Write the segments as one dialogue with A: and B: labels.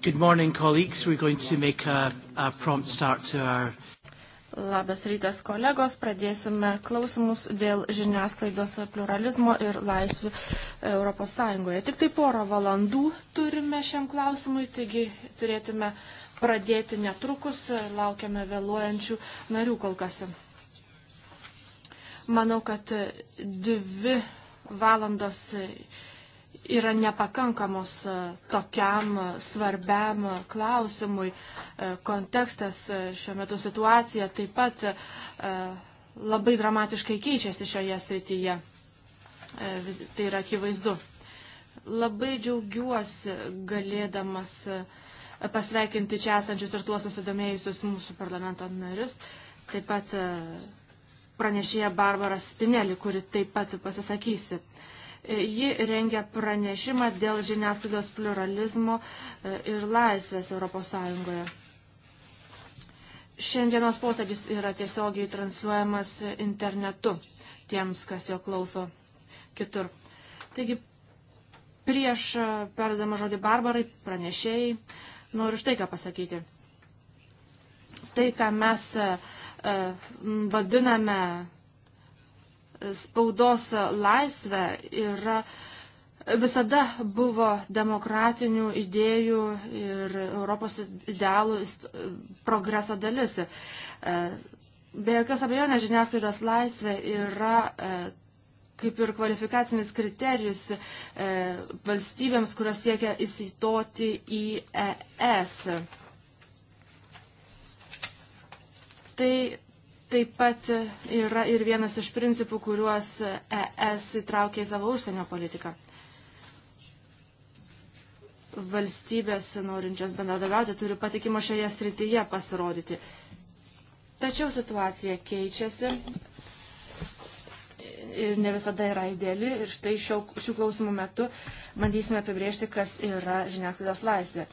A: Good morning, colleagues. We're going to make a, a prompt start
B: to our.
C: Labas rytas, kolegos. Pradėsime klausimus dėl žiniasklaidos pluralizmo ir laisvių ES. Tik tai porą valandų turime šiam klausimui, taigi turėtume pradėti netrukus. Laukiame vėluojančių narių kol kas. Manau, kad dvi valandos yra nepakankamos e, tokiam e, svarbiam e, klausimui. Kontekstas šiuo metu situacija taip pat labai dramatiškai keičiasi šioje srityje. Tai yra akivaizdu. Labai džiaugiuosi galėdamas pasveikinti čia esančius ir tuos susidomėjusius mūsų parlamento narius. Taip pat pranešėja Barbara Spinelli, kuri taip pat pasisakysi. E, ji rengia pranešimą dėl žiniasklaidos pluralizmo e, ir laisvės ES. Šiandienos posėdis yra tiesiogiai transliuojamas internetu tiems, kas jo klauso kitur. Taigi, prieš e, perdama žodį barbarai, pranešėjai, noriu štai ką pasakyti. Tai, ką mes vadiname spaudos laisvę yra visada buvo demokratinių idėjų ir Europos idealų progreso dalis. E, be jokios abejonės žiniasklaidos laisvė yra e, kaip ir kvalifikacinis kriterijus e, valstybėms, kurios siekia įsitoti į ES. Tai taip pat yra ir vienas iš principų, kuriuos ES įtraukė į savo užsienio politiką. Valstybės, norinčios bendradarbiauti, turi patikimo šioje srityje pasirodyti. Tačiau situacija keičiasi ir ne visada yra ideali ir štai šio, šių klausimų metu bandysime apibriežti, kas yra žiniasklaidos laisvė.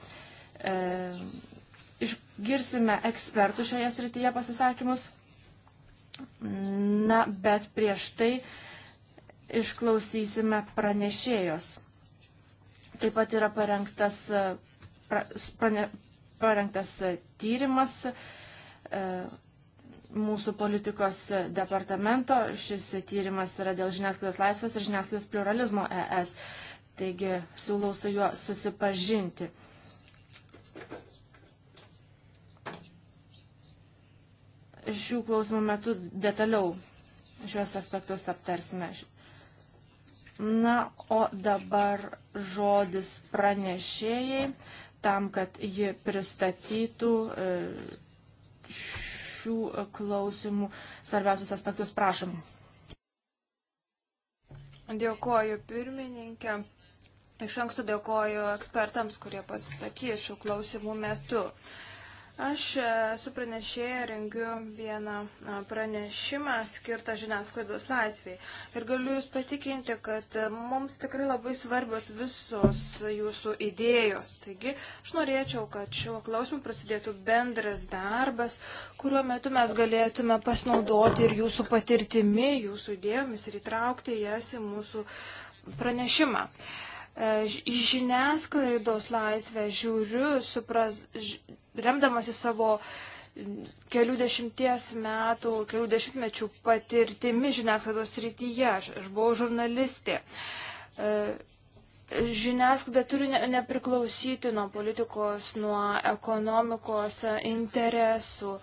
C: E, išgirsime ekspertų šioje srityje pasisakymus Na, bet prieš tai išklausysime pranešėjos. Taip pat yra parengtas, e, pra, prane, parengtas e, tyrimas e, mūsų politikos departamento. Šis tyrimas yra dėl žiniasklaidos laisvės ir žiniasklaidos pluralizmo ES. Taigi siūlau su juo susipažinti. šių klausimų metu detaliau šiuos aspektus aptarsime. Na, o dabar žodis pranešėjai tam, kad ji pristatytų e, šių klausimų svarbiausius aspektus. Prašom.
A: Dėkuoju pirmininkė. Iš anksto dėkuoju ekspertams, kurie pasisakė šių klausimų metu. Uh, Aš e, su pranešėja rengiu vieną e, pranešimą skirtą žiniasklaidos laisviai. Ir galiu Jūs patikinti, kad e, mums tikrai labai svarbios visos Jūsų idėjos. Taigi, aš norėčiau, kad šiuo klausimu prasidėtų bendras darbas, kuriuo metu mes galėtume pasinaudoti ir Jūsų patirtimi, Jūsų idėjomis ir įtraukti jas į mūsų pranešimą žiniasklaidos laisvę žiūriu supras, remdamasi savo kelių dešimties metų, kelių dešimtmečių patirtimi žiniasklaidos rytyje. Aš, aš buvau žurnalistė. E, žiniasklaida turi ne, nepriklausyti nuo politikos, nuo ekonomikos interesų.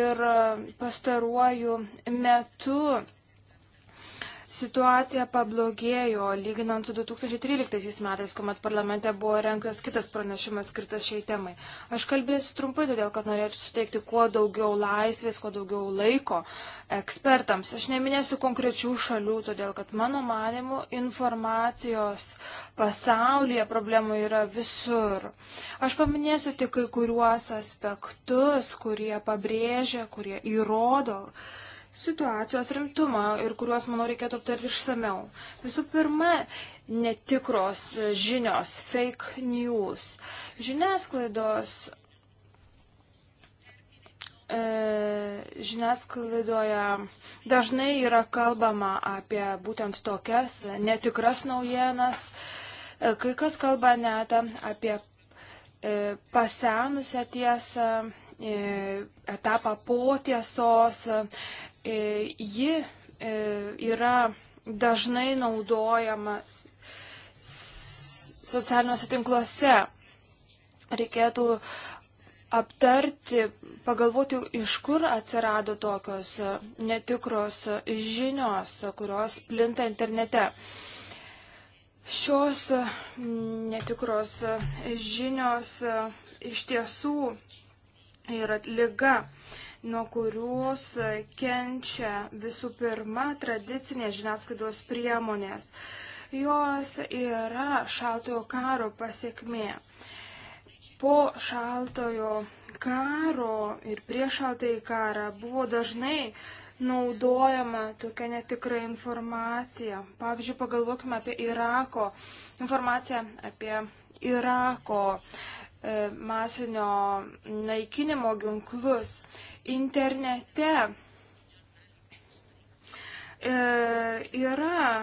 A: Ir e, pastaruoju metu situacija pablogėjo lyginant su 2013 metais, kuomet parlamente buvo renktas kitas pranešimas skirtas šiai temai. Aš kalbėsiu trumpai, todėl kad norėčiau suteikti kuo daugiau laisvės, kuo daugiau laiko ekspertams. Aš neminėsiu konkrečių šalių, todėl kad mano manimu informacijos pasaulyje problemų yra visur. Aš paminėsiu tik kai kuriuos aspektus, kurie pabrėžia, kurie įrodo, situacijos rimtumą ir kuriuos, manau, reikėtų aptarti išsameu. Visų pirma, netikros žinios, fake news. Žiniasklaidos e, žiniasklaidoje dažnai yra kalbama apie būtent tokias netikras naujienas, e, kai kas kalba net apie e, pasenusią tiesą, etapą po tiesos, E, ji e, yra dažnai naudojama socialiniuose tinkluose. Reikėtų aptarti, pagalvoti, iš kur atsirado tokios e, netikros žinios, kurios plinta internete. Šios netikros žinios iš tiesų yra lyga nuo kurios e, kenčia visų pirma tradicinės žiniasklaidos priemonės. Jos yra šaltojo karo pasiekmė. Po šaltojo karo ir prieš šaltąjį karą buvo dažnai naudojama tokia netikra informacija. Pavyzdžiui, pagalvokime apie Irako informaciją apie Irako E, masinio naikinimo ginklus internete e, yra e,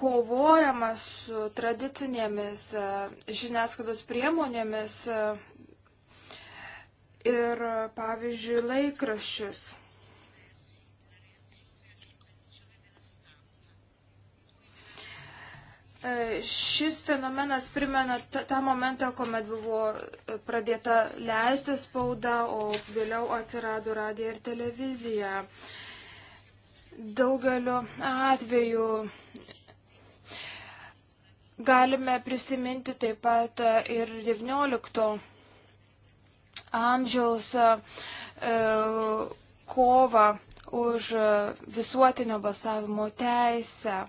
A: kovojama su tradicinėmis žiniasklaidos priemonėmis ir, pavyzdžiui, laikraščius. E, šis fenomenas primena tą momentą, kuomet buvo e, pradėta leisti spaudą, o vėliau atsirado radija ir televizija. Daugeliu atveju galime prisiminti taip pat e, ir XIX amžiaus kovą už visuotinio balsavimo teisę.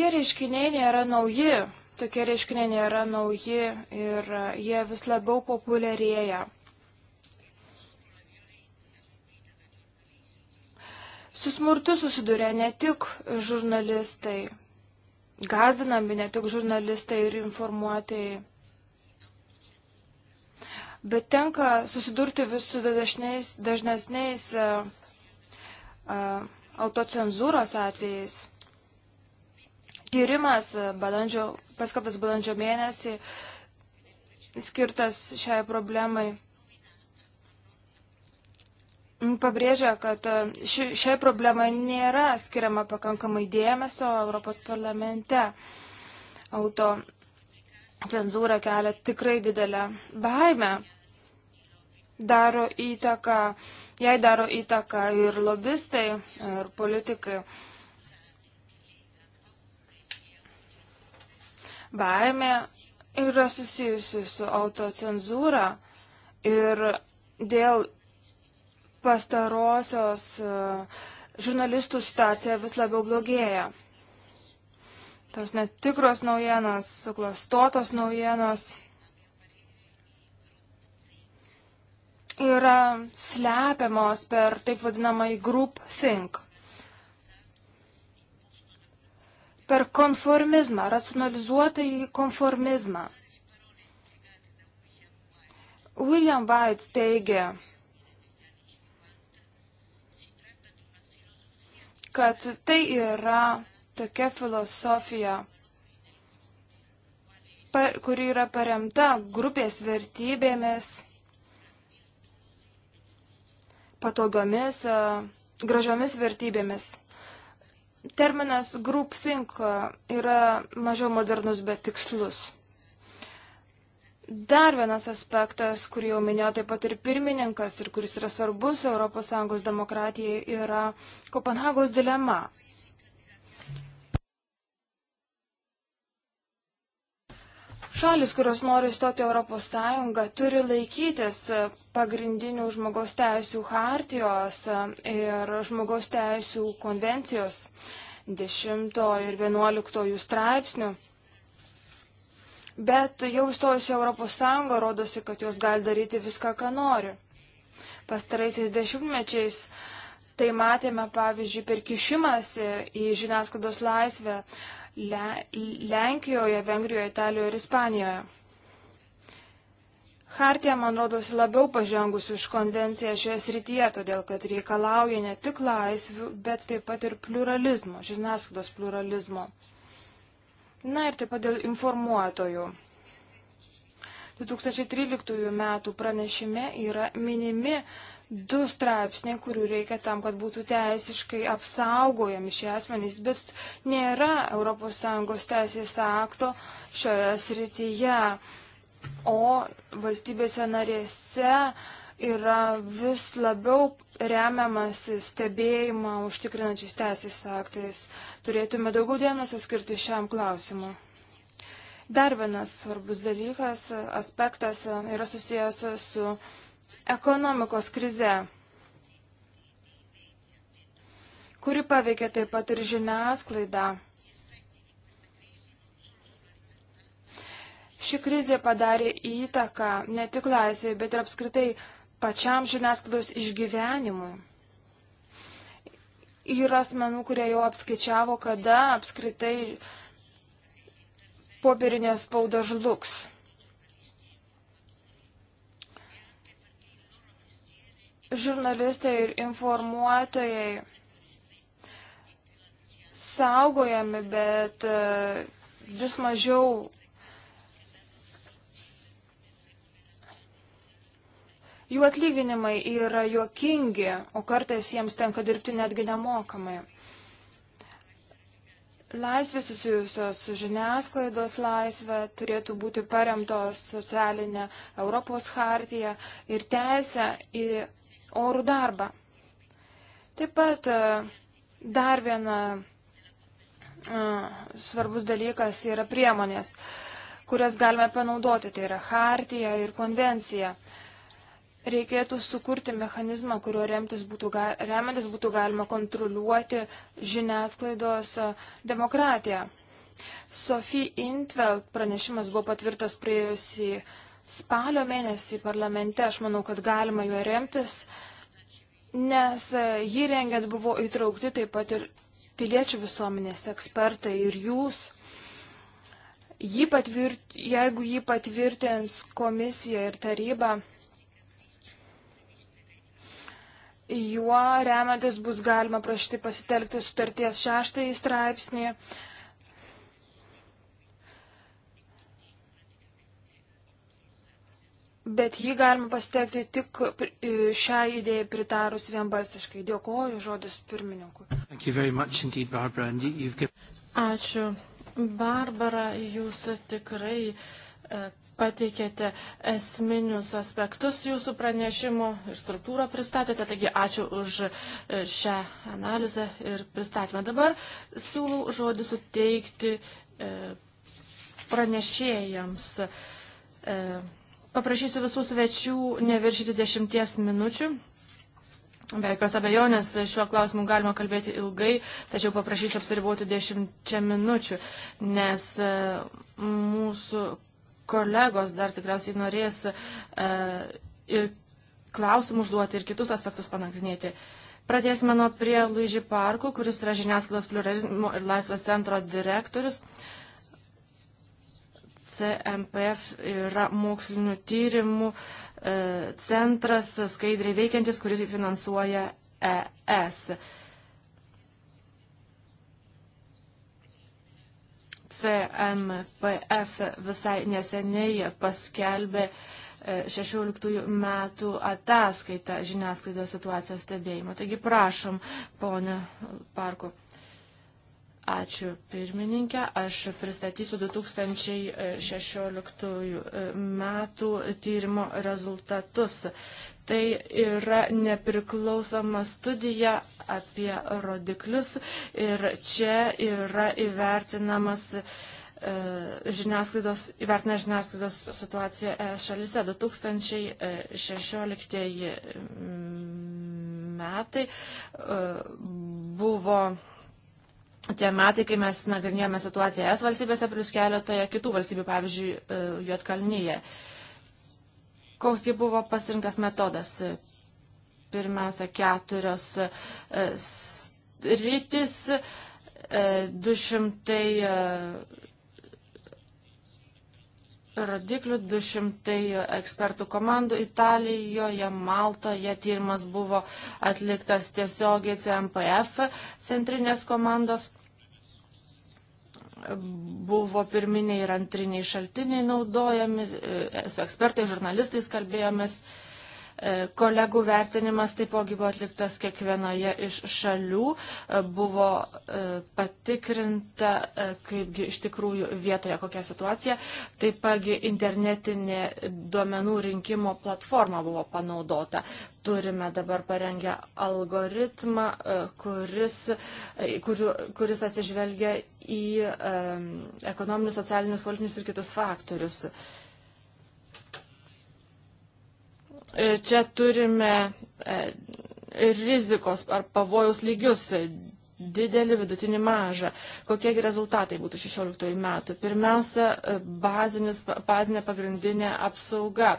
A: Tie reiškiniai nėra nauji, tokie reiškiniai nėra nauji ir jie vis labiau populiarėja. Su smurtu susiduria ne tik žurnalistai, gazdinami ne tik žurnalistai ir informuotojai, bet tenka susidurti vis su dažnesniais, dažnesniais a, a, autocenzūros atvejais tyrimas e, balandžio, paskaptas balandžio mėnesį skirtas šiai problemai pabrėžia, kad e, ši, šiai problemai nėra skiriama pakankamai dėmesio Europos parlamente. Auto cenzūra kelia tikrai didelę baimę. Daro įtaką, jai daro įtaką ir lobistai, ir politikai. baimė yra susijusi su autocenzūra ir dėl pastarosios e, žurnalistų situacija vis labiau blogėja. Tos netikros naujienos, suklastotos naujienos yra slepiamos per taip vadinamą group think. per konformizmą, racionalizuotą į konformizmą. William White teigia, kad tai yra tokia filosofija, par, kuri yra paremta grupės vertybėmis, patogiomis, gražiomis vertybėmis. Terminas groupthink yra mažiau modernus, bet tikslus. Dar vienas aspektas, kurį jau minėjo taip pat ir pirmininkas ir kuris yra svarbus ES demokratijai, yra Kopenhagos dilema. Šalis, kurios nori įstoti Europos Sąjungą, turi laikytis pagrindinių žmogaus teisų hartijos ir žmogaus teisų konvencijos 10 ir 11 straipsnių. Bet jau įstojus į Europos Sąjungą, rodosi, kad jos gali daryti viską, ką nori. Pastaraisiais dešimtmečiais tai matėme, pavyzdžiui, per kišimąsi į žiniasklaidos laisvę Le Lenkijoje, Vengrijoje, Italijoje ir Ispanijoje. Hartija, man rodos, labiau pažengus už konvenciją šioje srityje, todėl kad reikalauja ne tik laisvių, bet taip pat ir pluralizmo, žiniasklaidos pluralizmo. Na ir taip pat dėl informuotojų. 2013 m. pranešime yra minimi du straipsniai, kurių reikia tam, kad būtų teisiškai apsaugojami šie asmenys, bet nėra ES teisės akto šioje srityje o valstybėse narėse yra vis labiau remiamas stebėjimą užtikrinančiais teisės aktais. Turėtume daugiau dėmesio skirti šiam klausimui. Dar vienas svarbus dalykas, aspektas e, yra susijęs su ekonomikos krize, kuri paveikia taip pat ir žiniasklaidą. Ši krizė padarė įtaką ne tik laisvėje, bet ir apskritai pačiam žiniasklaidos išgyvenimui. Yra asmenų, kurie jau apskaičiavo, kada apskritai popierinė spauda žlugs. Žurnalistai ir informuotojai saugojami, bet e, vis mažiau Jų atlyginimai yra juokingi, o kartais jiems tenka dirbti netgi nemokamai. Laisvės susijusios su žiniasklaidos laisvė turėtų būti paremtos socialinė Europos hartija ir teisė į orų darbą. Taip pat e, dar viena e, svarbus dalykas yra priemonės, kurias galime panaudoti, tai yra hartija ir konvencija. Uh, reikėtų sukurti mechanizmą, kuriuo remtis būtų, ga, remiantis būtų galima kontroliuoti žiniasklaidos e, demokratiją. Sophie Intveld pranešimas buvo patvirtas praėjusį spalio mėnesį parlamente, aš manau, kad galima juo remtis, nes e, jį rengiant buvo įtraukti taip pat ir piliečių visuomenės ekspertai ir jūs. Jį patvirt, jeigu jį patvirtins komisija ir taryba, Juo remiantis bus galima prašyti pasitelkti sutarties šeštąjį straipsnį. Bet jį galima pasitelkti tik e, šią idėją pritarus vienbalsiškai. Dėkuoju žodis pirmininkui. Ačiū.
C: Barbara, jūs tikrai e, pateikėte esminius aspektus jūsų pranešimo ir struktūrą pristatėte, taigi ačiū už e, šią analizę ir pristatymą. Dabar siūlau žodį suteikti e, pranešėjams. E, paprašysiu visų svečių neviršyti dešimties minučių. Be jokios abejonės šiuo klausimu galima kalbėti ilgai, tačiau paprašysiu apsiriboti dešimčia minučių, nes mūsų kolegos dar tikriausiai norės e, ir klausimų užduoti ir kitus aspektus panagrinėti. Pradėsime nuo prie Luigi Parkų, kuris yra žiniasklaidos pluralizmo ir laisvės centro direktorius. CMPF yra mokslinių tyrimų e, centras, skaidriai veikiantis, kuris finansuoja ES. CMPF visai neseniai paskelbė 16 e, metų ataskaitą žiniasklaidos situacijos stebėjimo. Taigi prašom, ponė Parku. Ačiū pirmininkė. Aš pristatysiu 2016 metų tyrimo rezultatus. Tai yra nepriklausoma studija apie rodiklius ir čia yra įvertinamas e, žiniasklaidos, įvertina žiniasklaidos situaciją e, šalise 2016 e, metai buvo tie metai, kai mes nagrinėjome situaciją S valstybėse, plus keletoje kitų valstybių, pavyzdžiui, Jotkalnyje. Uh, Koksgi buvo pasirinktas metodas? Pirmiausia, keturios e, rytis, 200 e, e, rodiklių, 200 ekspertų komandų Italijoje, Maltoje tyrimas buvo atliktas tiesiogiai CMPF centrinės komandos buvo pirminiai ir antriniai šaltiniai naudojami, e, su ekspertai, žurnalistais kalbėjomės. E, E, kolegų vertinimas taipogi buvo atliktas kiekvienoje iš šalių, e, buvo e, patikrinta, kaipgi iš tikrųjų vietoje kokia situacija. Taipogi internetinė duomenų rinkimo platforma buvo panaudota. Turime dabar parengę algoritmą, kuris, kuriu, kuris atsižvelgia į ekonominius, socialinius, politinius ir kitus faktorius. Uh, E, čia turime e, rizikos ar pavojaus lygius e, didelį, vidutinį, mažą. Kokie rezultatai būtų 16 metų? Pirmiausia, bazinis, bazinė pagrindinė apsauga.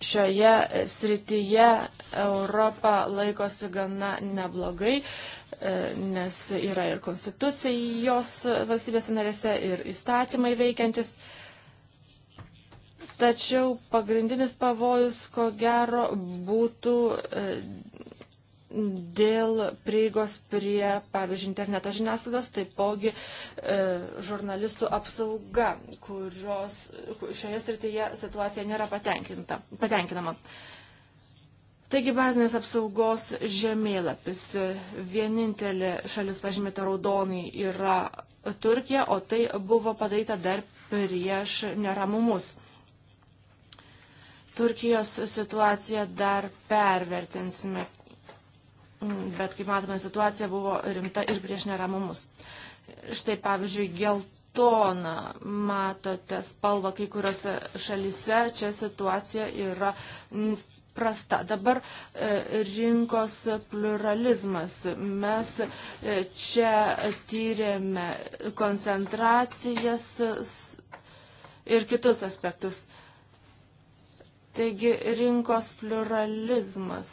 C: Šioje srityje Europa laikosi gana neblogai, nes yra ir konstitucija jos valstybės narėse, ir įstatymai veikiantis. Tačiau pagrindinis pavojus, ko gero, būtų e, dėl prieigos prie, pavyzdžiui, interneto žiniasklaidos, taipogi e, žurnalistų apsauga, kurios šioje srityje situacija nėra patenkinama. Taigi bazinės apsaugos žemėlapis. Vienintelė šalis pažymėta raudonai yra Turkija, o tai buvo padaryta dar prieš neramumus. Turkijos situaciją dar pervertinsime. Bet, kaip matome, situacija buvo rimta ir prieš neramumus. Štai, pavyzdžiui, geltona, matote spalvą kai kuriuose šalise, čia situacija yra prasta. Dabar e, rinkos pluralizmas. Mes e, čia tyrėme koncentracijas ir kitus aspektus. Taigi rinkos pluralizmas.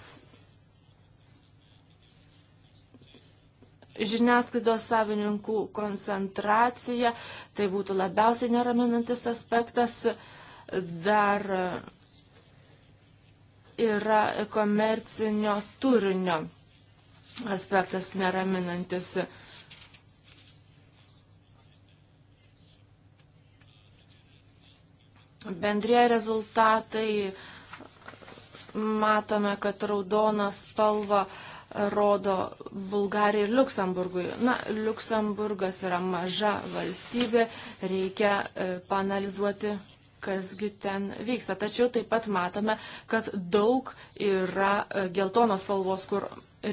C: Žiniasklaidos savininkų koncentracija, tai būtų labiausiai neraminantis aspektas. Dar yra komercinio turinio aspektas neraminantis aspektas bendrieji rezultatai, matome, kad raudonas spalva rodo Bulgarijai ir Luksemburgui. Na, Luksemburgas yra maža valstybė, reikia e, panalizuoti, kasgi ten vyksta. Tačiau taip pat matome, kad daug yra e, geltonos spalvos, kur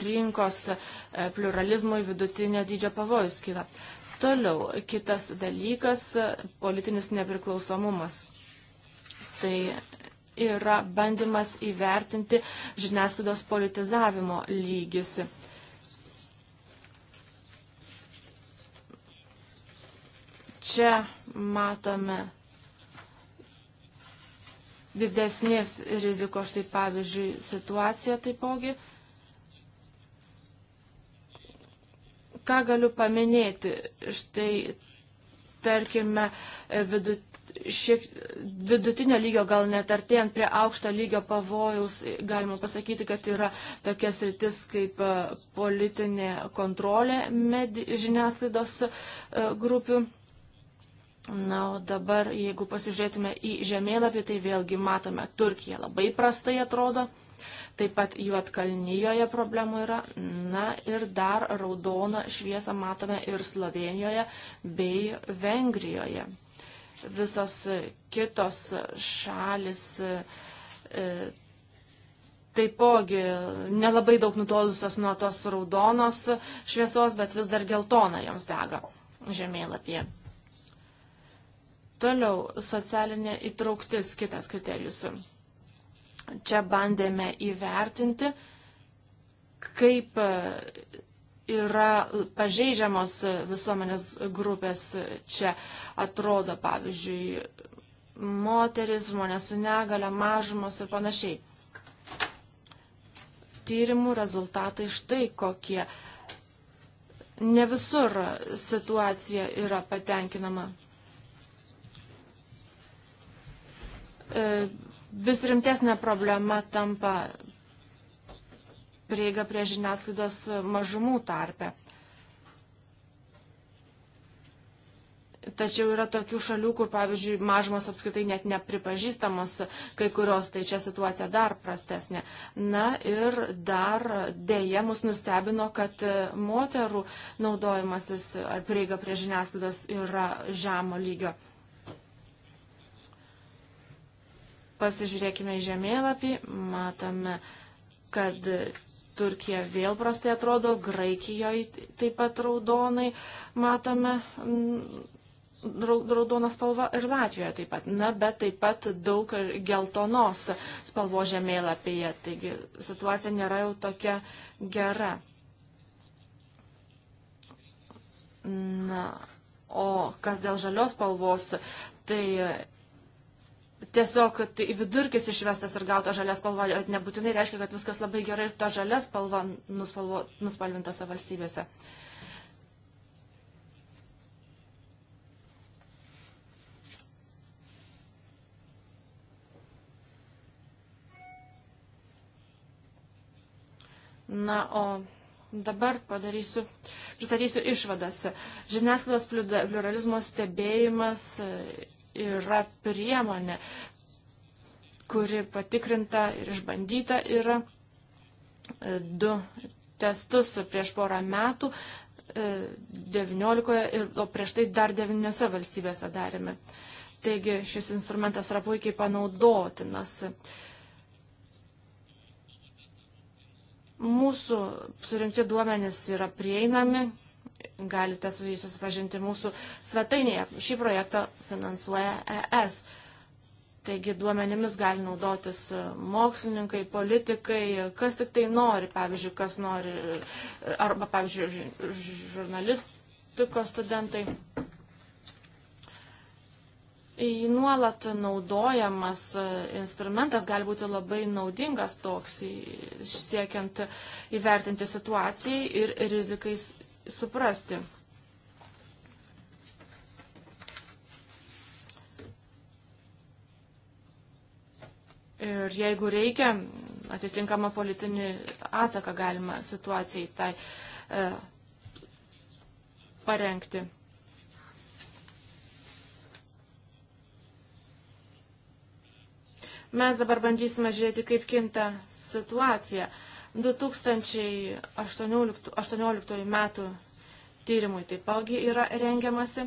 C: rinkos e, pluralizmui vidutinio dydžio pavojus kyla. Toliau kitas dalykas e, - politinis nepriklausomumas. Tai yra bandymas įvertinti žiniasklaidos politizavimo lygis. Čia matome didesnės rizikos, štai pavyzdžiui, situacija taipogi. Ką galiu paminėti? Štai, tarkime, vidut, šiek vidutinio lygio, gal net artėjant prie aukšto lygio pavojaus, galima pasakyti, kad yra tokia sritis kaip e, politinė kontrolė medi, žiniasklaidos e, grupių. Na, o dabar, jeigu pasižiūrėtume į žemėlapį, tai vėlgi matome, Turkija labai prastai atrodo. Taip pat Juotkalnyjoje problemų yra. Na ir dar raudoną šviesą matome ir Slovenijoje bei Vengrijoje visos kitos šalis e, e, taipogi nelabai daug nutolusios nuo tos raudonos šviesos, bet vis dar geltona joms dega žemėlapyje. Toliau socialinė įtrauktis, kitas kriterijus. Čia bandėme įvertinti, kaip yra pažeidžiamos visuomenės grupės čia. Atrodo, pavyzdžiui, moteris, žmonės su negale, mažumos ir panašiai. Tyrimų rezultatai štai kokie. Ne visur situacija yra patenkinama. E, vis rimtesnė problema tampa prieiga prie žiniasklaidos mažumų tarpe. Tačiau yra tokių šalių, kur, pavyzdžiui, mažumos apskritai net nepripažįstamos kai kurios, tai čia situacija dar prastesnė. Na ir dar dėje mus nustebino, kad moterų naudojimasis ar prieiga prie žiniasklaidos yra žemo lygio. Pasižiūrėkime į žemėlapį, matome, kad Turkija vėl prastai atrodo, Graikijoje taip pat raudonai matome mm, raudona spalva ir Latvijoje taip pat. Na, bet taip pat daug geltonos spalvo žemėlapyje, taigi situacija nėra jau tokia gera. Na, o kas dėl žalios spalvos, tai tiesiog vidurkis išvestas ir gauta žalias spalva, nebūtinai reiškia, kad viskas labai gerai ir ta žalia spalva nuspalvo, nuspalvintose valstybėse. Na, o dabar padarysiu, pristatysiu išvadas. Žiniasklaidos pluralizmo stebėjimas yra priemonė, kuri patikrinta ir išbandyta yra. E, du testus prieš porą metų 19, e, ir, o prieš tai dar 9 valstybėse darėme. Taigi šis instrumentas yra puikiai panaudotinas. Mūsų surinkti duomenys yra prieinami, galite su jais susipažinti mūsų svetainėje. Šį projektą finansuoja ES. Taigi duomenimis gali naudotis mokslininkai, politikai, kas tik tai nori, pavyzdžiui, kas nori, arba, pavyzdžiui, žurnalistikos studentai. Į nuolat naudojamas instrumentas gali būti labai naudingas toks, siekiant įvertinti situacijai ir rizikais, suprasti. Ir jeigu reikia, atitinkamą politinį atsaką galima situacijai tai e, parengti. Mes dabar bandysime žiūrėti, kaip kinta situacija. E, 2018 metų tyrimui taipogi yra rengiamasi.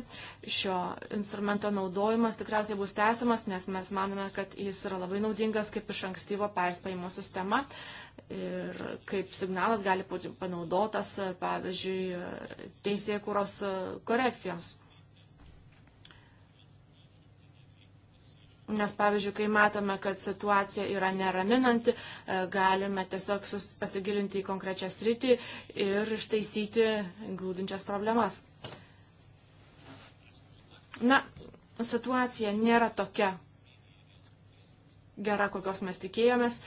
C: Šio instrumento naudojimas tikriausiai bus tęsiamas, nes mes manome, kad jis yra labai naudingas kaip iš ankstyvo perspėjimo sistema ir kaip signalas gali būti panaudotas, pavyzdžiui, teisėkūros korekcijoms. Nes, pavyzdžiui, kai matome, kad situacija yra neraminanti, e, galime tiesiog pasigilinti į konkrečią sritį ir ištaisyti glūdinčias problemas. Na, situacija nėra tokia gera, kokios mes tikėjomės.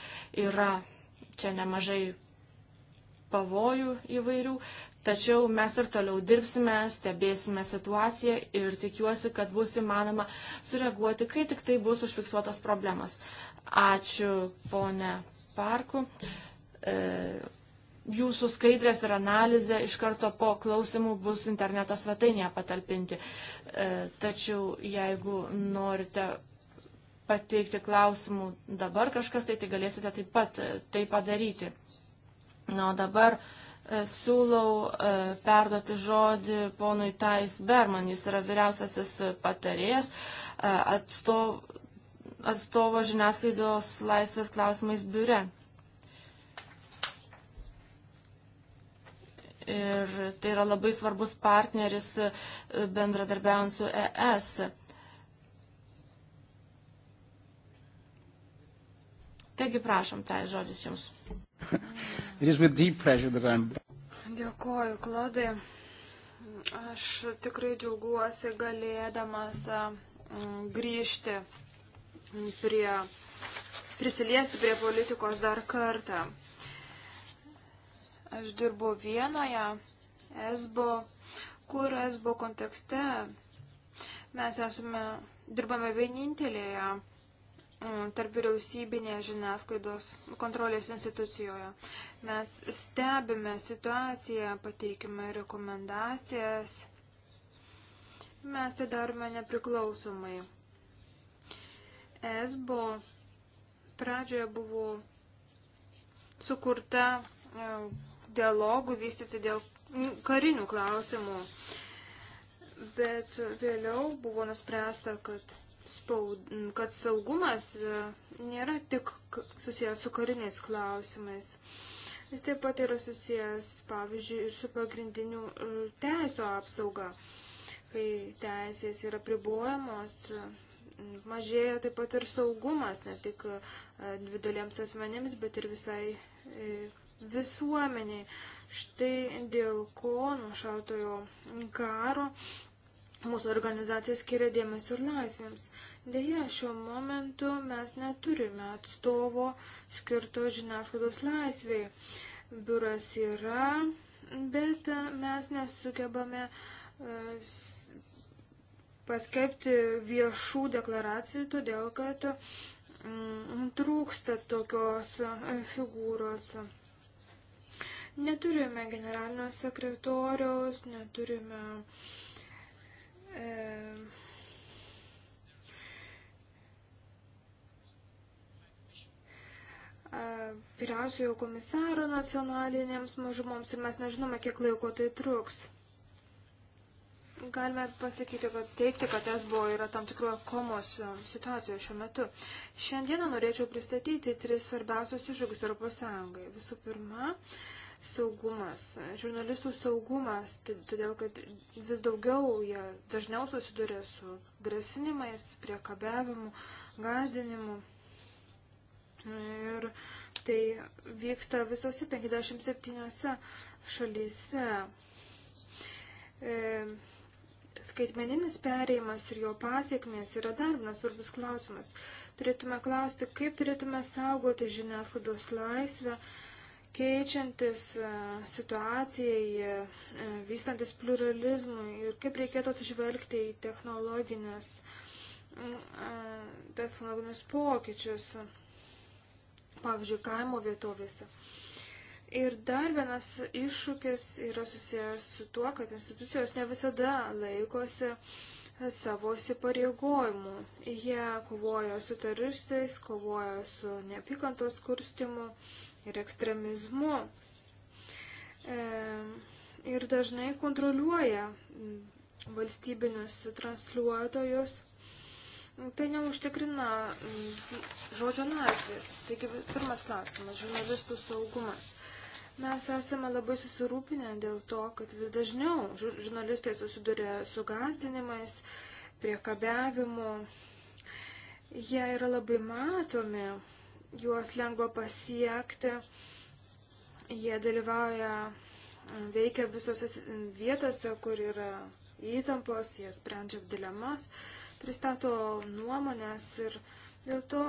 C: Yra čia nemažai pavojų įvairių, Tačiau mes ir toliau dirbsime, stebėsime situaciją ir tikiuosi, kad bus įmanoma sureaguoti, kai tik tai bus užfiksuotos problemos. Ačiū, ponė Parku. E, jūsų skaidrės ir analizė iš karto po klausimų bus interneto svetainėje patalpinti. E, tačiau jeigu norite pateikti klausimų dabar kažkas, tai, tai galėsite taip pat e, tai padaryti. Na, o dabar uh, E, siūlau e, perduoti žodį ponui Tais Berman, jis yra vyriausiasis patarėjas e, atstov, atstovo žiniasklaidos laisvės klausimais biure. Ir tai yra labai svarbus partneris bendradarbiaujant su ES. Taigi prašom, tai žodis jums.
B: It is with deep pleasure that I'm.
A: Dėkuoju, Klaudai. Aš tikrai džiaugiuosi galėdamas grįžti prie, prisiliesti prie politikos dar kartą. Aš dirbu Vienoje, esbo, kur esbo kontekste mes esame, dirbame vienintelėje Mm, tarp vyriausybinėje žiniasklaidos kontrolės institucijoje. Mes stebime situaciją, pateikime rekomendacijas. Mes tai darome nepriklausomai. ESBO pradžioje buvo sukurta e, dialogų vystyti dėl karinių klausimų, bet vėliau buvo nuspręsta, kad spaud, kad saugumas e, nėra tik susijęs su kariniais klausimais. Jis taip pat yra susijęs, pavyzdžiui, ir su pagrindiniu e, teisų apsauga. Kai teisės yra pribuojamos, e, mažėja taip pat ir saugumas, ne tik individualiems asmenėms, bet ir visai visuomeniai. Štai dėl ko nuo šaltojo karo Mūsų organizacija skiria dėmesio ir laisvėms. Deja, šiuo momentu mes neturime atstovo skirto žiniasklaidos laisvėjai. Biuras yra, bet mes nesugebame e, paskelbti viešų deklaracijų, todėl kad mm, trūksta tokios e, figūros. Neturime generalinio sekretoriaus, neturime uh, E, vyriausiojo komisaro nacionalinėms mažumoms ir mes nežinome, kiek laiko tai truks. Galime pasakyti, kad teikti, kad esbo yra tam tikroje komos e, situacijoje šiuo metu. Šiandieną norėčiau pristatyti tris svarbiausius iššūkius Europos Sąjungai. Visų pirma, uh, saugumas, žurnalistų saugumas, todėl kad vis daugiau jie dažniau susiduria su grasinimais, priekabiavimu, gazdinimu. Ir tai vyksta visose 57 šalyse. E, skaitmeninis perėjimas ir jo pasiekmės yra dar vienas svarbus klausimas. Turėtume klausti, kaip turėtume saugoti žiniasklaidos laisvę, keičiantis e, situacijai, e, e, vystantis pluralizmui ir kaip reikėtų atžvelgti į technologinės, technologinius pokyčius, pavyzdžiui, kaimo vietovėse. Ir dar vienas iššūkis yra susijęs su tuo, kad institucijos ne visada laikosi savo įsipareigojimų. Jie kovoja su teroristais, kovoja su neapykantos kurstimu, ir ekstremizmu. E, ir dažnai kontroliuoja valstybinius transliuotojus. Tai neužtikrina mm, žodžio laisvės. Taigi pirmas klausimas - žurnalistų saugumas. Mes esame labai susirūpinę dėl to, kad vis dažniau žurnalistai susiduria su gazdinimais, priekabiavimu. Jie yra labai matomi juos lengva pasiekti. Jie dalyvauja, mm, veikia visose vietose, kur yra įtampos, jie sprendžia dilemas, pristato nuomonės ir dėl to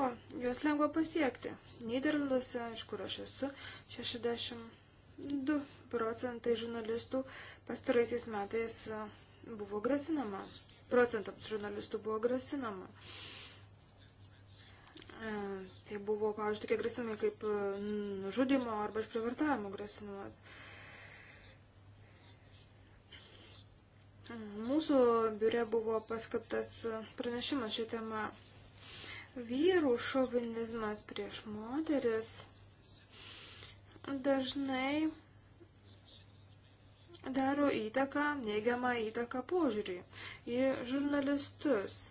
A: juos lengva pasiekti. Niderlanduose, iš kur aš esu, 62 procentai žurnalistų pastaraisiais metais mm, buvo grasinama. Procentams žurnalistų buvo grasinama. Uh, E, tai buvo, pavyzdžiui, tokie grasinimai kaip e, nužudimo arba išprivartavimo grasinimas. Mūsų biure buvo paskaptas pranešimas šią temą. Vyrų šovinizmas prieš moteris dažnai daro įtaką, neigiamą įtaką požiūrį į žurnalistus.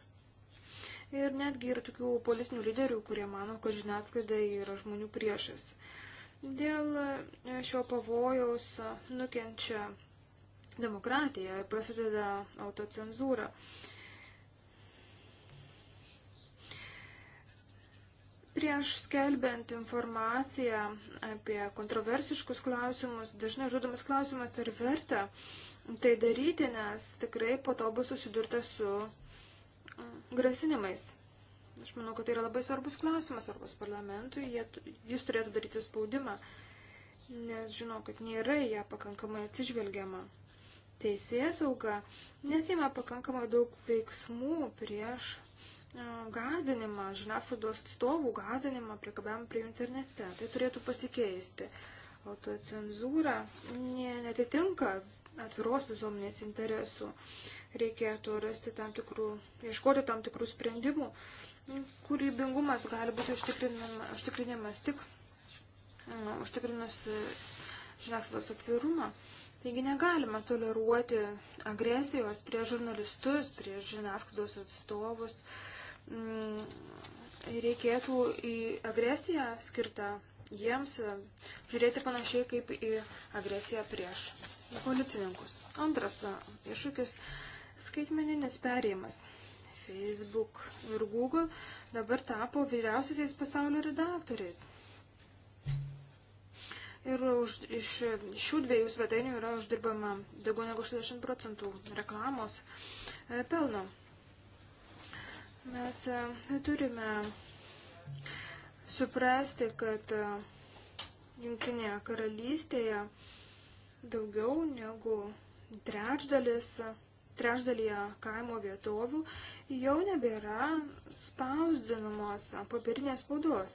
A: Ir netgi yra tokių politinių lyderių, kurie mano, kad žiniasklaida yra žmonių priešas. Dėl e, šio pavojaus e, nukenčia demokratija ir prasideda autocenzūra. Prieš skelbiant informaciją apie kontroversiškus klausimus, dažnai žudomas klausimas, ar verta tai daryti, nes tikrai po to bus susidurta su grasinimais. Aš manau, kad tai yra labai svarbus klausimas Europos parlamentui, jie, jis turėtų daryti spaudimą, nes žinau, kad nėra ją pakankamai atsižvelgiama. Teisėjas auga nesima pakankamai daug veiksmų prieš gazdinimą, žiniasklaidos atstovų gazdinimą priekabėjimą prie internete. Tai turėtų pasikeisti. O to cenzūra netitinka atviros visuomenės interesų. Reikėtų rasti tam tikrų, ieškoti tam tikrų sprendimų. Kūrybingumas gali būti užtikrinimas tik užtikrinus e, žiniasklaidos atvirumą. Taigi negalima toleruoti agresijos prie žurnalistus, prie žiniasklaidos atstovus. Mm, reikėtų į agresiją skirtą jiems e, žiūrėti panašiai kaip į agresiją prieš policininkus. Antras iššūkis - skaitmeninis perėjimas. Facebook ir Google dabar tapo vyriausiaisiais pasaulio redaktoriais. Ir už, iš šių dviejų svetainių yra uždirbama daugiau negu 60 procentų reklamos e, pelno. Mes e, turime suprasti, kad e, Junktinėje karalystėje daugiau negu trečdalis, trečdalyje kaimo vietovių jau nebėra spausdinamos papirinės spaudos.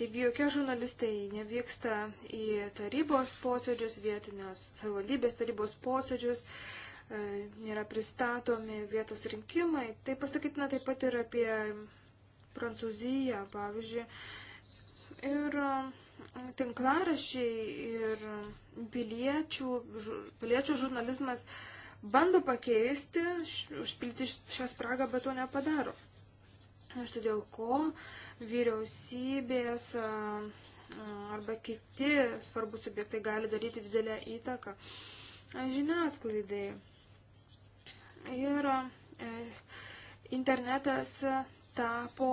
A: Taigi jokie žurnalistai nevyksta į tarybos posėdžius, vietinės savivaldybės tarybos posėdžius, e, nėra pristatomi vietos rinkimai. Tai pasakytina taip pat ir apie Prancūziją, pavyzdžiui. Ir tinklarašiai ir piliečių, piliečių žurnalizmas bando pakeisti, užpilti šią spragą, bet to nepadaro. Aš todėl tai ko vyriausybės arba kiti svarbus subjektai gali daryti didelę įtaką žiniasklaidai. Ir e, internetas tapo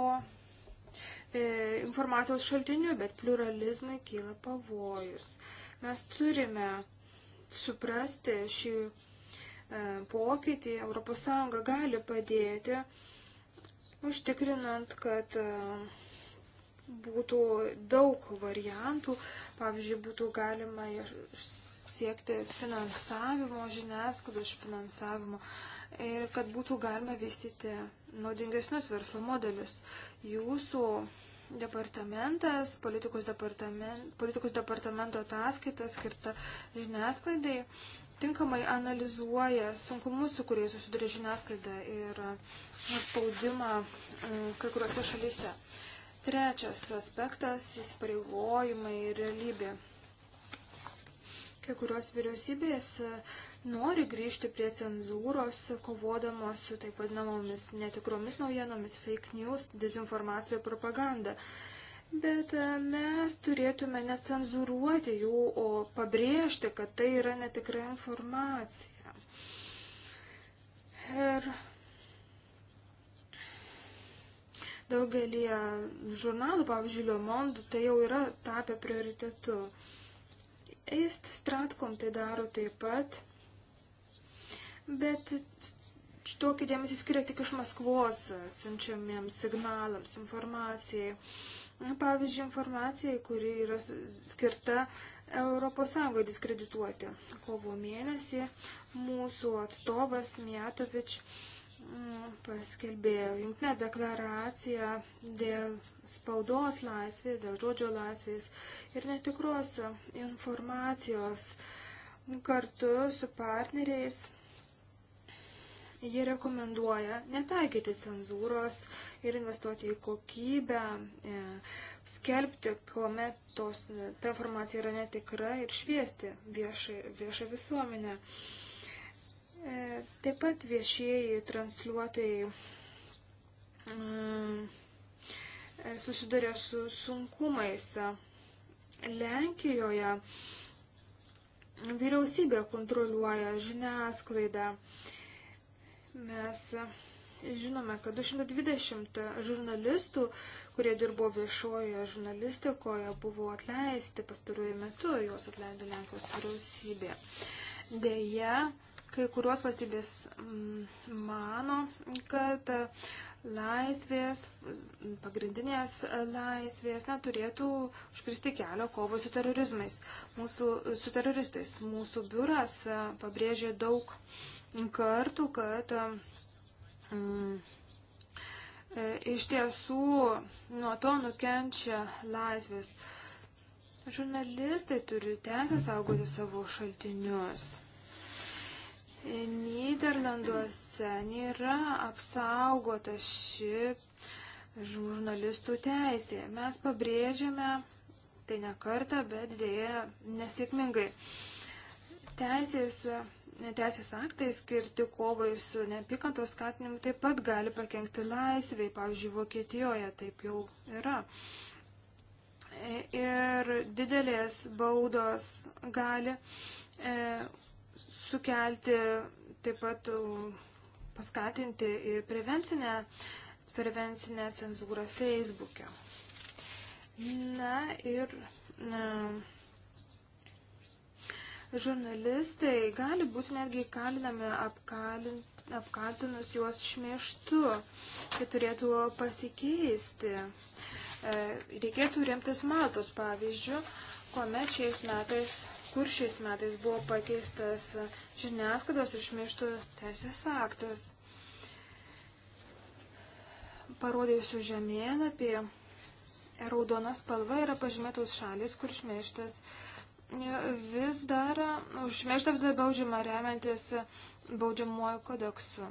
A: E, informacijos šaltiniu, bet pluralizmui kyla pavojus. Mes turime suprasti šį e, pokytį, ES gali padėti, užtikrinant, kad e, būtų daug variantų, pavyzdžiui, būtų galima siekti finansavimo žiniasklaidos finansavimo ir kad būtų galima vystyti naudingesnius verslo modelius. Jūsų departamentas, politikos, departament, politikos departamento ataskaita skirta žiniasklaidai, tinkamai analizuoja sunkumus, su kuriais susiduria žiniasklaida ir uh, spaudimą uh, kai kuriuose šalyse. Trečias aspektas - įsipareigojimai ir realybė. Kai kurios vyriausybės nori grįžti prie cenzūros, kovodamos su taip vadinamomis netikromis naujienomis, fake news, dezinformacija, propaganda. Bet e, mes turėtume necenzūruoti jų, o pabrėžti, kad tai yra netikra informacija. Ir daugelį žurnalų, pavyzdžiui, Le Monde, tai jau yra tapę prioritetu. Eist Stratkom tai daro taip pat bet tokį dėmesį skiria tik iš Maskvos siunčiamiems signalams, informacijai. Pavyzdžiui, informacijai, kuri yra skirta ES diskredituoti. Kovo mėnesį mūsų atstovas Mijatovič mm, paskelbėjo jungtinę deklaraciją dėl spaudos laisvės, dėl žodžio laisvės ir netikros informacijos kartu su partneriais Jie rekomenduoja netaikyti cenzūros ir investuoti į kokybę, e, skelbti, kuomet tos, ta informacija yra netikra ir šviesti viešą, viešą visuomenę. E, taip pat viešieji transliuotojai mm, e, susiduria su sunkumais. Lenkijoje vyriausybė kontroliuoja žiniasklaidą. Mes e, žinome, kad 220 žurnalistų, kurie dirbo viešojoje žurnalistikoje, buvo atleisti pastaruoju metu, juos atleido Lenkijos vyriausybė. Deja, kai kurios valstybės mm, mano, kad laisvės, pagrindinės laisvės neturėtų užkristi kelio kovo su terorizmais. Mūsų, su teroristais. Mūsų biuras e, pabrėžė daug kartų, kad mm, e, iš tiesų nuo to nukenčia laisvės. Žurnalistai turi teisę saugoti savo šaltinius. Niderlanduose nėra apsaugota ši žurnalistų teisė. Mes pabrėžėme tai ne kartą, bet dėja nesėkmingai. Teisės teisės aktai skirti kovai su neapykantos skatinimu taip pat gali pakengti laisviai, pavyzdžiui, Vokietijoje taip jau yra. Ir didelės baudos gali e, sukelti taip pat e, paskatinti ir prevencinę, prevencinę cenzūrą Facebook'e. Na ir. E, žurnalistai gali būti netgi įkalinami apkalint, apkaltinus juos šmėštu, tai turėtų pasikeisti. E, reikėtų remtis Maltos pavyzdžių, kuomet šiais metais, kur šiais metais buvo pakeistas žiniasklaidos ir šmėštų teisės aktas. Parodėsiu žemėlapį. Raudonas spalva yra pažymėtos šalis, kur šmeištas uh, vis dar už šmeižtą vis dar baudžiama remiantis baudžiamuoju kodeksu.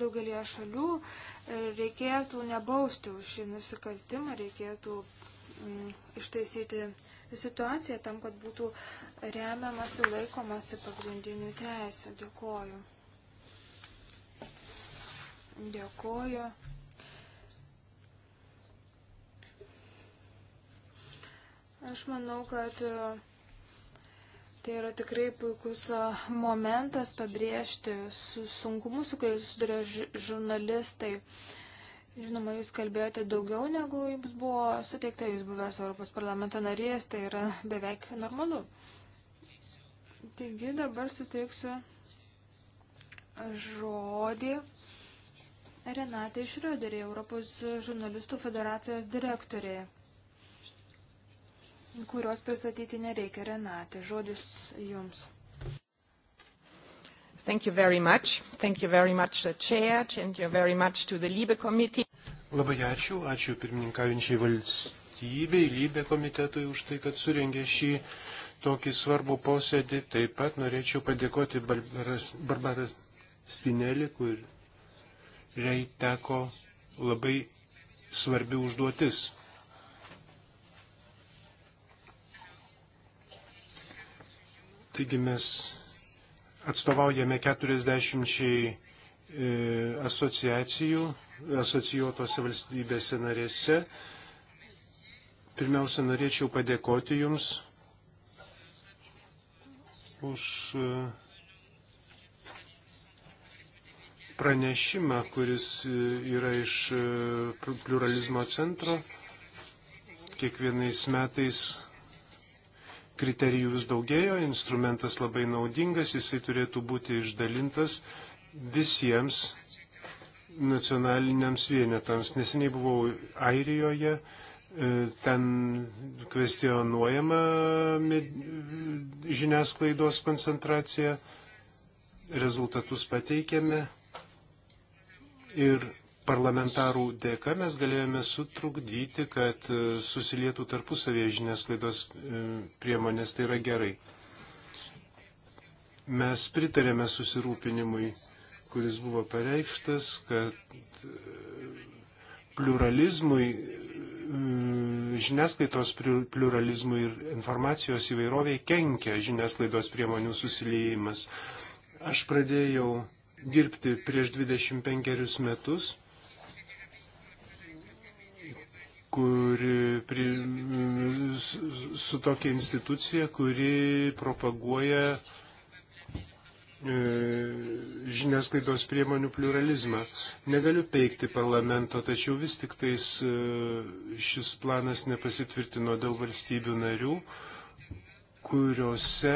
A: Daugelie šalių reikėtų nebausti už šį nusikaltimą, reikėtų m, mm, ištaisyti situaciją tam, kad būtų remiamasi laikomasi pagrindinių teisų. Dėkoju. Dėkoju. Aš manau, kad e, tai yra tikrai puikus e, momentas pabrėžti su sunkumus, su kuriais susiduria žurnalistai. Žinoma, jūs kalbėjote daugiau negu jums buvo suteikta, jūs buvęs Europos parlamento narys, tai yra beveik normalu. Taigi dabar suteiksiu žodį Renatai Šrioderiai, Europos žurnalistų federacijos direktoriai kurios pristatyti nereikia. Renate, žodis jums.
C: Thank you very much. Thank you very much, the uh, chair. Thank you very much to the Libe committee.
B: Labai ačiū. Ačiū pirmininkaujančiai valstybei, Libe komitetui už tai, kad surengė šį tokį svarbų posėdį. Taip pat norėčiau padėkoti Barbara Spinelį, kuriai teko labai svarbi užduotis Taigi mes atstovaujame 40 e, asociacijų, asocijuotose valstybėse narėse. Pirmiausia, norėčiau padėkoti Jums už e, pranešimą, kuris e, yra iš pluralizmo centro. Kiekvienais metais kriterijų vis daugėjo, instrumentas labai naudingas, jisai turėtų būti išdalintas visiems nacionaliniams vienetams. Neseniai buvau Airijoje, e, ten kvestionuojama žiniasklaidos koncentracija, rezultatus pateikėme ir parlamentarų dėka mes galėjome sutrukdyti, kad e, susilietų tarpusavėje žiniasklaidos e, priemonės, tai yra gerai. Mes pritarėme susirūpinimui, kuris buvo pareikštas, kad e, pluralizmui, žiniasklaidos pluralizmui ir informacijos įvairoviai kenkia žiniasklaidos priemonių susiliejimas. Aš pradėjau dirbti prieš 25 metus kuri pri, su, su tokia institucija, kuri propaguoja e, žiniasklaidos priemonių pluralizmą. Negaliu peikti parlamento, tačiau vis tik tais e, šis planas nepasitvirtino dėl valstybių narių, kuriuose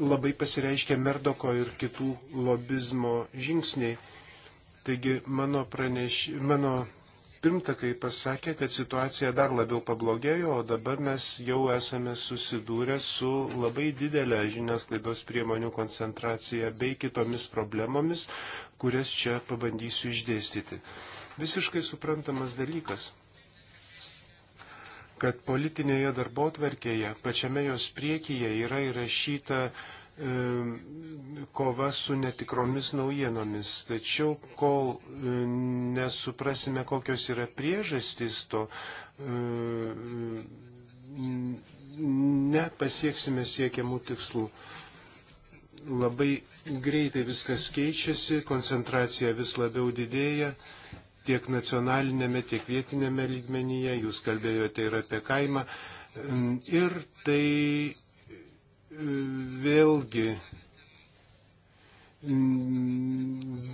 B: labai pasireiškia Merdoko ir kitų lobizmo žingsniai. Taigi mano, praneš, mano pirmtakai pasakė, kad situacija dar labiau pablogėjo, o dabar mes jau esame susidūrę su labai didelė žiniasklaidos priemonių koncentracija bei kitomis problemomis, kurias čia pabandysiu išdėstyti. Visiškai suprantamas dalykas kad politinėje darbo tvarkėje, pačiame jos priekyje yra įrašyta uh, E, kova su netikromis naujienomis. Tačiau kol e, nesuprasime, kokios yra priežastys to, e, nepasieksime siekiamų tikslų. Labai greitai viskas keičiasi, koncentracija vis labiau didėja tiek nacionalinėme, tiek vietinėme lygmenyje, jūs kalbėjote ir apie kaimą. Ir tai vėlgi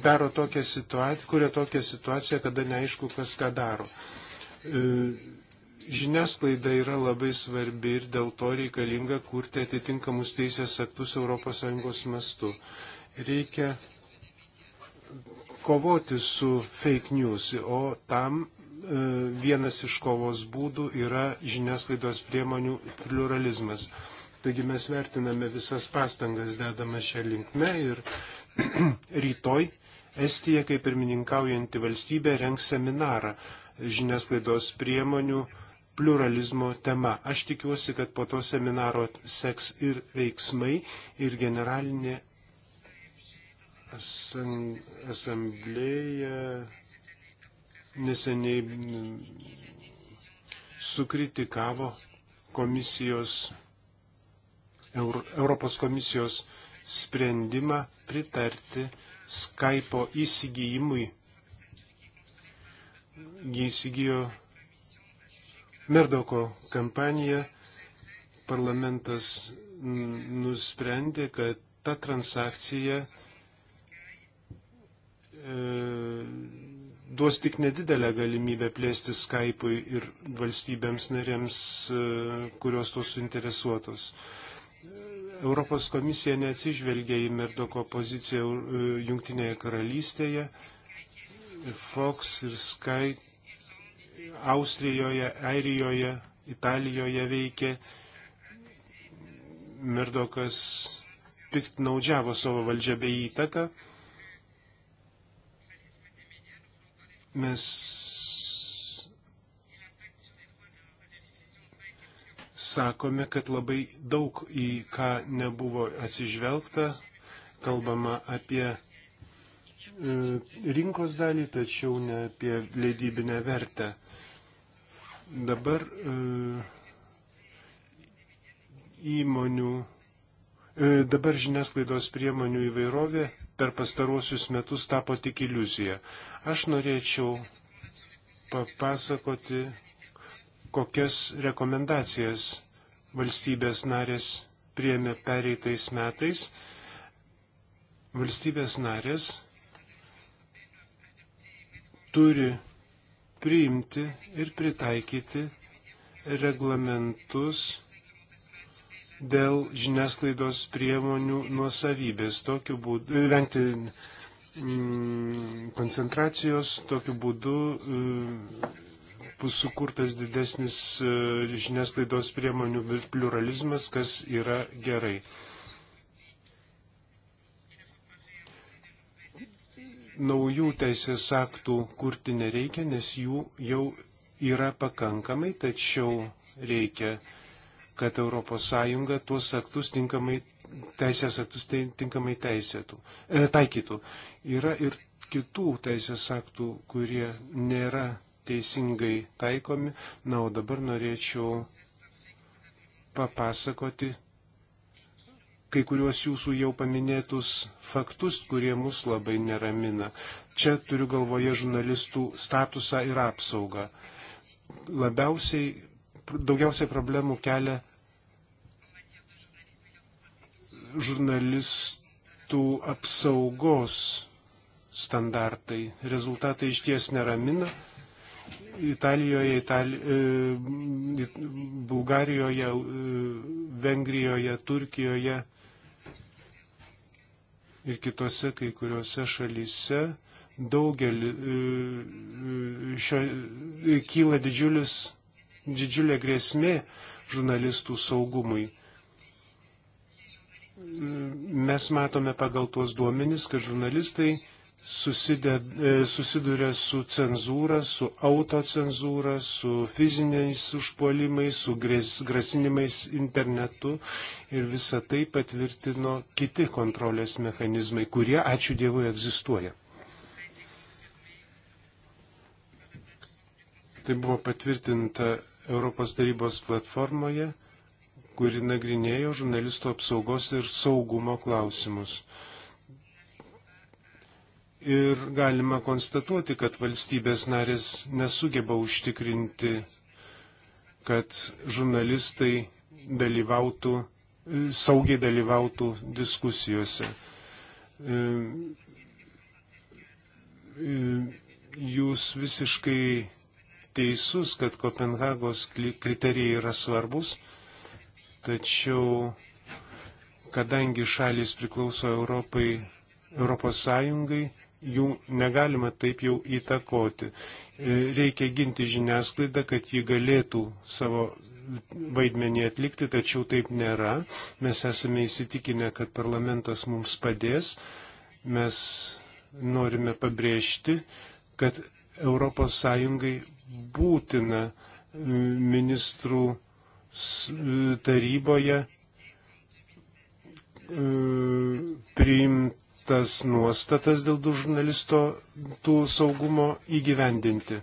B: daro tokią situaciją, kuria tokią situaciją, kada neaišku, kas ką daro. E, žiniasklaida yra labai svarbi ir dėl to reikalinga kurti atitinkamus teisės aktus ES mastu. Reikia kovoti su fake news, o tam e, vienas iš kovos būdų yra žiniasklaidos priemonių pluralizmas. Taigi mes vertiname visas pastangas dedamą šią linkmę ir rytoj Estija, kaip pirmininkaujanti valstybė, renks seminarą žiniasklaidos priemonių pluralizmo tema. Aš tikiuosi, kad po to seminaro seks ir veiksmai, ir generalinė asamblėja neseniai sukritikavo komisijos Europos komisijos sprendimą pritarti Skype'o įsigijimui. Jį įsigijo Merdoko kampanija. Parlamentas nusprendė, kad ta transakcija e, duos tik nedidelę galimybę plėsti Skype'ui ir valstybėms narėms, e, kurios to suinteresuotos. Europos komisija neatsižvelgia į Merdoko poziciją e, Junktinėje karalystėje, Fox ir Sky Austrijoje, Airijoje, Italijoje veikė. Merdokas piktnaudžiavo savo valdžią bei įtaką. Mes sakome, kad labai daug į ką nebuvo atsižvelgta, kalbama apie e, rinkos dalį, tačiau ne apie leidybinę vertę. Dabar e, įmonių, e, dabar žiniasklaidos priemonių įvairovė per pastaruosius metus tapo tik iliuzija. Aš norėčiau papasakoti kokias rekomendacijas valstybės narės priemė pereitais metais. Valstybės narės turi priimti ir pritaikyti reglamentus dėl žiniasklaidos priemonių nuosavybės, tokiu būdu vengti mm, koncentracijos, tokiu būdu mm, bus sukurtas didesnis e, žiniasklaidos priemonių pluralizmas, kas yra gerai. Naujų teisės aktų kurti nereikia, nes jų jau yra pakankamai, tačiau reikia, kad ES tuos aktus tinkamai, teisės aktus tinkamai teisėtų, e, taikytų. Yra ir kitų teisės aktų, kurie nėra teisingai taikomi. Na, o dabar norėčiau papasakoti kai kuriuos jūsų jau paminėtus faktus, kurie mus labai neramina. Čia turiu galvoje žurnalistų statusą ir apsaugą. Labiausiai, daugiausiai problemų kelia žurnalistų apsaugos standartai. Rezultatai iš ties neramina. Italijoje, Itali... E, Bulgarijoje, e, Vengrijoje, Turkijoje ir kitose kai kuriuose šalyse daugelį e, šio, kyla didžiulis, didžiulė grėsmė žurnalistų saugumui. Mes matome pagal tuos duomenis, kad žurnalistai susided, e, susiduria su cenzūra, su autocenzūra, su fiziniais užpuolimais, su grasinimais internetu ir visą tai patvirtino kiti kontrolės mechanizmai, kurie, ačiū Dievui, egzistuoja. Tai buvo patvirtinta Europos tarybos platformoje, kuri nagrinėjo žurnalisto apsaugos ir saugumo klausimus ir galima konstatuoti, kad valstybės narės nesugeba užtikrinti, kad žurnalistai dalyvautų, e, saugiai dalyvautų diskusijose. E, e, jūs visiškai teisus, kad Kopenhagos kriterijai yra svarbus, tačiau kadangi šalis priklauso Europai, Europos Sąjungai, jų negalima taip jau įtakoti. E, reikia ginti žiniasklaidą, kad ji galėtų savo vaidmenį atlikti, tačiau taip nėra. Mes esame įsitikinę, kad parlamentas mums padės. Mes norime pabrėžti, kad ES būtina ministrų taryboje priimti tas nuostatas dėl du žurnalisto tų saugumo įgyvendinti.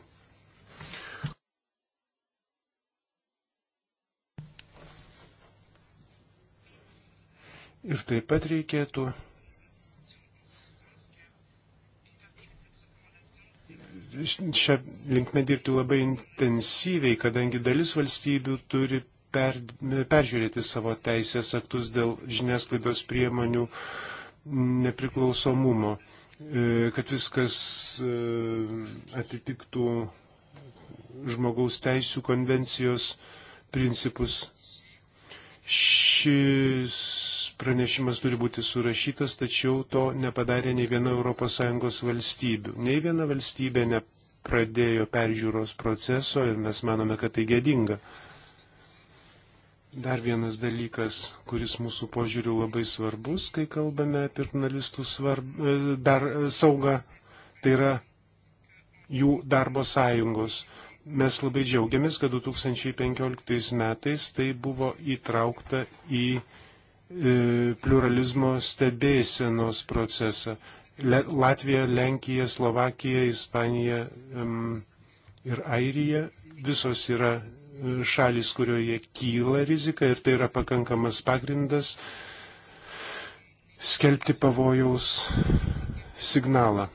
B: Ir taip pat reikėtų šią linkmę dirbti labai intensyviai, kadangi dalis valstybių turi per, peržiūrėti savo teisės aktus dėl žiniasklaidos priemonių uh, nepriklausomumo, e, kad viskas e, atitiktų žmogaus teisų konvencijos principus. Šis pranešimas turi būti surašytas, tačiau to nepadarė nei viena ES valstybių. Nei viena valstybė nepradėjo peržiūros proceso ir mes manome, kad tai gėdinga. Dar vienas dalykas, kuris mūsų požiūrių labai svarbus, kai kalbame apie žurnalistų svarb... E, dar... E, saugą, tai yra jų darbo sąjungos. Mes labai džiaugiamės, kad 2015 metais tai buvo įtraukta į e, pluralizmo stebėsenos procesą. Le, Latvija, Lenkija, Slovakija, Ispanija um, e, ir Airija visos yra šalis, kurioje kyla rizika ir tai yra pakankamas pagrindas skelbti pavojaus signalą.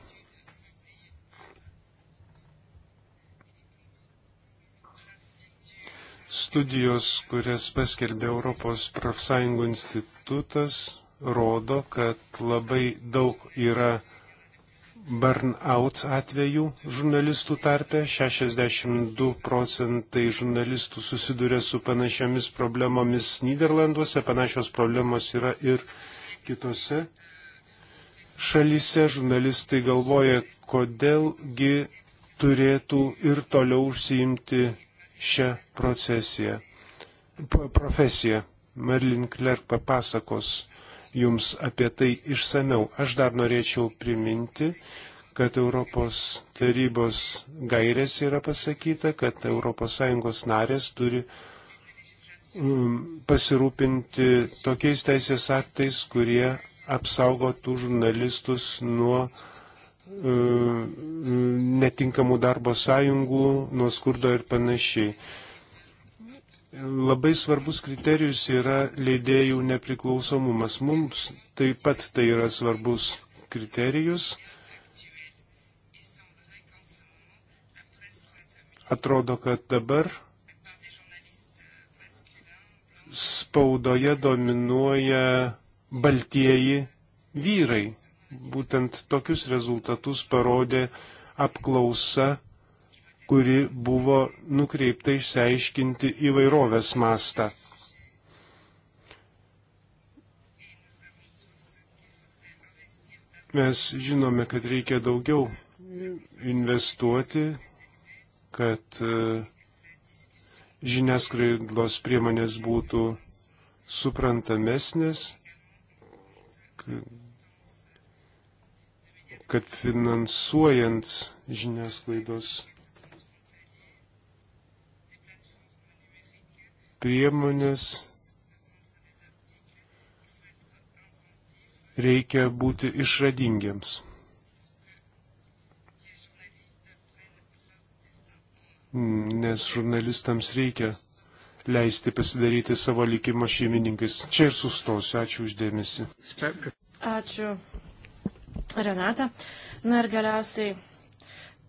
B: Studijos, kurias paskelbė Europos profsąjungų institutas, rodo, kad labai daug yra burn-out atvejų žurnalistų tarpe. 62 procentai žurnalistų susiduria su panašiamis problemomis Niderlanduose. Panašios problemos yra ir kitose šalyse. Žurnalistai galvoja, kodėlgi turėtų ir toliau užsiimti šią procesiją. Profesiją. Merlin Klerk papasakos jums apie tai išsameu. Aš dar norėčiau priminti, kad Europos tarybos gairės yra pasakyta, kad ES narės turi um, pasirūpinti tokiais teisės aktais, kurie apsaugotų žurnalistus nuo um, netinkamų darbo sąjungų, nuo skurdo ir panašiai. Labai svarbus kriterijus yra leidėjų nepriklausomumas. Mums taip pat tai yra svarbus kriterijus. Atrodo, kad dabar spaudoje dominuoja baltieji vyrai. Būtent tokius rezultatus parodė apklausa kuri buvo nukreipta išsiaiškinti įvairovės mastą. Mes žinome, kad reikia daugiau investuoti, kad e, žiniasklaidos priemonės būtų suprantamesnės, kad finansuojant žiniasklaidos priemonės reikia būti išradingiems. Nes žurnalistams reikia leisti pasidaryti savo likimo šeimininkais. Čia ir sustosiu. Ačiū uždėmesi.
C: Ačiū, Renata. Na ir galiausiai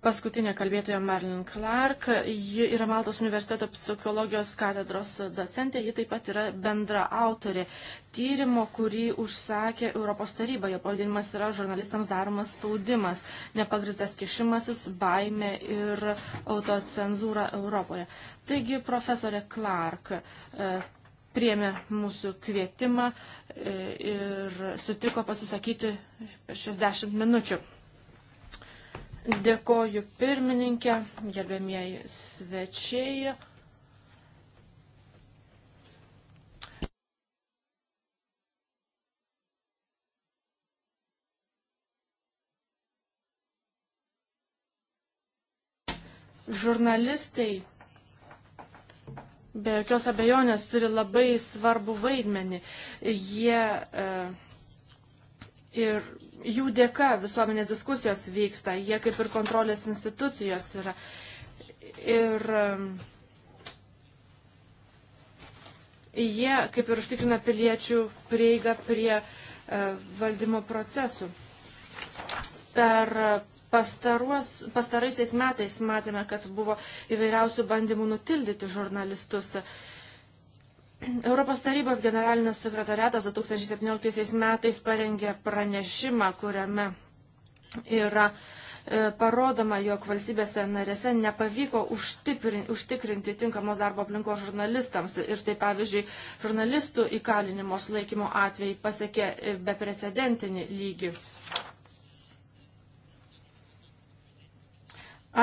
C: Paskutinė kalbėtoja Marilyn Clark, ji yra Maltos universiteto psichologijos katedros docentė, ji taip pat yra bendra autorė tyrimo, kurį užsakė Europos taryba. Jo pavadinimas yra žurnalistams daromas spaudimas, nepagristas kišimasis, baime ir autocenzūra Europoje. Taigi, profesorė Clark, e, priemė mūsų kvietimą e, ir sutiko pasisakyti 60 minučių. Dėkoju pirmininkė, gerbėmieji svečiai. žurnalistai be jokios abejonės turi labai svarbų vaidmenį. Jie e, ir jų dėka visuomenės diskusijos vyksta, jie kaip ir kontrolės institucijos yra. Ir um, jie kaip ir užtikrina piliečių prieigą prie e, valdymo procesų. Per uh, pastaruos, pastaraisiais metais matėme, kad buvo įvairiausių bandymų nutildyti žurnalistus. E, Europos tarybos generalinis sekretariatas 2017 metais parengė pranešimą, kuriame yra e, parodoma, jog valstybėse narėse nepavyko užtikrinti tinkamos darbo aplinkos žurnalistams. Ir štai pavyzdžiui, žurnalistų įkalinimo sulaikymo atvejai pasiekė e, beprecedentinį lygį.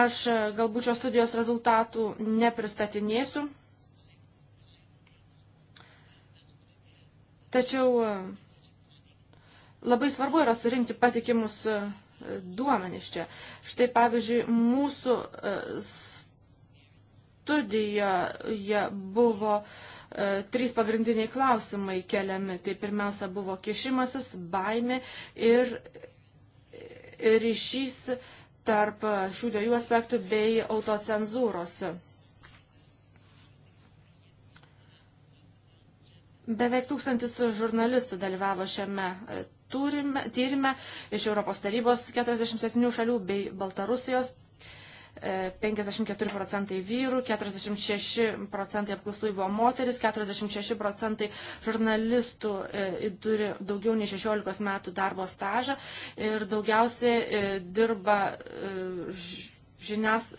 C: Aš e, galbūt šios studijos rezultatų nepristatinėsiu. Tačiau e, labai svarbu yra surinkti patikimus e, duomenys čia. Štai pavyzdžiui, mūsų e, studijoje buvo trys pagrindiniai klausimai keliami. Tai pirmiausia buvo kišimasis, baimė ir ryšys tarp šių dviejų aspektų bei autocenzūros. Beveik tūkstantis žurnalistų dalyvavo šiame e, turime, tyrime iš Europos tarybos 47 šalių bei Baltarusijos. 54 e, procentai vyrų, 46 procentai apklaustųjų buvo moteris, 46 procentai žurnalistų e, turi daugiau nei 16 metų darbo stažą ir daugiausiai e, dirba e, žinias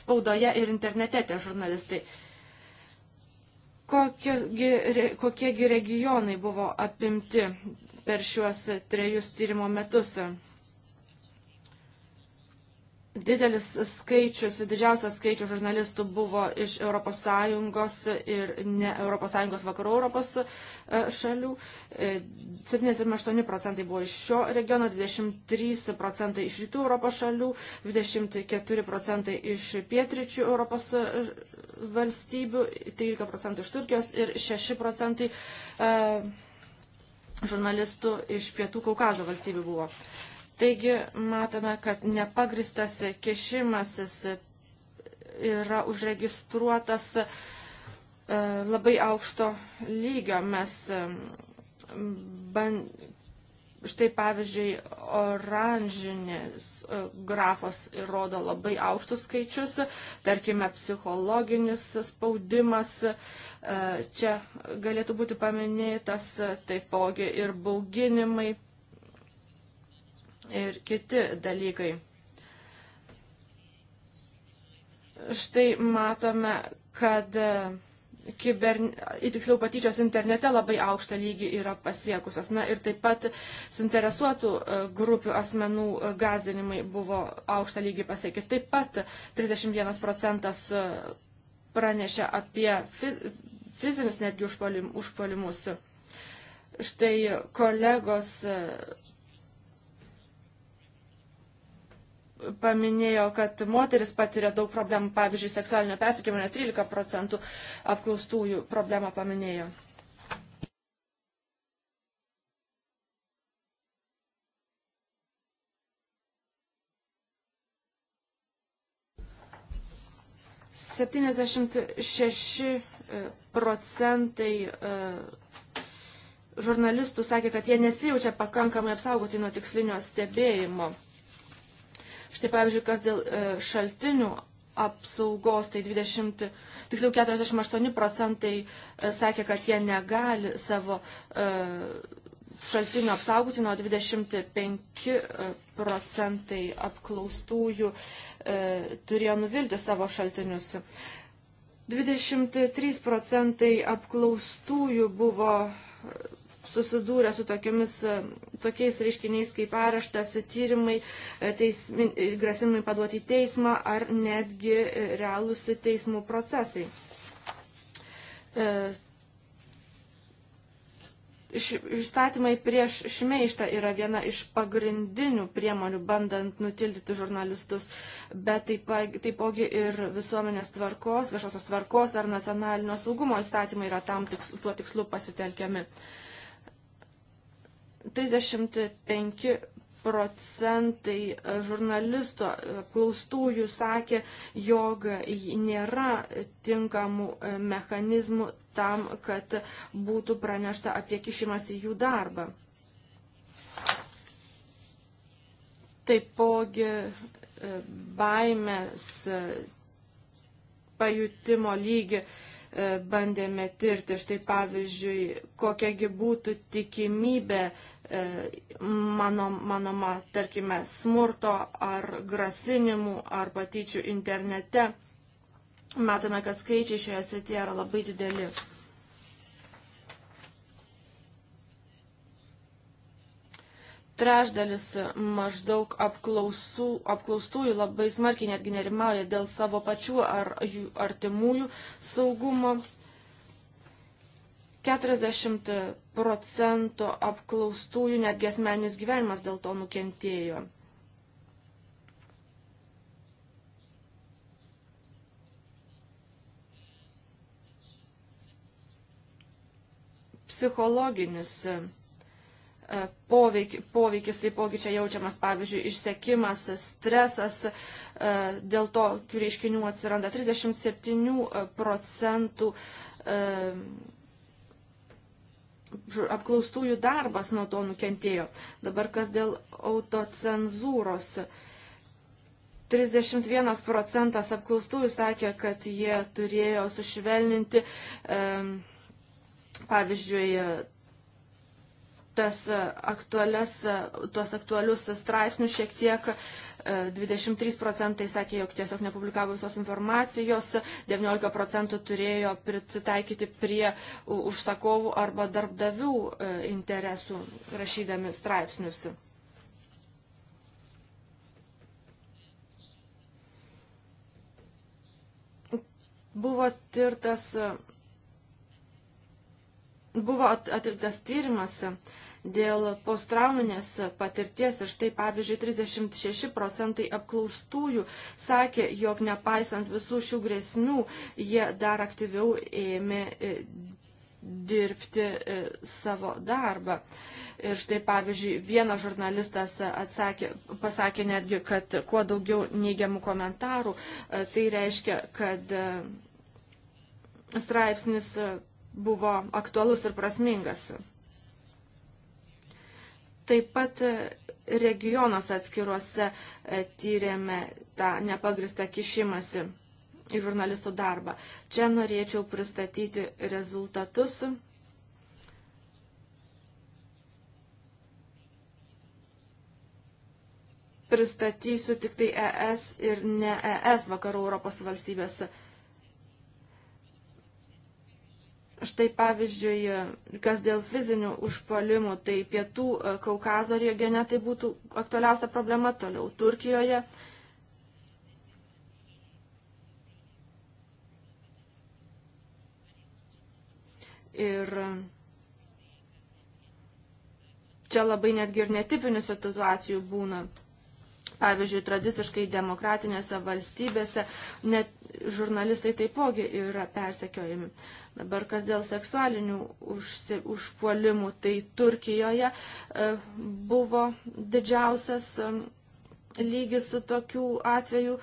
C: spaudoje ir internete tie žurnalistai. E, kokiegi, kokiegi regionai buvo apimti per šiuos trejus tyrimo metus. Didelis skaičius, didžiausias skaičius žurnalistų buvo iš ES ir ne ES vakarų Europos e, šalių. 78 e, procentai buvo iš šio regiono, 23 procentai iš rytų Europos šalių, 24 procentai iš pietričių Europos e, valstybių, 13 procentų iš Turkijos ir 6 procentai žurnalistų iš pietų Kaukazo valstybių buvo. Taigi matome, kad nepagristas kešimasis yra užregistruotas e, labai aukšto lygio. Mes e, ban... štai pavyzdžiui oranžinis e, grafos rodo labai aukštus skaičius, tarkime psichologinis spaudimas. Čia galėtų būti paminėtas taipogi ir bauginimai ir kiti dalykai. Štai matome, kad e, kiber, tiksliau patyčios internete labai aukštą lygį yra pasiekusios. Na ir taip pat suinteresuotų e, grupių asmenų e, gazdinimai buvo aukštą lygį pasiekti. Taip pat 31 procentas pranešė apie fizinius netgi užpuolimus. Štai kolegos paminėjo, kad moteris patiria daug problemų, pavyzdžiui, seksualinio persikimo, net 13 procentų apklaustųjų problemą paminėjo. Septyniasdešimt šeši e, procentai e, žurnalistų sakė, kad jie nesijaučia pakankamai apsaugoti nuo tikslinio stebėjimo. Štai pavyzdžiui, kas dėl e, šaltinių apsaugos, tai 20, tiksliau 48 procentai e, sakė, kad jie negali savo e, šaltinių apsaugoti, nuo 25 procentai apklaustųjų turėjo nuvilti savo šaltinius. 23 procentai apklaustųjų buvo susidūrę su tokiamis, e, tokiais reiškiniais kaip areštas, tyrimai, e, teismi, e, grasimai paduoti į teismą ar netgi realūs teismų procesai. Išstatymai prieš šmeištą yra viena iš pagrindinių priemonių, bandant nutildyti žurnalistus, bet taip, taipogi ir visuomenės tvarkos, viešosios tvarkos ar nacionalinio saugumo įstatymai yra tam tiks, tuo tikslu pasitelkiami. Uh, 35 procentai e, žurnalisto klaustųjų sakė, jog nėra tinkamų e, mechanizmų tam, kad būtų pranešta apie kišimas į jų darbą. Taipogi e, baimės pajutimo lygį E, bandėme tirti. Štai pavyzdžiui, kokiagi būtų tikimybė e, mano, manoma, tarkime, smurto ar grasinimų ar patyčių internete. Matome, kad skaičiai šioje srityje yra labai dideli. trešdalis maždaug apklausų, apklaustųjų labai smarkiai netgi nerimauja dėl savo pačių ar jų artimųjų saugumo. 40 procentų apklaustųjų netgi asmeninis gyvenimas dėl to nukentėjo. Psichologinis E, poveik, poveikis taipogi čia jaučiamas, pavyzdžiui, išsekimas, stresas, e, dėl to reiškinių atsiranda 37 e, procentų apklaustųjų darbas nuo to nukentėjo. Dabar kas dėl autocenzūros. 31 procentas apklaustųjų sakė, kad jie turėjo sušvelninti, pavyzdžiui, tas e, aktualias, e, tuos aktualius straipsnius šiek tiek 23 e, procentai sakė, jog tiesiog nepublikavo visos informacijos, 19 procentų turėjo prisitaikyti prie užsakovų arba darbdavių interesų rašydami straipsnius. Buvo tirtas buvo atliktas tyrimas dėl postrauminės patirties ir štai pavyzdžiui 36 procentai apklaustųjų sakė, jog nepaisant visų šių grėsmių, jie dar aktyviau ėmė e, dirbti e, savo darbą. Ir štai pavyzdžiui, vienas žurnalistas atsakė, pasakė netgi, kad kuo daugiau neigiamų komentarų, e, tai reiškia, kad straipsnis buvo aktualus ir prasmingas. Taip pat e, regionuose atskiruose e, tyrėme tą nepagristą kišimąsi į žurnalistų darbą. Čia norėčiau pristatyti rezultatus. Pristatysiu tik tai ES ir ne ES vakarų Europos valstybės valstybės Štai pavyzdžiui, kas dėl fizinių užpalimų, tai pietų e, Kaukazo regione tai būtų aktualiausia problema toliau. Turkijoje ir čia labai netgi ir netipinių situacijų būna. Pavyzdžiui, tradiciškai demokratinėse valstybėse net žurnalistai taipogi yra persekiojami. Uh, Dabar kas dėl seksualinių užsi, užpuolimų, tai Turkijoje e, buvo didžiausias e, lygis tokių atvejų.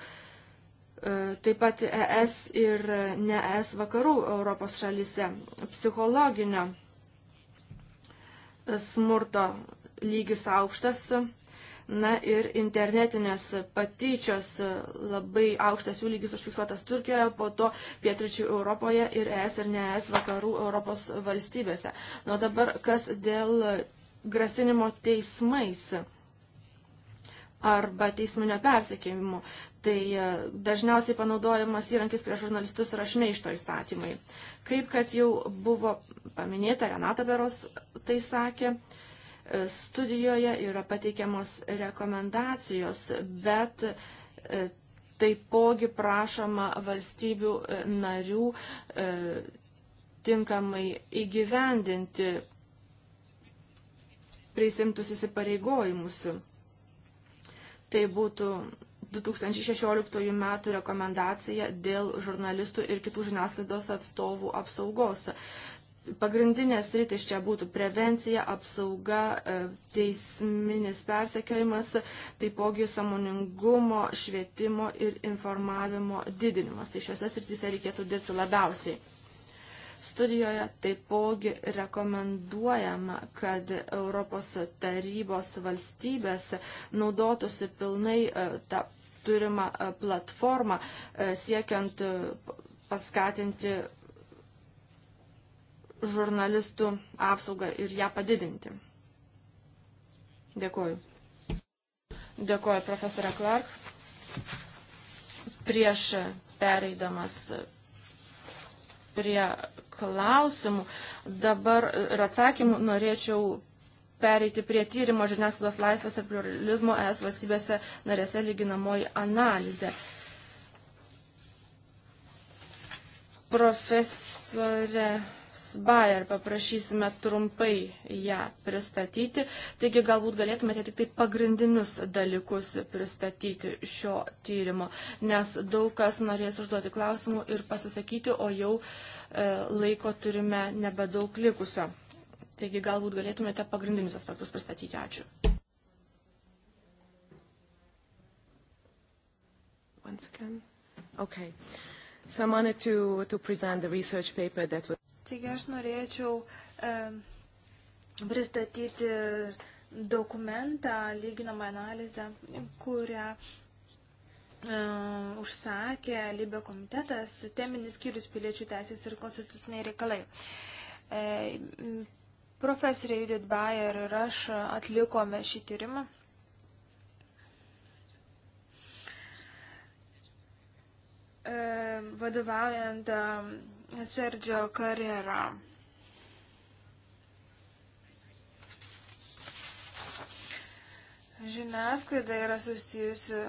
C: E, taip pat ES ir ne ES vakarų Europos šalyse psichologinio smurto lygis aukštas Na ir internetinės patyčios labai aukštas jų lygis užfiksuotas Turkijoje, po to pietričių Europoje ir ES ir ne ES vakarų Europos valstybėse. Nuo dabar kas dėl grasinimo teismais arba teisminio persikėjimo. Tai e, dažniausiai panaudojamas įrankis prieš žurnalistus yra šmeišto įstatymai. Kaip kad jau buvo paminėta, Renata Beros tai sakė, uh, Studijoje yra pateikiamos rekomendacijos, bet e, taipogi prašoma valstybių e, narių e, tinkamai įgyvendinti prisimtus įsipareigojimus. Tai būtų 2016 m. rekomendacija dėl žurnalistų ir kitų žiniasklaidos atstovų apsaugos. Pagrindinės rytis čia būtų prevencija, apsauga, e, teisminis persekiojimas, taipogi samoningumo, švietimo ir informavimo didinimas. Tai šiuose srityse reikėtų dirbti labiausiai. Studijoje taipogi rekomenduojama, kad Europos tarybos valstybės naudotųsi pilnai e, tą turimą e, platformą siekiant paskatinti žurnalistų apsaugą ir ją padidinti. Dėkuoju. Dėkuoju, profesorė Clark. Prieš pereidamas prie klausimų dabar ir atsakymų norėčiau pereiti prie tyrimo žiniasklaidos laisvės ir pluralizmo ES valstybėse narėse lyginamoji analizė. Profesorė Bayer, paprašysime trumpai ją pristatyti. Taigi galbūt galėtumėte tik tai pagrindinius dalykus pristatyti šio tyrimo, nes daug kas norės užduoti klausimų ir pasisakyti, o jau e, laiko turime nebedaug likusio. Taigi galbūt galėtumėte pagrindinius aspektus pristatyti. Ačiū. Once again. Okay. So I wanted to, to present the research paper that was...
A: Taigi aš norėčiau e, pristatyti dokumentą, lyginamą analizę, kurią užsakė Libio komitetas, teminis skyrius piliečių teisės ir konstituciniai reikalai. E, profesorė Judith Bayer ir aš atlikome šį tyrimą. E, vadovaujant Sergio Carrera. Žiniasklaida yra susijusi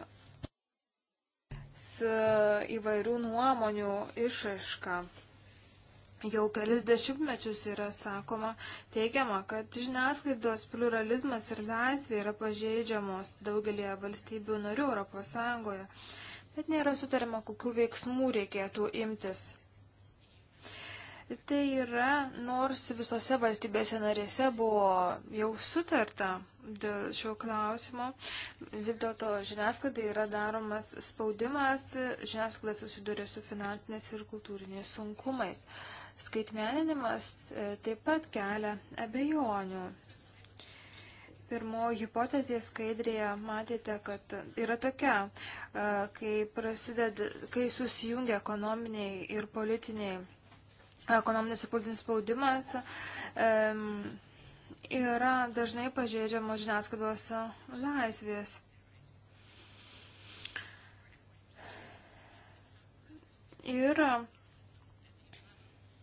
A: su įvairių nuomonių išaiška. Jau kelis dešimtmečius yra sakoma, teigiama, kad žiniasklaidos pluralizmas ir laisvė yra pažeidžiamos daugelėje valstybių narių Europos Sąjungoje, bet nėra sutarima, kokiu veiksmu reikėtų imtis. Tai yra, nors visose valstybėse narėse buvo jau sutarta dėl šio klausimo, vis dėlto žiniasklaidai yra daromas spaudimas, žiniasklaida susiduria su finansinės ir kultūriniais sunkumais. Skaitmeninimas e, taip pat kelia abejonių. Pirmoji hipotezė skaidrėje matėte, kad yra tokia, e, kai, prasideda, kai susijungia ekonominiai ir politiniai ekonominis ir politinis spaudimas yra dažnai pažeidžiamos žiniasklaidos laisvės. Ir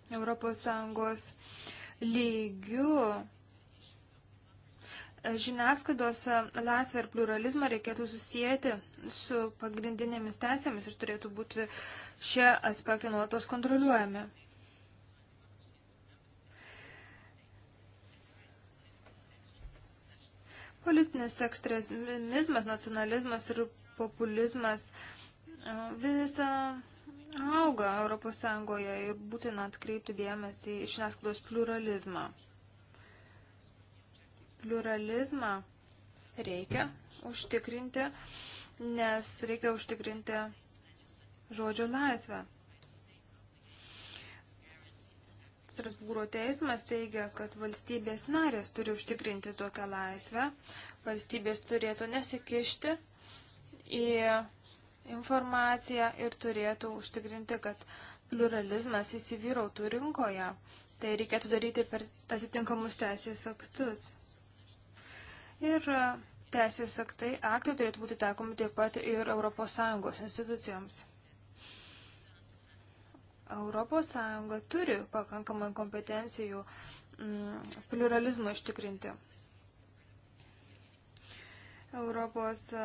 A: ES lygių žiniasklaidos laisvę ir pluralizmą reikėtų susijęti su pagrindinėmis teisėmis ir turėtų būti šie aspektai nuolatos kontroliuojami. Politinis ekstremizmas, nacionalizmas ir populizmas vis auga Europos Sąjungoje ir būtina atkreipti dėmesį į žiniasklaidos pluralizmą. Pluralizmą reikia užtikrinti, nes reikia užtikrinti žodžio laisvę. Strasbūro teismas teigia, kad valstybės narės turi užtikrinti tokią laisvę, valstybės turėtų nesikišti į informaciją ir turėtų užtikrinti, kad pluralizmas įsivyrautų rinkoje. Tai reikėtų daryti per atitinkamus teisės aktus. Ir teisės aktai, aktai turėtų būti taikomi taip pat ir ES institucijoms. ES turi pakankamai kompetencijų mm, pluralizmą ištikrinti. Europos e,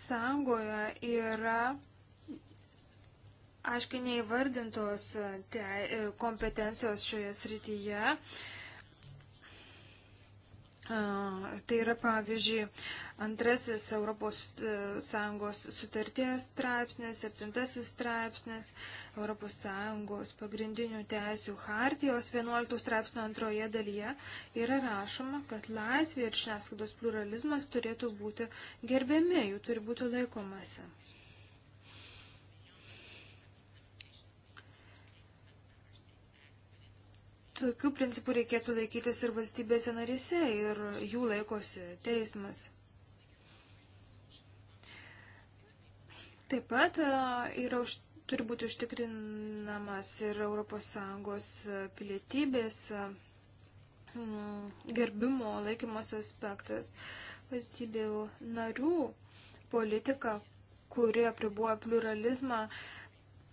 A: Sąjungoje yra aiškiai neįvardintos kompetencijos šioje srityje. Tai yra, pavyzdžiui, antrasis ES e, sutarties straipsnis, septintasis straipsnis, ES pagrindinių teisių hartijos 11 straipsnio antroje dalyje yra rašoma, kad laisvė ir žiniasklaidos pluralizmas turėtų būti gerbiami, jų turi būti laikomasi. Tokių principų reikėtų laikytis ir valstybėse narise, ir jų laikosi teismas. Taip pat e, yra, turi būti užtikrinamas ir ES e, pilietybės e, mm, gerbimo laikymosi aspektas valstybių narių politika, kuri apribuoja pluralizmą,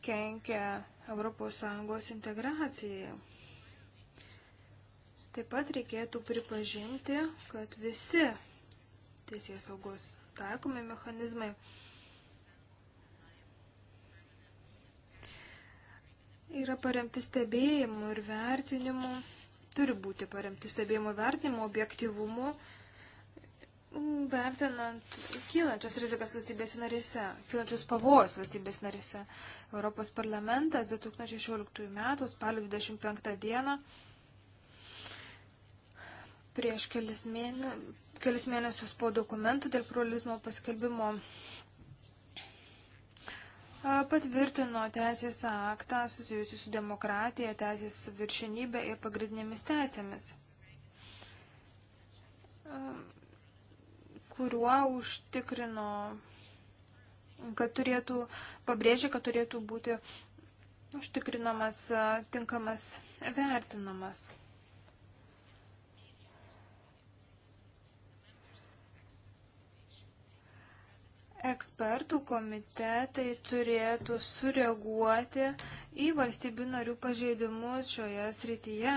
A: kenkia ES integracijai. Taip pat reikėtų pripažinti, kad visi teisės saugos taikomi mechanizmai yra paremti stebėjimu ir vertinimu, turi būti paremti stebėjimu vertinimu, objektivumu, vertinant kylančias rizikas valstybės narise, kylančius pavojus valstybės narise. Europos parlamentas 2016 m. spalio 25 d. Prieš kelis, mėne, kelis mėnesius po dokumentų dėl pluralizmo paskelbimo patvirtino teisės aktą susijusiu su demokratija, teisės viršinybė ir pagrindinėmis teisėmis, kuriuo užtikrino, kad turėtų, pabrėžė, kad turėtų būti užtikrinamas tinkamas vertinamas. Ekspertų komitetai turėtų sureaguoti į valstybių narių pažeidimus šioje srityje,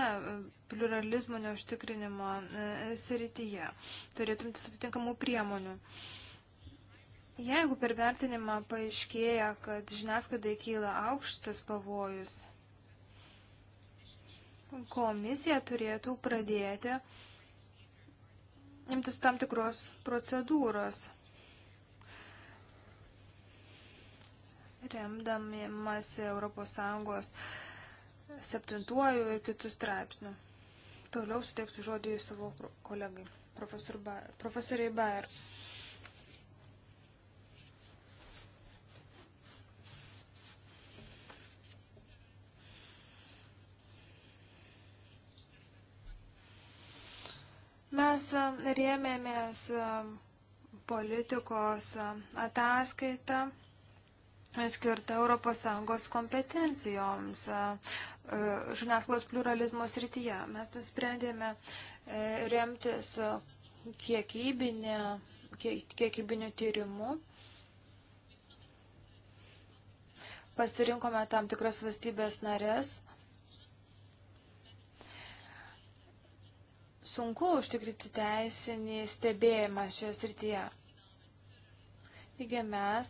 A: pluralizmo neužtikrinimo e, srityje. Turėtum atitinkamų priemonių. Jeigu per vertinimą paaiškėja, kad žiniasklaidai kyla aukštas pavojus, komisija turėtų pradėti imtis tam tikros procedūros remdamasi ES septintuoju ir kitų straipsnių. Toliau suteiksiu žodį savo kolegai, profesor Bayer, profesoriai Bayer. Mes rėmėmės politikos ataskaitą skirta ES kompetencijoms e, e, žiniasklaidos pluralizmo srityje. Mes nusprendėme e, remtis kiekybinė, kiekybiniu tyrimu. Pasirinkome tam tikras valstybės narės. Sunku užtikrinti teisinį stebėjimą šioje srityje. Taigi mes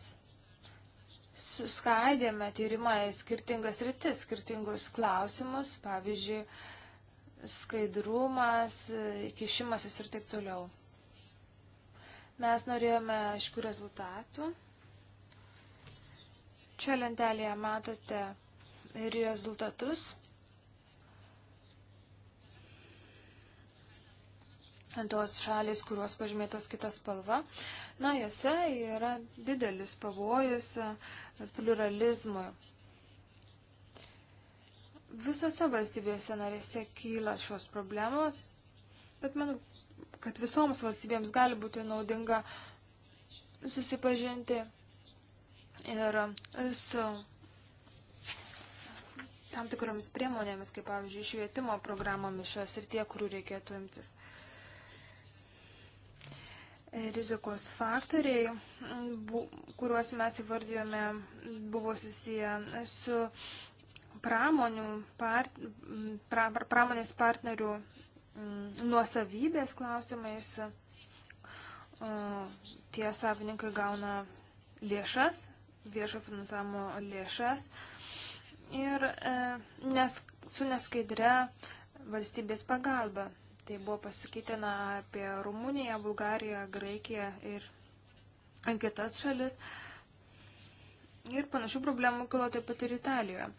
A: suskaidėme tyrimą į skirtingas rytis, skirtingus klausimus, pavyzdžiui, skaidrumas, kišimasis ir taip toliau. Mes norėjome aiškių rezultatų. Čia lentelėje matote rezultatus tos šalis, kurios pažymėtos kitas spalva. Na, jose yra didelis pavojus e, pluralizmui. Visose valstybėse narėse kyla šios problemos, bet manau, kad visoms valstybėms gali būti naudinga susipažinti ir su tam tikromis priemonėmis, kaip pavyzdžiui, švietimo programomis šios ir tie, kurių reikėtų imtis. Uh, rizikos faktoriai, kuriuos mes įvardijome, buvo susiję su pramonių, part, pra, pramonės partnerių mm, nuosavybės klausimais. Tie savininkai gauna lėšas, viešo finansavimo lėšas ir e, nes, su neskaidre valstybės pagalba. Tai buvo pasakytina apie Rumuniją, Bulgariją, Graikiją ir kitas šalis. Ir panašių problemų kilo taip pat ir Italijoje.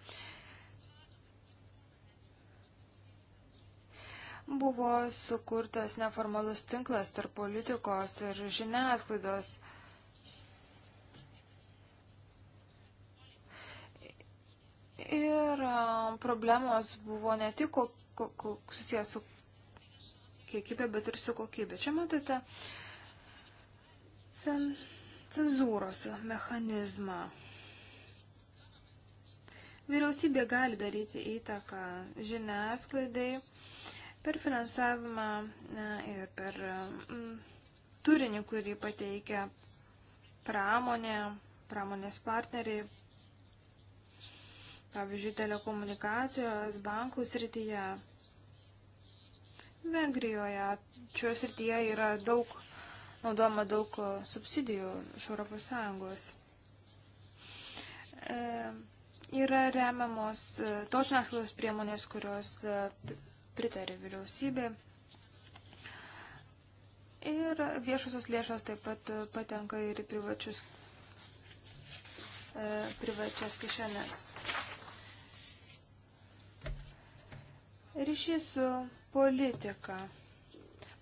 A: Buvo sukurtas neformalus tinklas tarp politikos ir žiniasklaidos. Ir problemos buvo ne tik susijęs su kiekybė, bet ir su kokybė. Čia matote cen, cenzūros mechanizmą. Vyriausybė gali daryti įtaką žiniasklaidai per finansavimą ir per mm, turinį, kurį pateikia pramonė, pramonės partneriai, pavyzdžiui, telekomunikacijos, bankų srityje. Vengrijoje. Šioje srityje yra daug, naudojama daug subsidijų iš ES. E, yra remiamos e, tos žiniasklaidos priemonės, kurios e, pritarė vyriausybė. Ir viešosios lėšos taip pat patenka ir į privačius, e, privačias kišenės. Ryšys su politiką.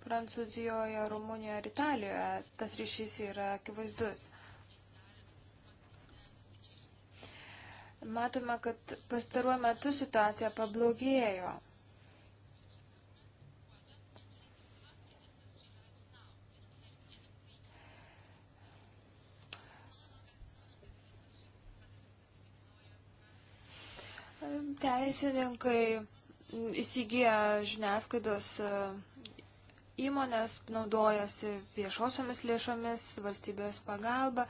A: Prancūzijoje, Rumunijoje ir Italijoje tas ryšys yra akivaizdus. Matome, kad pastaruoju metu situacija pablogėjo. Teisininkai įsigyja žiniasklaidos e, įmonės, naudojasi viešosiomis lėšomis, valstybės pagalba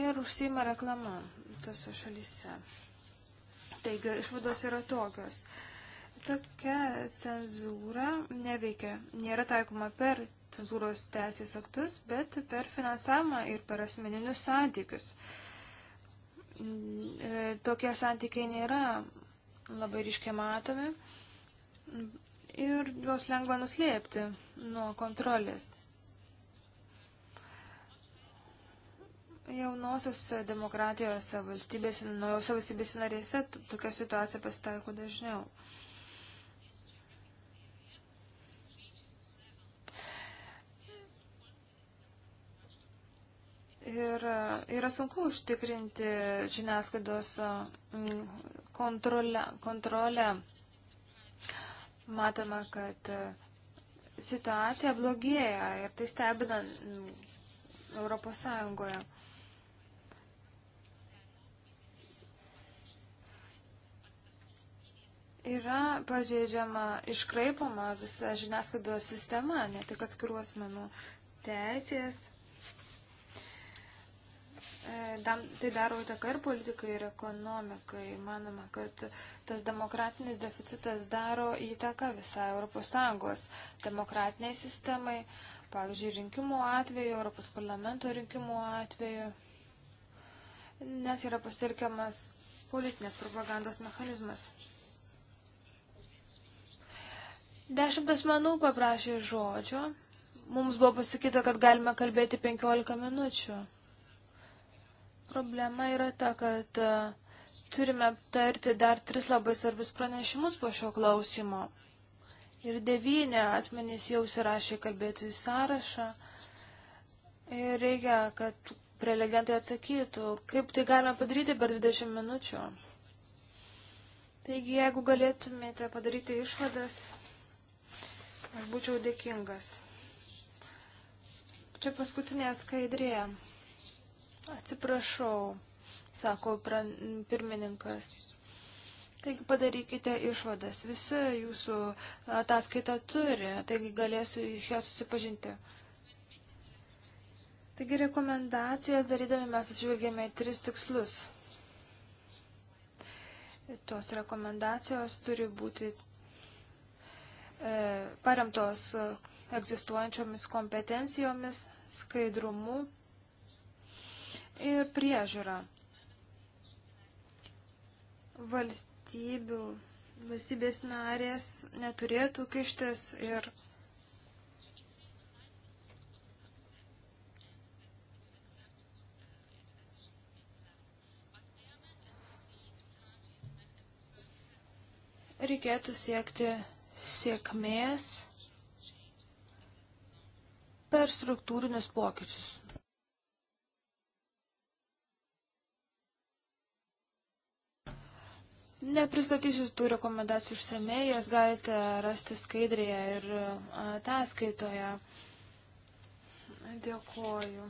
A: ir užsima reklama tose šalyse. Taigi, išvados yra tokios. Tokia cenzūra neveikia, nėra taikoma per cenzūros teisės aktus, bet per finansavimą ir per asmeninius santykius. Mm, e, tokie santykiai nėra labai ryškiai matomi ir juos lengva nuslėpti nuo kontrolės. Jaunosios demokratijose valstybės, naujose valstybės narėse tokia situacija pasitaiko dažniau. Ir yra sunku užtikrinti žiniasklaidos mm, kontrolę, kontrolę matome, kad e, situacija blogėja ir tai stebina mm, Europos Sąjungoje. Yra pažeidžiama, iškraipama visa žiniasklaidos sistema, ne tik atskiruos menų teisės. E, tai daro įtaką ir politikai, ir ekonomikai. Manoma, kad tas demokratinis deficitas daro įtaką visai ES demokratiniai sistemai, pavyzdžiui, rinkimų atveju, Europos parlamento rinkimų atveju, nes yra pasitelkiamas politinės propagandos mechanizmas. Dešimt asmenų paprašė žodžio. Mums buvo pasakyta, kad galime kalbėti 15 minučių. Problema yra ta, kad e, turime aptarti dar tris labai svarbius pranešimus po šio klausimo. Ir devyni asmenys jau sirašė kalbėtojų sąrašą. Ir reikia, kad prelegentai atsakytų, kaip tai galima padaryti per 20 minučių. Taigi, jeigu galėtumėte padaryti išvadas, aš būčiau dėkingas. Čia paskutinė skaidrėje. Atsiprašau, sako pirmininkas. Taigi padarykite išvadas. Visi jūsų ataskaitą turi, taigi galėsiu ją susipažinti. Taigi rekomendacijas darydami mes atsižvelgėme į tris tikslus. Tos rekomendacijos turi būti e, paremtos egzistuojančiomis kompetencijomis, skaidrumu ir priežiūra. Valstybių, valstybės narės neturėtų kištis ir reikėtų siekti sėkmės per struktūrinius pokyčius. Nepristatysiu tų rekomendacijų išsamei, jas galite rasti skaidrėje ir ataskaitoje. Dėkuoju.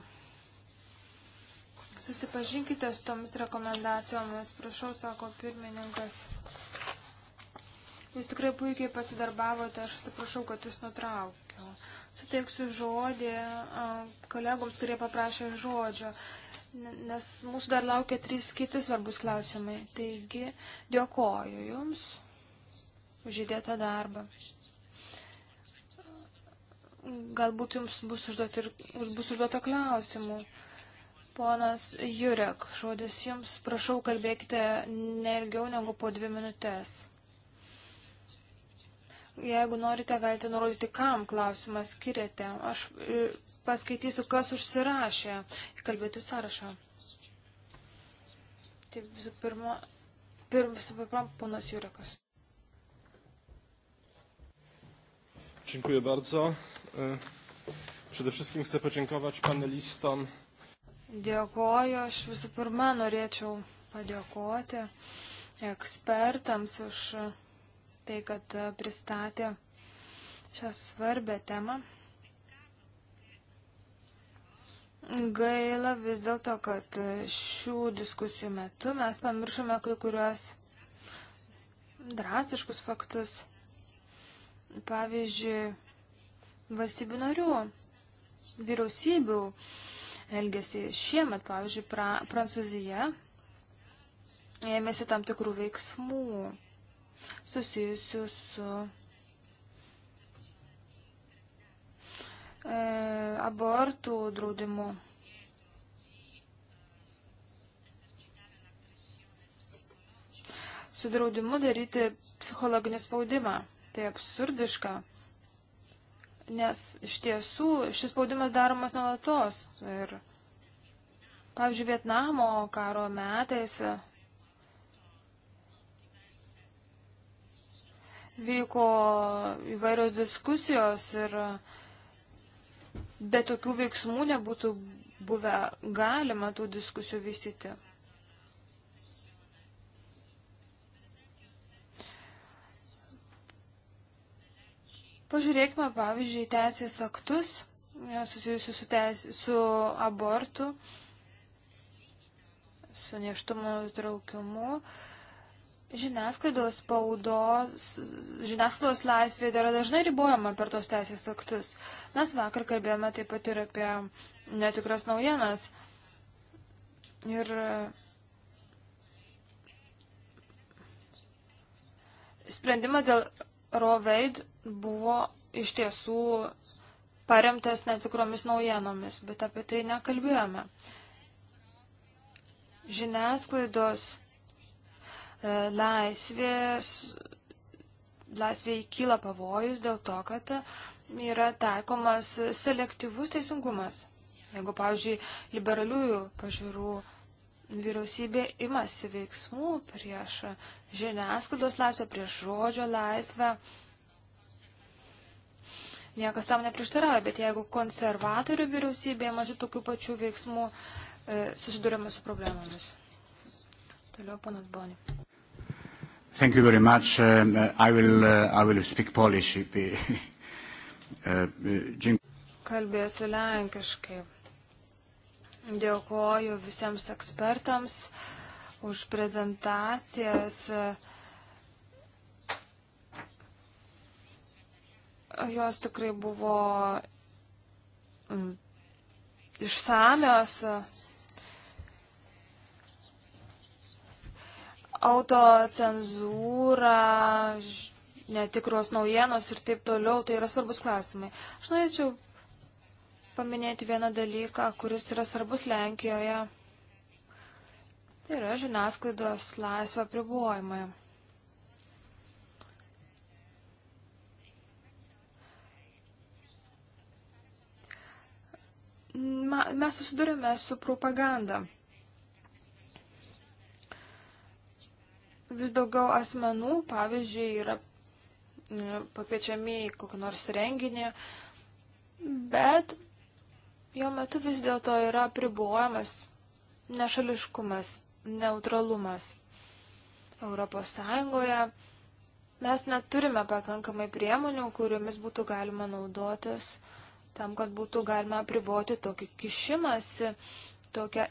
A: Susipažinkite su tomis rekomendacijomis, prašau, sako pirmininkas. Jūs tikrai puikiai pasidarbavote, aš atsiprašau, kad jūs nutraukiau. Suteiksiu žodį kolegoms, kurie paprašė žodžio nes mūsų dar laukia trys kiti svarbus klausimai. Taigi, dėkoju Jums už įdėtą darbą. Galbūt Jums bus, užduoti, bus užduota klausimų. Ponas Jurek, žodis Jums, prašau, kalbėkite ne ilgiau negu po dvi minutės. Jeigu norite, galite nurodyti, kam klausimą skiriate. Aš e, paskaitysiu, kas užsirašė į kalbėtų sąrašą. Tai visų pirma, pirm, visų pirma, ponas Jurekas.
B: Dziękuję bardzo. E, przede wszystkim chcę podziękować panelistom.
A: Dėkoju, aš visų pirma norėčiau padėkoti ekspertams už. Už tai, kad e, pristatė šią svarbę temą. Gaila vis dėlto, kad e, šių diskusijų metu mes pamiršome kai kuriuos drastiškus faktus. Pavyzdžiui, valstybių narių, vyriausybių elgesi šiemet, pavyzdžiui, pra, Prancūzija ėmėsi tam tikrų veiksmų susijusių su e, abortų draudimu. Su draudimu daryti psichologinį spaudimą. Tai absurdiška, nes iš tiesų šis spaudimas daromas nuolatos. Ir, pavyzdžiui, Vietnamo karo metais vyko įvairios diskusijos ir be tokių veiksmų nebūtų buvę galima tų diskusijų vystyti. Pažiūrėkime, pavyzdžiui, teisės aktus e, susijusius su, teis, su abortu, su neštumo traukimu. Žiniasklaidos spaudos, žiniasklaidos laisvė yra dažnai ribojama per tos teisės aktus. Mes vakar kalbėjome taip pat ir apie netikras naujienas. Ir sprendimas dėl Roveid buvo iš tiesų paremtas netikromis naujienomis, bet apie tai nekalbėjome. Žiniasklaidos E, laisvės, laisvėje kyla pavojus dėl to, kad yra taikomas selektyvus teisingumas. Jeigu, pavyzdžiui, liberaliųjų pažiūrų vyriausybė imasi veiksmų prieš žiniasklaidos laisvę, prieš žodžio laisvę, niekas tam neprieštarauja, bet jeigu konservatorių vyriausybė imasi tokių pačių veiksmų, e, susidurėme su problemomis. Toliau panas Boni.
B: Thank you very much. Um, I will, uh, I will speak Polish. Uh,
A: Kalbėsiu lenkiškai. Dėkoju visiems ekspertams už prezentacijas. Jos tikrai buvo mm, išsamios. autocenzūra, netikros naujienos ir taip toliau, tai yra svarbus klausimai. Aš norėčiau paminėti vieną dalyką, kuris yra svarbus Lenkijoje. Tai yra žiniasklaidos laisvą pribuojimai. Mes susidurime su propaganda. vis daugiau asmenų, pavyzdžiui, yra e, pakviečiami į kokį nors renginį, bet jo metu vis dėlto yra pribuojamas nešališkumas, neutralumas. Europos Sąjungoje mes neturime pakankamai priemonių, kuriomis būtų galima naudotis tam, kad būtų galima apriboti tokį kišimąsi, tokią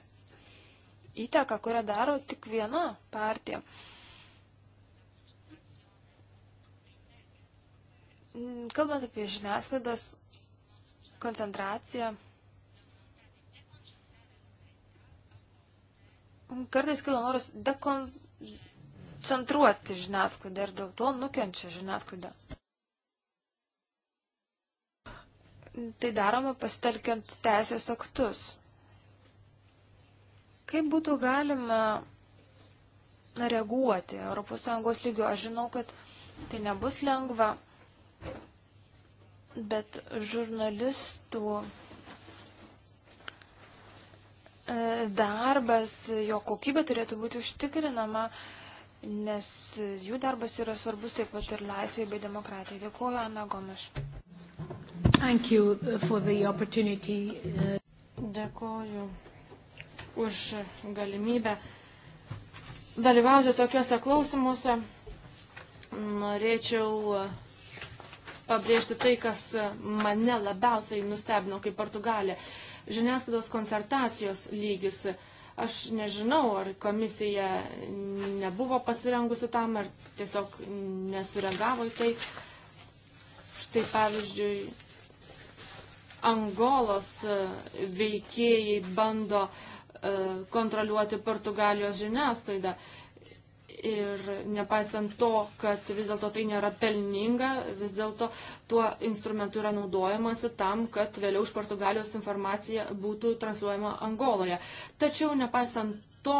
A: įtaką, kurią daro tik viena partija. Mm, kalbant apie žiniasklaidos koncentraciją, kartais kilo noras dekoncentruoti žiniasklaidą ir dėl to nukenčia žiniasklaida. Tai daroma pasitelkiant teisės aktus. Kaip būtų galima reaguoti ES lygiu? Aš žinau, kad tai nebus lengva bet žurnalistų e, darbas, jo kokybė turėtų būti užtikrinama, nes jų darbas yra svarbus taip pat ir laisvė bei demokratija. Dėkuoju, Ana Gomaš. Uh, Dėkuoju už galimybę
C: dalyvauti tokiuose klausimuose. Norėčiau pabrėžti tai, kas mane labiausiai nustebino kaip Portugalė. Žiniasklaidos koncertacijos lygis. Aš nežinau, ar komisija nebuvo pasirengusi tam, ar tiesiog nesureagavo į tai. Štai pavyzdžiui, Angolos veikėjai bando e, kontroliuoti Portugalijos žiniasklaidą. Uh, Ir nepaisant to, kad vis dėlto tai nėra pelninga, vis dėlto tuo instrumentu yra naudojamasi tam, kad vėliau iš Portugalijos informacija būtų transliuojama Angoloje. Tačiau nepaisant to,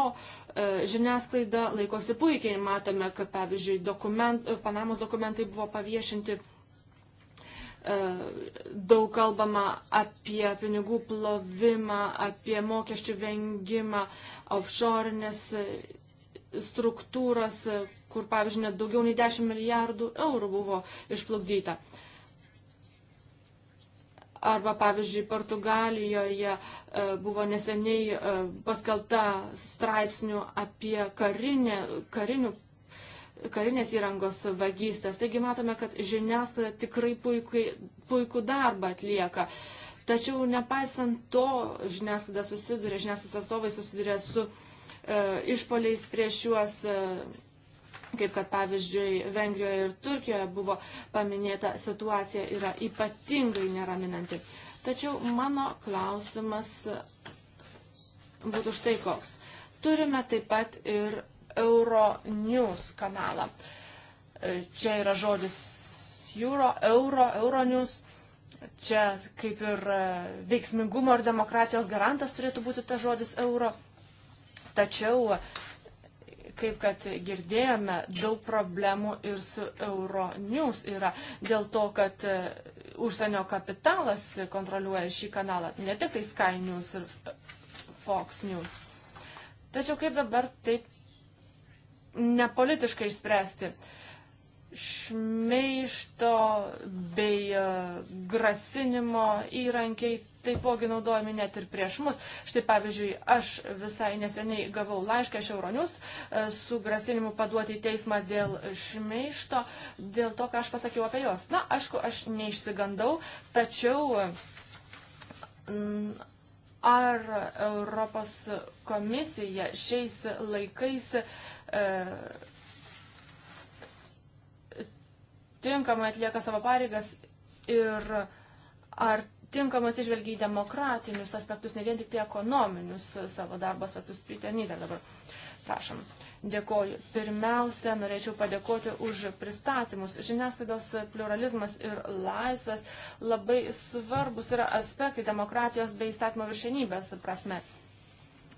C: e, žiniasklaida laikosi puikiai. Matome, kad pavyzdžiui, dokument, Panamos dokumentai buvo paviešinti e, daug kalbama apie pinigų plovimą, apie mokesčių vengimą, offshore'inės struktūras, kur, pavyzdžiui, net daugiau nei 10 milijardų eurų buvo išplukdyta. Arba, pavyzdžiui, Portugalijoje e, buvo neseniai e, paskelta straipsnių apie karinę, karinių karinės įrangos vagystės. Taigi matome, kad žiniasklaida tikrai puikiai, puikų darbą atlieka. Tačiau nepaisant to, žiniasklaida susiduria, žiniasklaidos atstovai susiduria su uh, E, išpoliais prieš juos, e, kaip kad pavyzdžiui Vengrijoje ir Turkijoje buvo paminėta situacija, yra ypatingai neraminanti. Tačiau mano klausimas būtų štai koks. Turime taip pat ir Euronews kanalą. E, čia yra žodis Euro, Euro, Euronews. Čia kaip ir veiksmingumo ir demokratijos garantas turėtų būti ta žodis Euro. Tačiau, kaip kad girdėjome, daug problemų ir su Euronews yra dėl to, kad e, užsienio kapitalas kontroliuoja šį kanalą, ne tik tai Sky News ir e, Fox News. Tačiau kaip dabar taip nepolitiškai išspręsti? Šmeišto bei e, grasinimo įrankiai taipogi naudojami net ir prieš mus. Štai pavyzdžiui, aš visai neseniai gavau laišką iš Euronius e, su grasinimu paduoti į teismą dėl šmeišto, dėl to, ką aš pasakiau apie juos. Na, aišku, aš neišsigandau, tačiau. Mm, ar Europos komisija šiais laikais e, tinkamai atlieka savo pareigas ir ar tinkamai atsižvelgia į demokratinius aspektus, ne vien tik tai ekonominius savo darbo aspektus. Peter Nydė dabar. Prašom. Dėkoju. Pirmiausia, norėčiau padėkoti už pristatymus. Žiniasklaidos pluralizmas ir laisvės labai svarbus yra aspektai demokratijos bei įstatymo viršenybės prasme.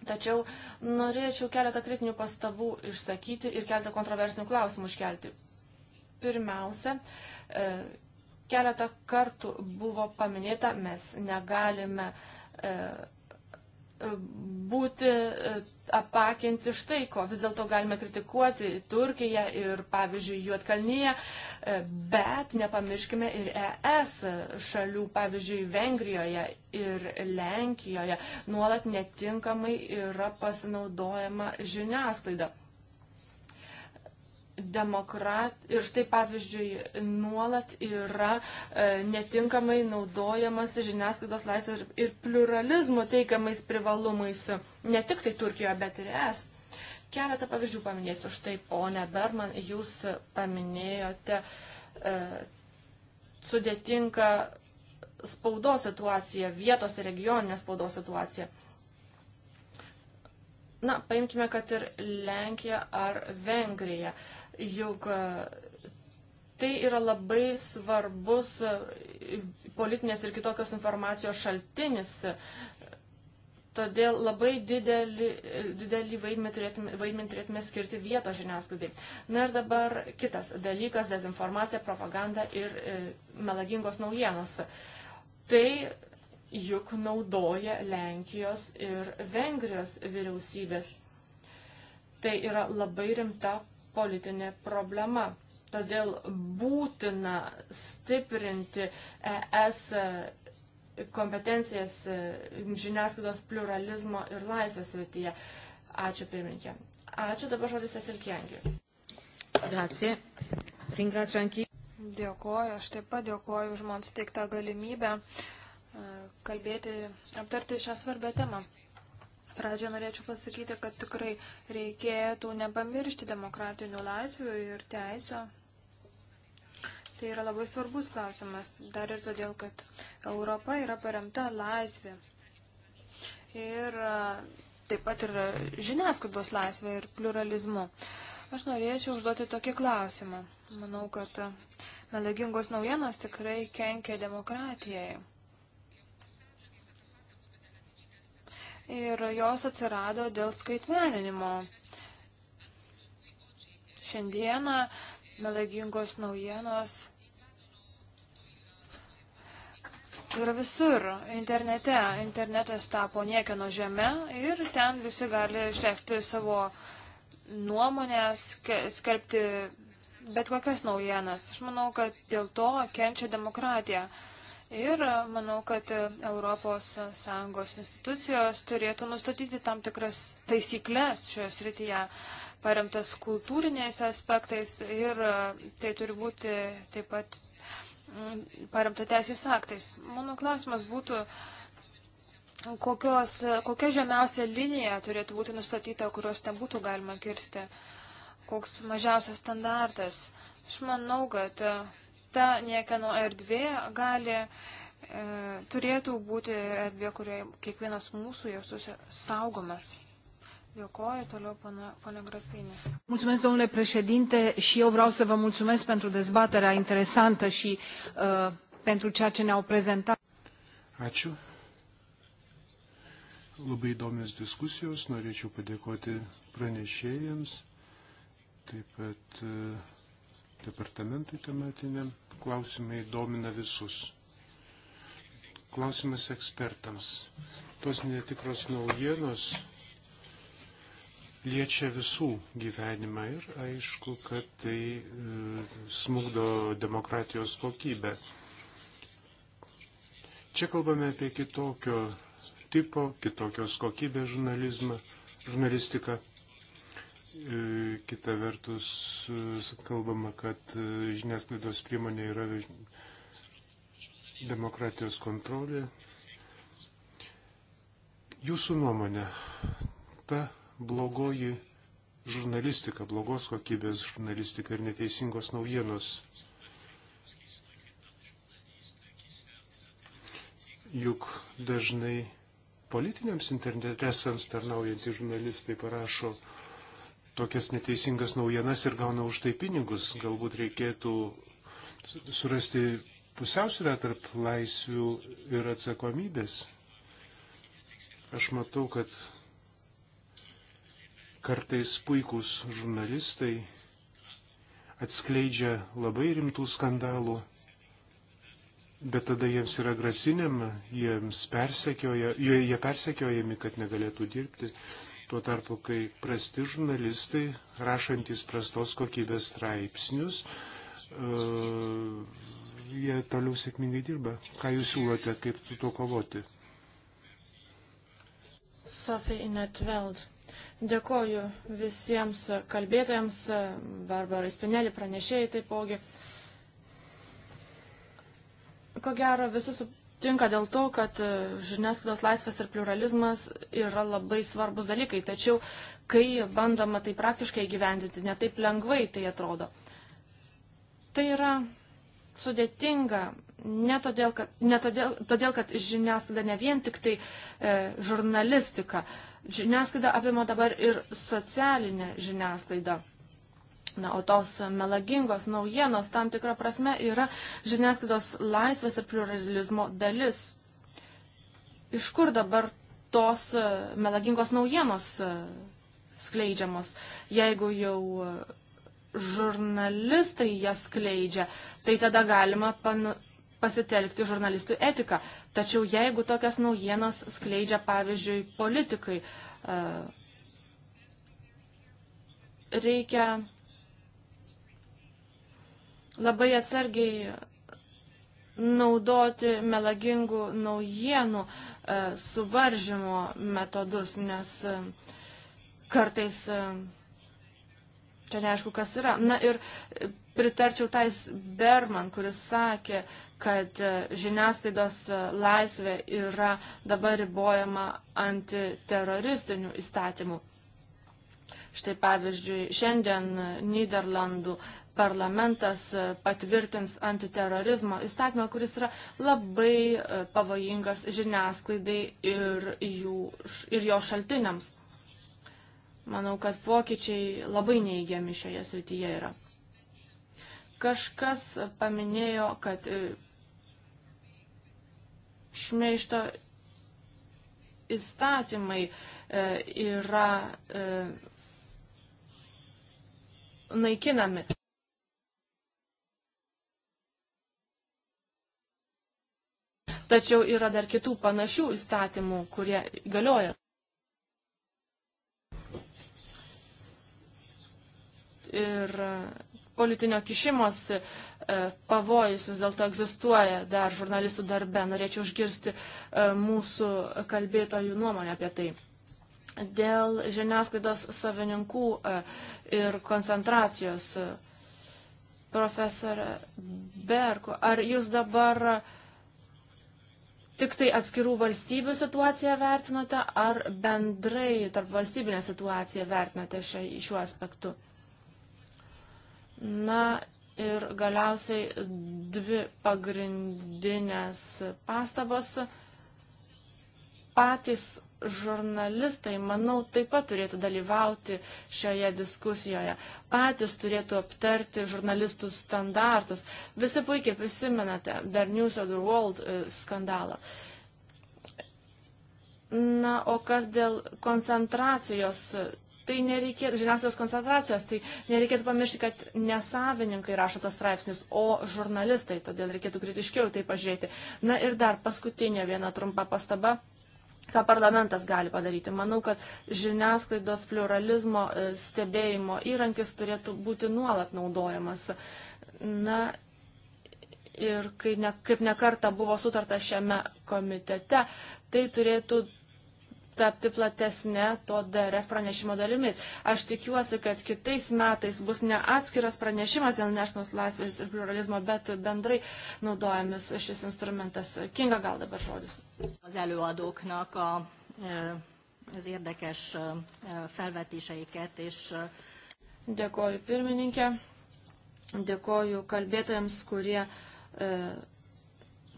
C: Tačiau norėčiau keletą kritinių pastabų išsakyti ir keletą kontroversinių klausimų iškelti. Pirmiausia, e, keletą kartų buvo paminėta, mes negalime e, e būti e, apakinti štai ko. Vis dėlto galime kritikuoti Turkiją ir, pavyzdžiui, Juotkalnyje, e, bet nepamirškime ir ES šalių, pavyzdžiui, Vengrijoje ir Lenkijoje nuolat netinkamai yra pasinaudojama žiniasklaida demokrat... ir štai pavyzdžiui nuolat yra e, netinkamai naudojamas žiniasklaidos laisvės ir, ir pluralizmo teikiamais privalumais, ne tik tai Turkijoje, bet ir es. Keletą pavyzdžių paminėsiu. Štai, ponė Berman, jūs paminėjote e, sudėtingą spaudos situaciją, vietos ir regioninės spaudos situaciją na, paimkime, kad ir Lenkija ar Vengrija jog e, tai yra labai svarbus e, politinės ir kitokios informacijos šaltinis. Todėl labai didelį, didelį vaidmenį turėtume, vaidmenį turėtume skirti vietos žiniasklaidai. Na ir dabar kitas dalykas - dezinformacija, propaganda ir e, melagingos naujienos. Tai juk naudoja Lenkijos ir Vengrijos vyriausybės. Tai yra labai rimta politinė problema. Todėl būtina stiprinti ES kompetencijas e, žiniasklaidos pluralizmo ir laisvės srityje. Ačiū pirmininkė. Ačiū dabar
A: žodis Esilkiangi. Grazie. Ringrazio anch'io. Dėkoju, aš taip pat dėkoju už man suteiktą galimybę e, kalbėti, aptarti šią svarbę temą. Pradžioje norėčiau pasakyti, kad tikrai reikėtų nepamiršti demokratinių laisvių ir teisę. Tai yra labai svarbus klausimas, dar ir todėl, kad Europa yra paremta laisvė. Ir taip pat ir žiniasklaidos laisvė ir pluralizmu. Aš norėčiau užduoti tokį klausimą. Manau, kad melagingos naujienos tikrai kenkia demokratijai. ir jos atsirado dėl skaitmeninimo. Šiandieną melagingos naujienos yra visur internete. Internetas tapo niekieno žeme ir ten visi gali išreikšti savo nuomonę, skelbti bet kokias naujienas. Aš manau, kad dėl to kenčia demokratija. Ir e, manau, kad ES institucijos turėtų nustatyti tam tikras taisyklės šioje srityje, paremtas kultūriniais aspektais ir e, tai turi būti taip pat paremta teisės aktais. Mano klausimas būtų, kokios, kokia žemiausia linija turėtų būti nustatyta, kurios nebūtų galima kirsti, koks mažiausias standartas. Aš manau, kad e, ta niekieno erdvė gali, e, turėtų būti erdvė, kurioje kiekvienas mūsų jaustųsi saugomas. Dėkoju, toliau pana Grapinė. Mulțumesc, domnule președinte, și eu vreau să vă mulțumesc pentru dezbaterea interesantă și uh, pentru ceea ce ne-au prezentat.
B: Ačiū. Labai įdomios diskusijos, norėčiau padėkoti pranešėjams, taip pat uh, departamentui tematiniam klausimai domina visus. Klausimas ekspertams. Tos netikros naujienos liečia visų gyvenimą ir aišku, kad tai e, smugdo demokratijos kokybę. Čia kalbame apie kitokio tipo, kitokios kokybės žurnalizmą, žurnalistiką. E, kita vertus, e, kalbama, kad e, žiniasklaidos priemonė yra demokratijos kontrolė. Jūsų nuomonė, ta blogoji žurnalistika, blogos kokybės žurnalistika ir neteisingos naujienos. Juk dažnai politiniams interesams tarnaujantys žurnalistai parašo uh, tokias neteisingas naujienas ir gauna už tai pinigus. Galbūt reikėtų surasti pusiausvyrą tarp laisvių ir atsakomybės. Aš matau, kad kartais puikūs žurnalistai atskleidžia labai rimtų skandalų, bet tada jiems yra grasinama, jiems persekioja, jie persekiojami, kad negalėtų dirbti. Tuo tarpu, kai prasti žurnalistai, rašantis prastos kokybės straipsnius, uh, jie toliau sėkmingai dirba. Ką jūs siūlote, kaip su to kovoti?
C: Sofija Inetveld. Dėkoju visiems kalbėtojams, Barbarai Spinelį pranešėjai taipogi. Ko gero, visi su, Tinka dėl to, kad e, žiniasklaidos laisvės ir pluralizmas yra labai svarbus dalykai, tačiau kai bandoma tai praktiškai gyvendinti, netaip lengvai tai atrodo. Tai yra sudėtinga ne todėl, kad, ne todėl, todėl, kad žiniasklaida ne vien tik tai e, žurnalistika. Žiniasklaida apima dabar ir socialinę žiniasklaidą. Na, o tos melagingos naujienos tam tikrą prasme yra žiniasklaidos laisvės ir pluralizmo dalis. Iš kur dabar tos e, melagingos naujienos e, skleidžiamos, jeigu jau e, žurnalistai jas skleidžia, tai tada galima pan pasitelkti žurnalistų etiką. Tačiau jeigu tokias naujienas skleidžia, pavyzdžiui, politikai, reikia labai atsargiai naudoti melagingų naujienų e, suvaržymo metodus, nes e, kartais e, čia neaišku, kas yra. Na ir pritarčiau tais Berman, kuris sakė, kad žiniasklaidos laisvė yra dabar ribojama antiteroristinių įstatymų. Štai pavyzdžiui, šiandien Niderlandų parlamentas e, patvirtins antiterorizmo įstatymą, kuris yra labai e, pavojingas žiniasklaidai ir, jų, ir jo šaltiniams. Manau, kad pokyčiai labai neįgiami šioje srityje yra. Kažkas paminėjo, kad e, šmeišto įstatymai yra naikinami. Tačiau yra dar kitų panašių įstatymų, kurie galioja. Ir politinio kišimos e, pavojus vis dėlto egzistuoja dar žurnalistų darbe. Norėčiau išgirsti e, mūsų kalbėtojų nuomonę apie tai. Dėl žiniasklaidos savininkų e, ir koncentracijos, profesorė Berku, ar jūs dabar uh, tik tai atskirų valstybių situaciją vertinote, ar bendrai tarp valstybinę situaciją vertinote šiuo aspektu? Na ir galiausiai dvi pagrindinės pastabos. Patys žurnalistai, manau, taip pat turėtų dalyvauti šioje diskusijoje. Patys turėtų aptarti žurnalistų standartus. Visi puikiai prisimenate dar News of the World e, skandalą. Na, o kas dėl koncentracijos tai nereikėtų, žiniasklaidos koncentracijos, tai nereikėtų pamiršti, kad ne savininkai rašo tos straipsnius, o žurnalistai, todėl reikėtų kritiškiau tai pažiūrėti. Na ir dar paskutinė viena trumpa pastaba ką parlamentas gali padaryti. Manau, kad žiniasklaidos pluralizmo e, stebėjimo įrankis turėtų būti nuolat naudojamas. Na ir kai ne, kaip nekarta buvo sutarta šiame komitete, tai turėtų tapti platesnė to DRF pranešimo dalimi. Aš tikiuosi, kad kitais metais bus ne atskiras pranešimas dėl nešnos laisvės ir pluralizmo, bet bendrai naudojamis šis instrumentas. Kinga gal dabar žodis. Az előadóknak a, eh, az érdekes eh, felvetéseiket és eh, Dėkoju pirmininkė, dėkoju kalbėtojams, kurie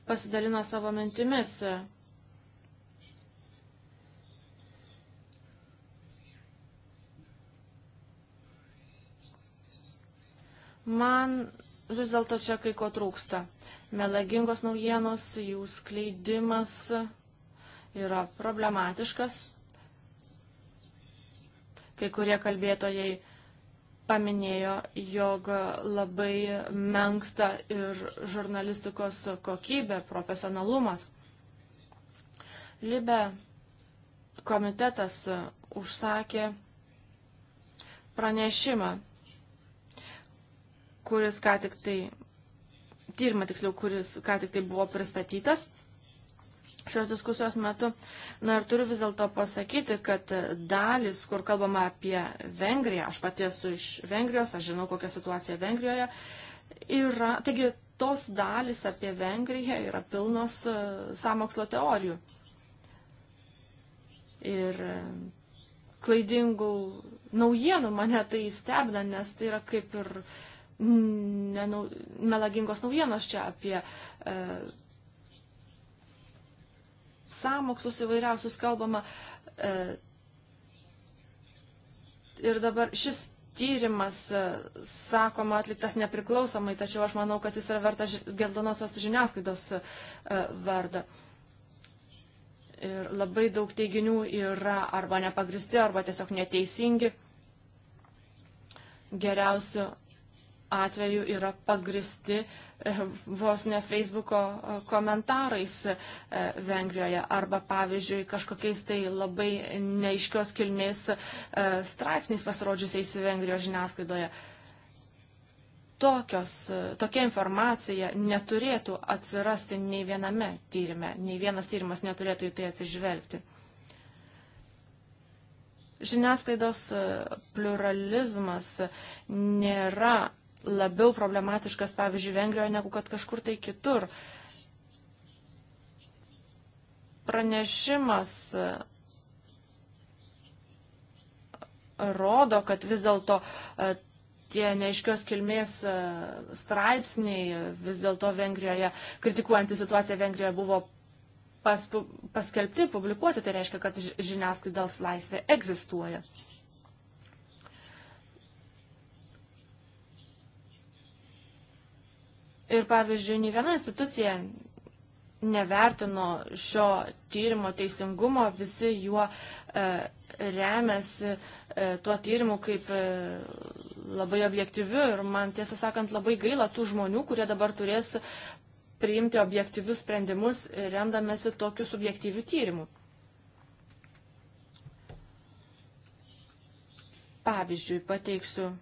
C: pasidalino savo mintimis Man vis dėlto čia kai ko trūksta. Melagingos naujienos, jų skleidimas yra problematiškas. Kai kurie kalbėtojai paminėjo, jog labai menksta ir žurnalistikos kokybė, profesionalumas. Libe komitetas užsakė pranešimą kuris ką tik tai, tyrimą tiksliau, kuris ką tik tai buvo pristatytas šios diskusijos metu. Na ir turiu vis dėlto pasakyti, kad dalis, kur kalbama apie Vengriją, aš pati esu iš Vengrijos, aš žinau, kokia situacija Vengrijoje, yra, taigi tos dalis apie Vengriją yra pilnos e, samokslo teorijų. Ir e, klaidingų naujienų mane tai stebina, nes tai yra kaip ir uh, nenau, melagingos naujienos čia apie e, samokslus įvairiausius kalbama. E, ir dabar šis tyrimas, e, sakoma, atliktas nepriklausomai, tačiau aš manau, kad jis yra vertas geltonosios žiniasklaidos e, vardą. Ir labai daug teiginių yra arba nepagristi, arba tiesiog neteisingi. Geriausiu atveju yra pagristi eh, vos ne Facebooko eh, komentarais eh, Vengrijoje arba, pavyzdžiui, kažkokiais tai labai neiškios kilmės straipsniais pasirodžiusiais Vengrijos žiniasklaidoje. Tokios, tokia informacija neturėtų atsirasti nei viename tyrime, nei vienas tyrimas neturėtų į tai atsižvelgti žiniasklaidos pluralizmas nėra labiau problematiškas, pavyzdžiui, Vengrijoje, negu kad kažkur tai kitur. Pranešimas e, rodo, kad vis dėlto e, tie neiškios kilmės e, straipsniai vis dėlto Vengrijoje, kritikuojantį situaciją Vengrijoje buvo pas, paskelbti, publikuoti, tai reiškia, kad žiniasklaidos laisvė egzistuoja. Ir pavyzdžiui, nei viena institucija nevertino šio tyrimo teisingumo, visi juo e, remiasi e, tuo tyrimu kaip e, labai objektyviu ir man tiesą sakant labai gaila tų žmonių, kurie dabar turės priimti objektyvius sprendimus remdamėsi tokiu subjektyviu tyrimu. Pavyzdžiui, pateiksiu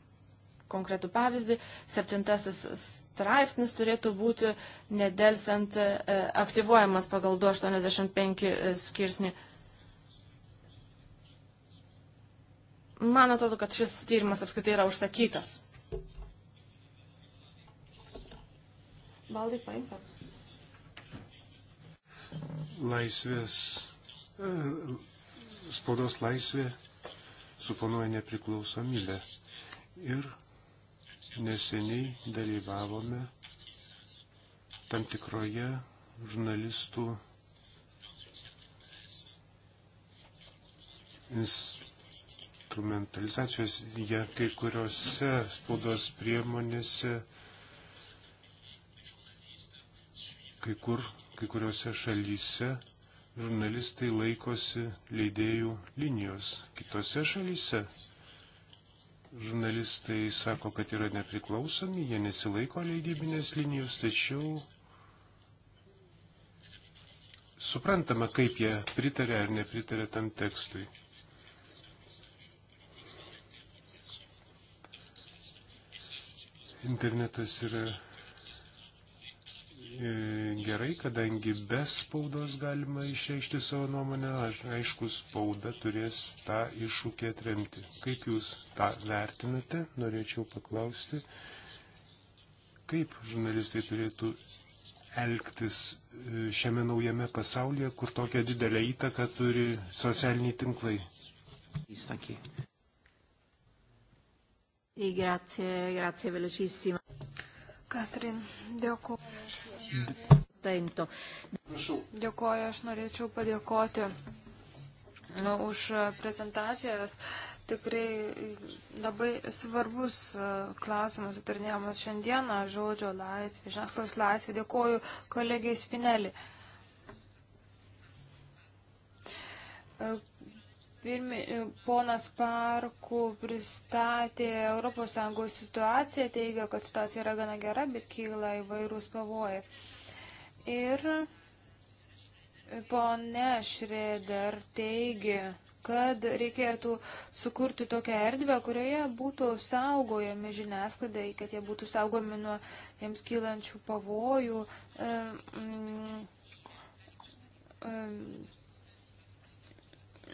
C: konkretų pavyzdį, septintasis straipsnis turėtų būti nedelsiant e, aktyvuojamas pagal 285 e, skirsnį. Man atrodo, kad šis tyrimas apskritai yra užsakytas. Baldai paimtas.
B: Laisvės, e, spaudos laisvė suponuoja nepriklausomybę ir neseniai dalyvavome tam tikroje žurnalistų instrumentalizacijos, jie kai kuriuose spaudos priemonėse, kai, kur, kai kuriuose šalyse žurnalistai laikosi leidėjų linijos, kitose šalyse Žurnalistai sako, kad yra nepriklausomi, jie nesilaiko leidybinės linijos, tačiau suprantama, kaip jie pritarė ar nepritarė tam tekstui. Internetas yra E, gerai, kadangi be spaudos galima išreikšti savo nuomonę, aišku, spauda turės tą iššūkį atremti. Kaip Jūs tą vertinate, norėčiau paklausti, kaip žurnalistai turėtų elgtis e, šiame naujame pasaulyje, kur tokią didelę įtaką turi socialiniai tinklai. Įsakė.
A: Grazie, grazie velocissima. Katrin, dėkuoju. Paimto. Dėkuoju, aš norėčiau padėkoti nu, už prezentacijas. Tikrai labai svarbus e, klausimas aptarnėjamas šiandieną, žodžio laisvė, žiniasklaidos laisvė. Dėkuoju kolegijai Spinelį. E, Pirmi, e, ponas Parkų pristatė ES situaciją, teigia, kad situacija yra gana gera, bet kyla įvairūs pavojai. Ir ponė Šreder teigia, kad reikėtų sukurti tokią erdvę, kurioje būtų saugojami žiniasklaidai, kad jie būtų saugomi nuo jiems kylančių pavojų. Um, um,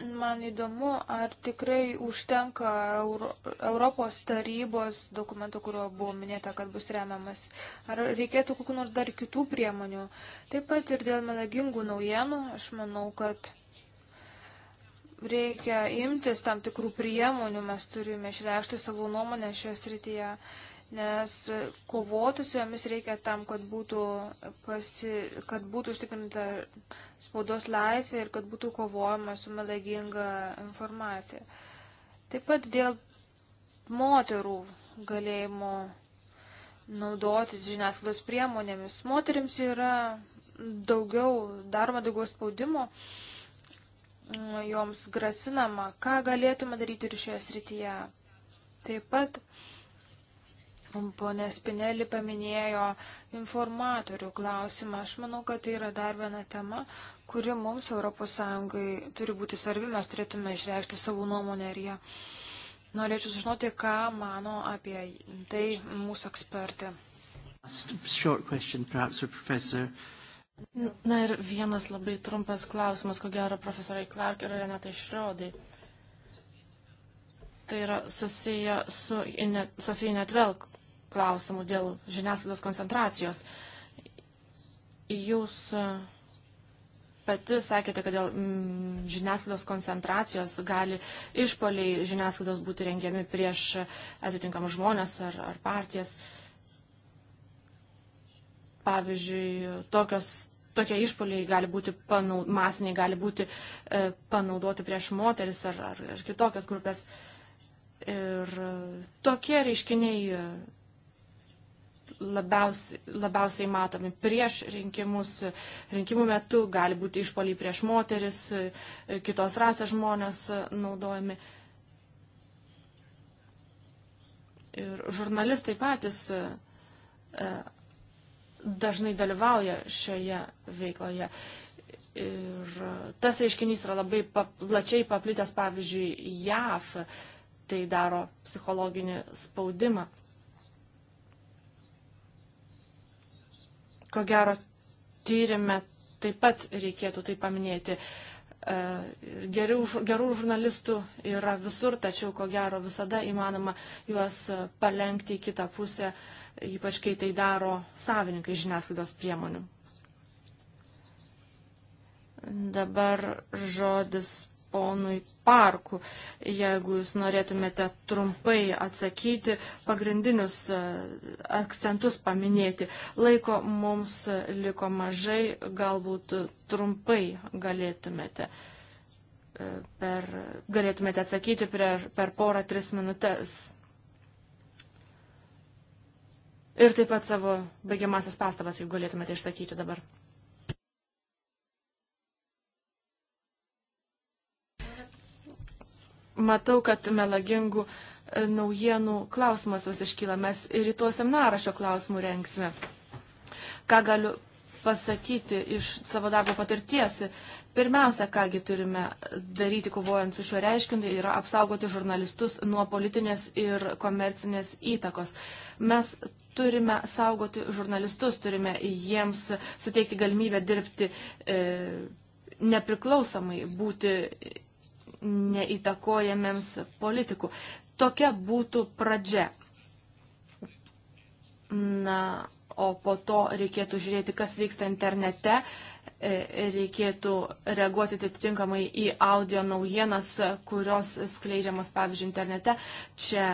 A: Man įdomu, ar tikrai užtenka Euro, Europos tarybos dokumento, kurio buvo minėta, kad bus remiamas, ar reikėtų kokiu nors dar kitų priemonių. Taip pat ir dėl melagingų naujienų, aš manau, kad reikia imtis tam tikrų priemonių, mes turime išreikšti savo nuomonę šioje srityje nes kovoti su jomis reikia tam, kad būtų, pasi, kad būtų užtikrinta spaudos laisvė ir kad būtų kovojama su melaginga informacija. Taip pat dėl moterų galėjimo naudotis žiniasklaidos priemonėmis. Moterims yra daugiau, daroma daugiau spaudimo, joms grasinama, ką galėtume daryti ir šioje srityje. Taip pat Pone Spinelli paminėjo informatorių klausimą. Aš manau, kad tai yra dar viena tema, kuri mums ES turi būti svarbi, mes turėtume išreikšti savo nuomonę ir ją. Norėčiau sužinoti, ką mano apie tai mūsų ekspertė.
C: Na ir vienas labai trumpas klausimas, ko gero profesoriai Clark ir Renatai Šrodai tai yra susiję su Sofija Netvelk klausimų dėl žiniasklaidos koncentracijos. Jūs e, pati sakėte, kad dėl mm, žiniasklaidos koncentracijos gali išpoliai žiniasklaidos būti rengiami prieš atitinkamus žmonės ar, ar partijas. Pavyzdžiui, tokios, tokie išpoliai gali būti panaud, masiniai, gali būti e, panaudoti prieš moteris ar, ar, ar kitokias grupės. Ir e, tokie reiškiniai labiausiai, labiausiai matomi prieš rinkimus, rinkimų metu gali būti išpoliai prieš moteris, kitos rasės žmonės naudojami. Ir žurnalistai patys e, dažnai dalyvauja šioje veikloje. Ir tas reiškinys yra labai plačiai paplitęs, pavyzdžiui, JAV tai daro psichologinį spaudimą ko gero tyrimė taip pat reikėtų tai paminėti. E, Gerių, gerų žurnalistų yra visur, tačiau ko gero visada įmanoma juos palengti į kitą pusę, ypač kai tai daro savininkai žiniasklaidos priemonių. Dabar žodis ponui Parku, jeigu jūs norėtumėte trumpai atsakyti, pagrindinius e, akcentus paminėti. Laiko mums e, liko mažai, galbūt trumpai galėtumėte. E, per, galėtumėte atsakyti per, per porą, tris minutės. Ir taip pat savo baigiamasias pastabas, jeigu galėtumėte išsakyti dabar. matau, kad melagingų e, naujienų klausimas vis iškyla. Mes ir į tuos seminarašio klausimų rengsime. Ką galiu pasakyti iš savo darbo patirties? Pirmiausia, kągi turime daryti kovojant su šiuo reiškiniu, yra apsaugoti žurnalistus nuo politinės ir komercinės įtakos. Mes turime saugoti žurnalistus, turime jiems suteikti galimybę dirbti e, nepriklausomai, būti neįtakojamiems politikų. Tokia būtų pradžia. Na, o po to reikėtų žiūrėti, kas vyksta internete, e, reikėtų reaguoti atitinkamai į audio naujienas, kurios skleidžiamas, pavyzdžiui, internete. Čia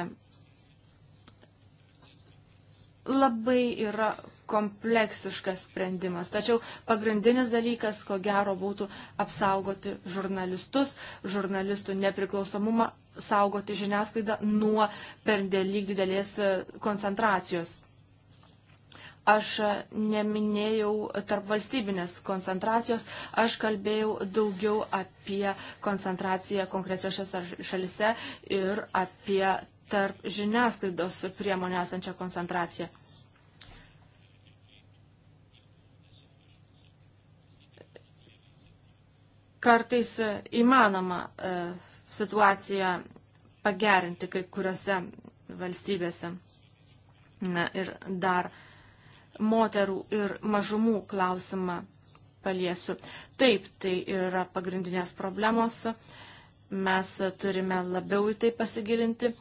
C: labai yra kompleksiškas sprendimas. Tačiau pagrindinis dalykas, ko gero, būtų apsaugoti žurnalistus, žurnalistų nepriklausomumą, saugoti žiniasklaidą nuo perdelyg didelės e, koncentracijos. Aš e, neminėjau tarp valstybinės koncentracijos, aš kalbėjau daugiau apie koncentraciją konkrečiose šalise ir apie tarp žiniasklaidos priemonė esančią koncentraciją. Kartais įmanoma e, situaciją pagerinti kai kuriuose valstybėse. Na ir dar moterų ir mažumų klausimą paliesiu. Taip, tai yra pagrindinės problemos. Mes turime labiau į tai pasigilinti. Uh,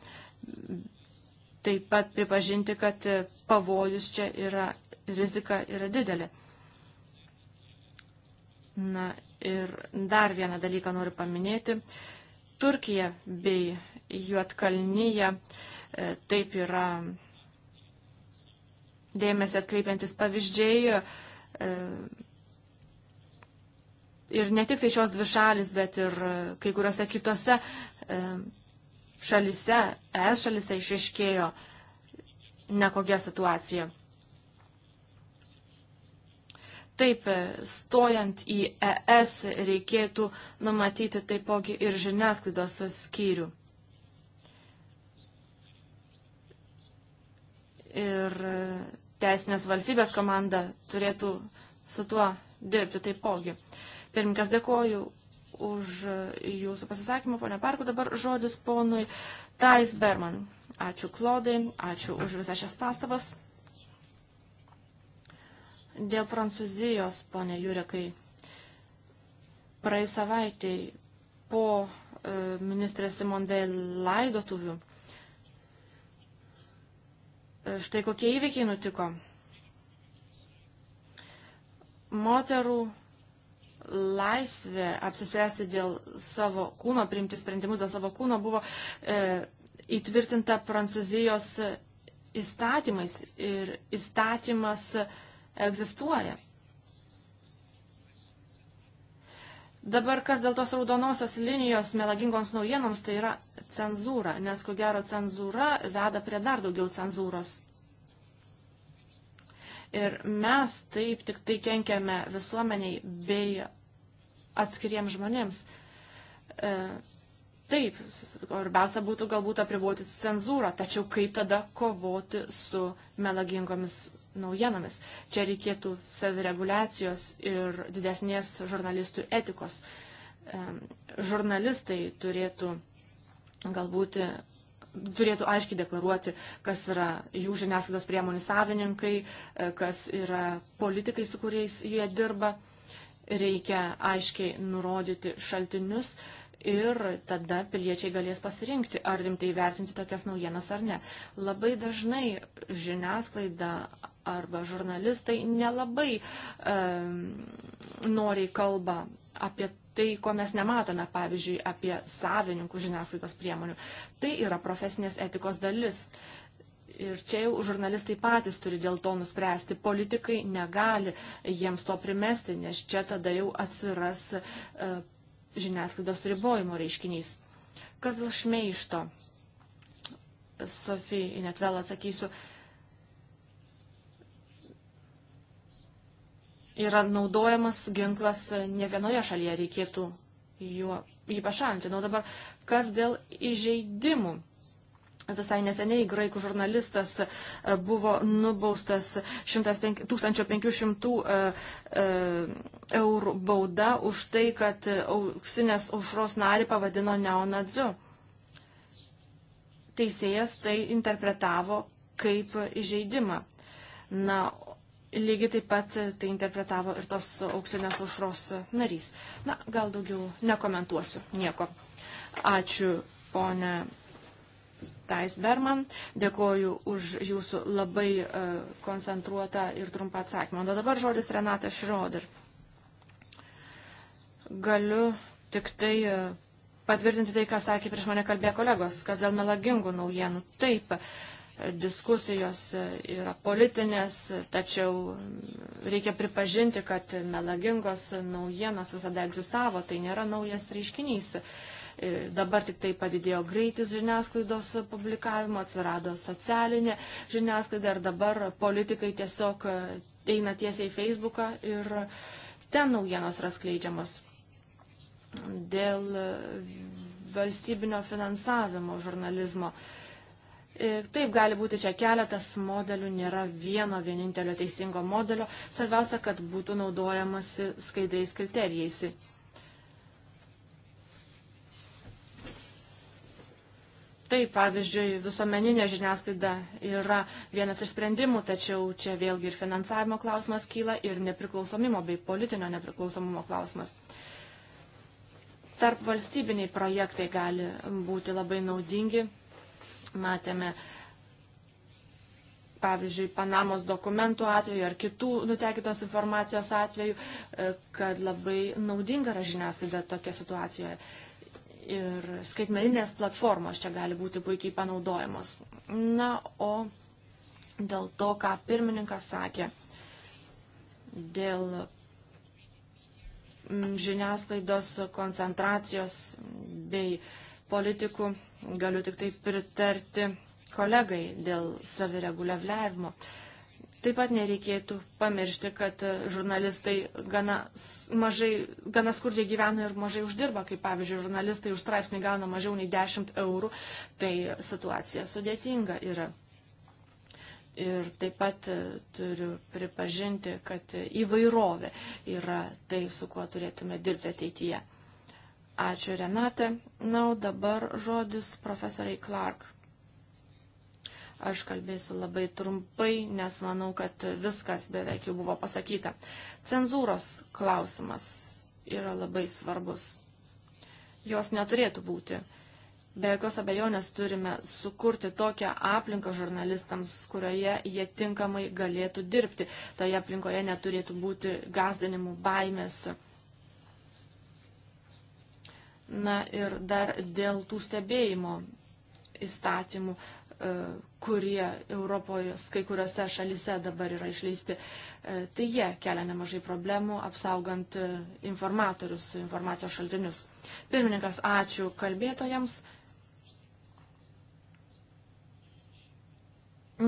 C: taip pat pripažinti, kad pavojus čia yra, rizika yra didelė. Na ir dar vieną dalyką noriu paminėti. Turkija bei Juotkalnyje e, taip yra dėmesį atkreipiantis pavyzdžiai. E, ir ne tik tai šios dvi šalis, bet ir e, kai kuriuose kitose šalise, es šalise išaiškėjo nekokia situacija. Taip, stojant į ES reikėtų numatyti taipogi ir žiniasklaidos skyrių. Ir teisinės valstybės komanda turėtų su tuo dirbti taipogi. Pirmkas dėkoju už jūsų pasisakymą, ponia Parku. Dabar žodis ponui Tais Berman. Ačiū Klodai, ačiū už visas šias pastabas. Dėl Prancūzijos, ponia Jurekai, praeis savaitėj po e, ministrės Simondel laidotuvių. E, štai kokie įvykiai nutiko. Moterų laisvė apsispręsti dėl savo kūno, priimti sprendimus dėl savo kūno buvo e, įtvirtinta Prancūzijos įstatymais ir įstatymas egzistuoja. Dabar kas dėl tos raudonosios linijos melagingoms naujienoms, tai yra cenzūra, nes ko gero cenzūra veda prie dar daugiau cenzūros. Ir mes taip tik tai kenkiame visuomeniai bei atskiriems žmonėms. E, taip, svarbiausia būtų galbūt apriboti cenzūrą, tačiau kaip tada kovoti su melagingomis naujienomis. Čia reikėtų savireguliacijos ir didesnės žurnalistų etikos. E, žurnalistai turėtų galbūt turėtų aiškiai deklaruoti, kas yra jų žiniasklaidos priemonių savininkai, e, kas yra politikai, su kuriais jie dirba. Reikia aiškiai nurodyti šaltinius ir tada piliečiai galės pasirinkti, ar rimtai vertinti tokias naujienas ar ne. Labai dažnai žiniasklaida arba žurnalistai nelabai um, e, noriai kalba apie tai, ko mes nematome, pavyzdžiui, apie savininkų žiniasklaidos priemonių. Tai yra profesinės etikos dalis. Ir čia jau žurnalistai patys turi dėl to nuspręsti. Politikai negali jiems to primesti, nes čia tada jau atsiras e, žiniasklaidos ribojimo reiškinys. Kas dėl šmeišto? Sofija, net vėl atsakysiu. E, yra naudojamas ginklas e, ne vienoje šalyje, reikėtų juo jį pašalinti. Na, dabar kas dėl įžeidimų? Visai neseniai graikų žurnalistas e, buvo nubaustas 1500 e, eurų bauda už tai, kad auksinės aušros narį pavadino neonadziu. Teisėjas tai interpretavo kaip įžeidimą. Na, Lygiai taip pat tai interpretavo ir tos auksinės aušros narys. Na, gal daugiau nekomentuosiu nieko. Ačiū, ponė Tais Berman. Dėkoju už jūsų labai uh, koncentruotą ir trumpą atsakymą. O dabar žodis Renata Šroder. Galiu tik tai uh, patvirtinti tai, ką sakė prieš mane kalbėjo kolegos, kas dėl melagingų naujienų. Taip, uh, diskusijos yra politinės, tačiau reikia pripažinti, kad melagingos naujienos visada egzistavo, tai nėra naujas reiškinys. E, dabar tik tai padidėjo greitis žiniasklaidos publikavimo, atsirado socialinė žiniasklaida ir dabar politikai tiesiog eina tiesiai į Facebooką ir ten naujienos yra skleidžiamos. Dėl valstybinio finansavimo žurnalizmo. Uh, E, taip gali būti čia keletas modelių, nėra vieno vienintelio teisingo modelio. Svarbiausia, kad būtų naudojamasi skaidriais kriterijais. Taip, pavyzdžiui, visuomeninė žiniasklaida yra vienas iš sprendimų, tačiau čia vėlgi ir finansavimo klausimas kyla ir nepriklausomimo bei politinio nepriklausomumo klausimas. Tarp valstybiniai projektai gali būti labai naudingi Matėme, pavyzdžiui, Panamos dokumentų atveju ar kitų nutekytos informacijos atveju, e, kad labai naudinga yra žiniasklaida tokia situacijoje. Ir skaitmeninės platformos čia gali būti puikiai panaudojamos. Na, o dėl to, ką pirmininkas sakė, dėl mm, žiniasklaidos koncentracijos bei politikų Galiu tik tai pritarti kolegai dėl savireguliavimo. Taip pat nereikėtų pamiršti, kad žurnalistai gana, mažai, gana skurdžiai gyvena ir mažai uždirba, kaip pavyzdžiui, žurnalistai už straipsnį gauna mažiau nei 10 eurų, tai situacija sudėtinga yra. Ir taip pat turiu pripažinti, kad įvairovė yra tai, su kuo turėtume dirbti ateityje. Ačiū Renate. Na, o dabar žodis profesoriai Clark. Aš kalbėsiu labai trumpai, nes manau, kad viskas beveik jau buvo pasakyta. Cenzūros klausimas yra labai svarbus. Jos neturėtų būti. Be jokios abejonės turime sukurti tokią aplinką žurnalistams, kurioje jie tinkamai galėtų dirbti. Toje aplinkoje neturėtų būti gazdinimų baimės Na ir dar dėl tų stebėjimo įstatymų, e, kurie Europoje, kai kuriuose šalise dabar yra išleisti, e, tai jie kelia nemažai problemų apsaugant e, informatorius, informacijos šaltinius. Pirmininkas, ačiū kalbėtojams.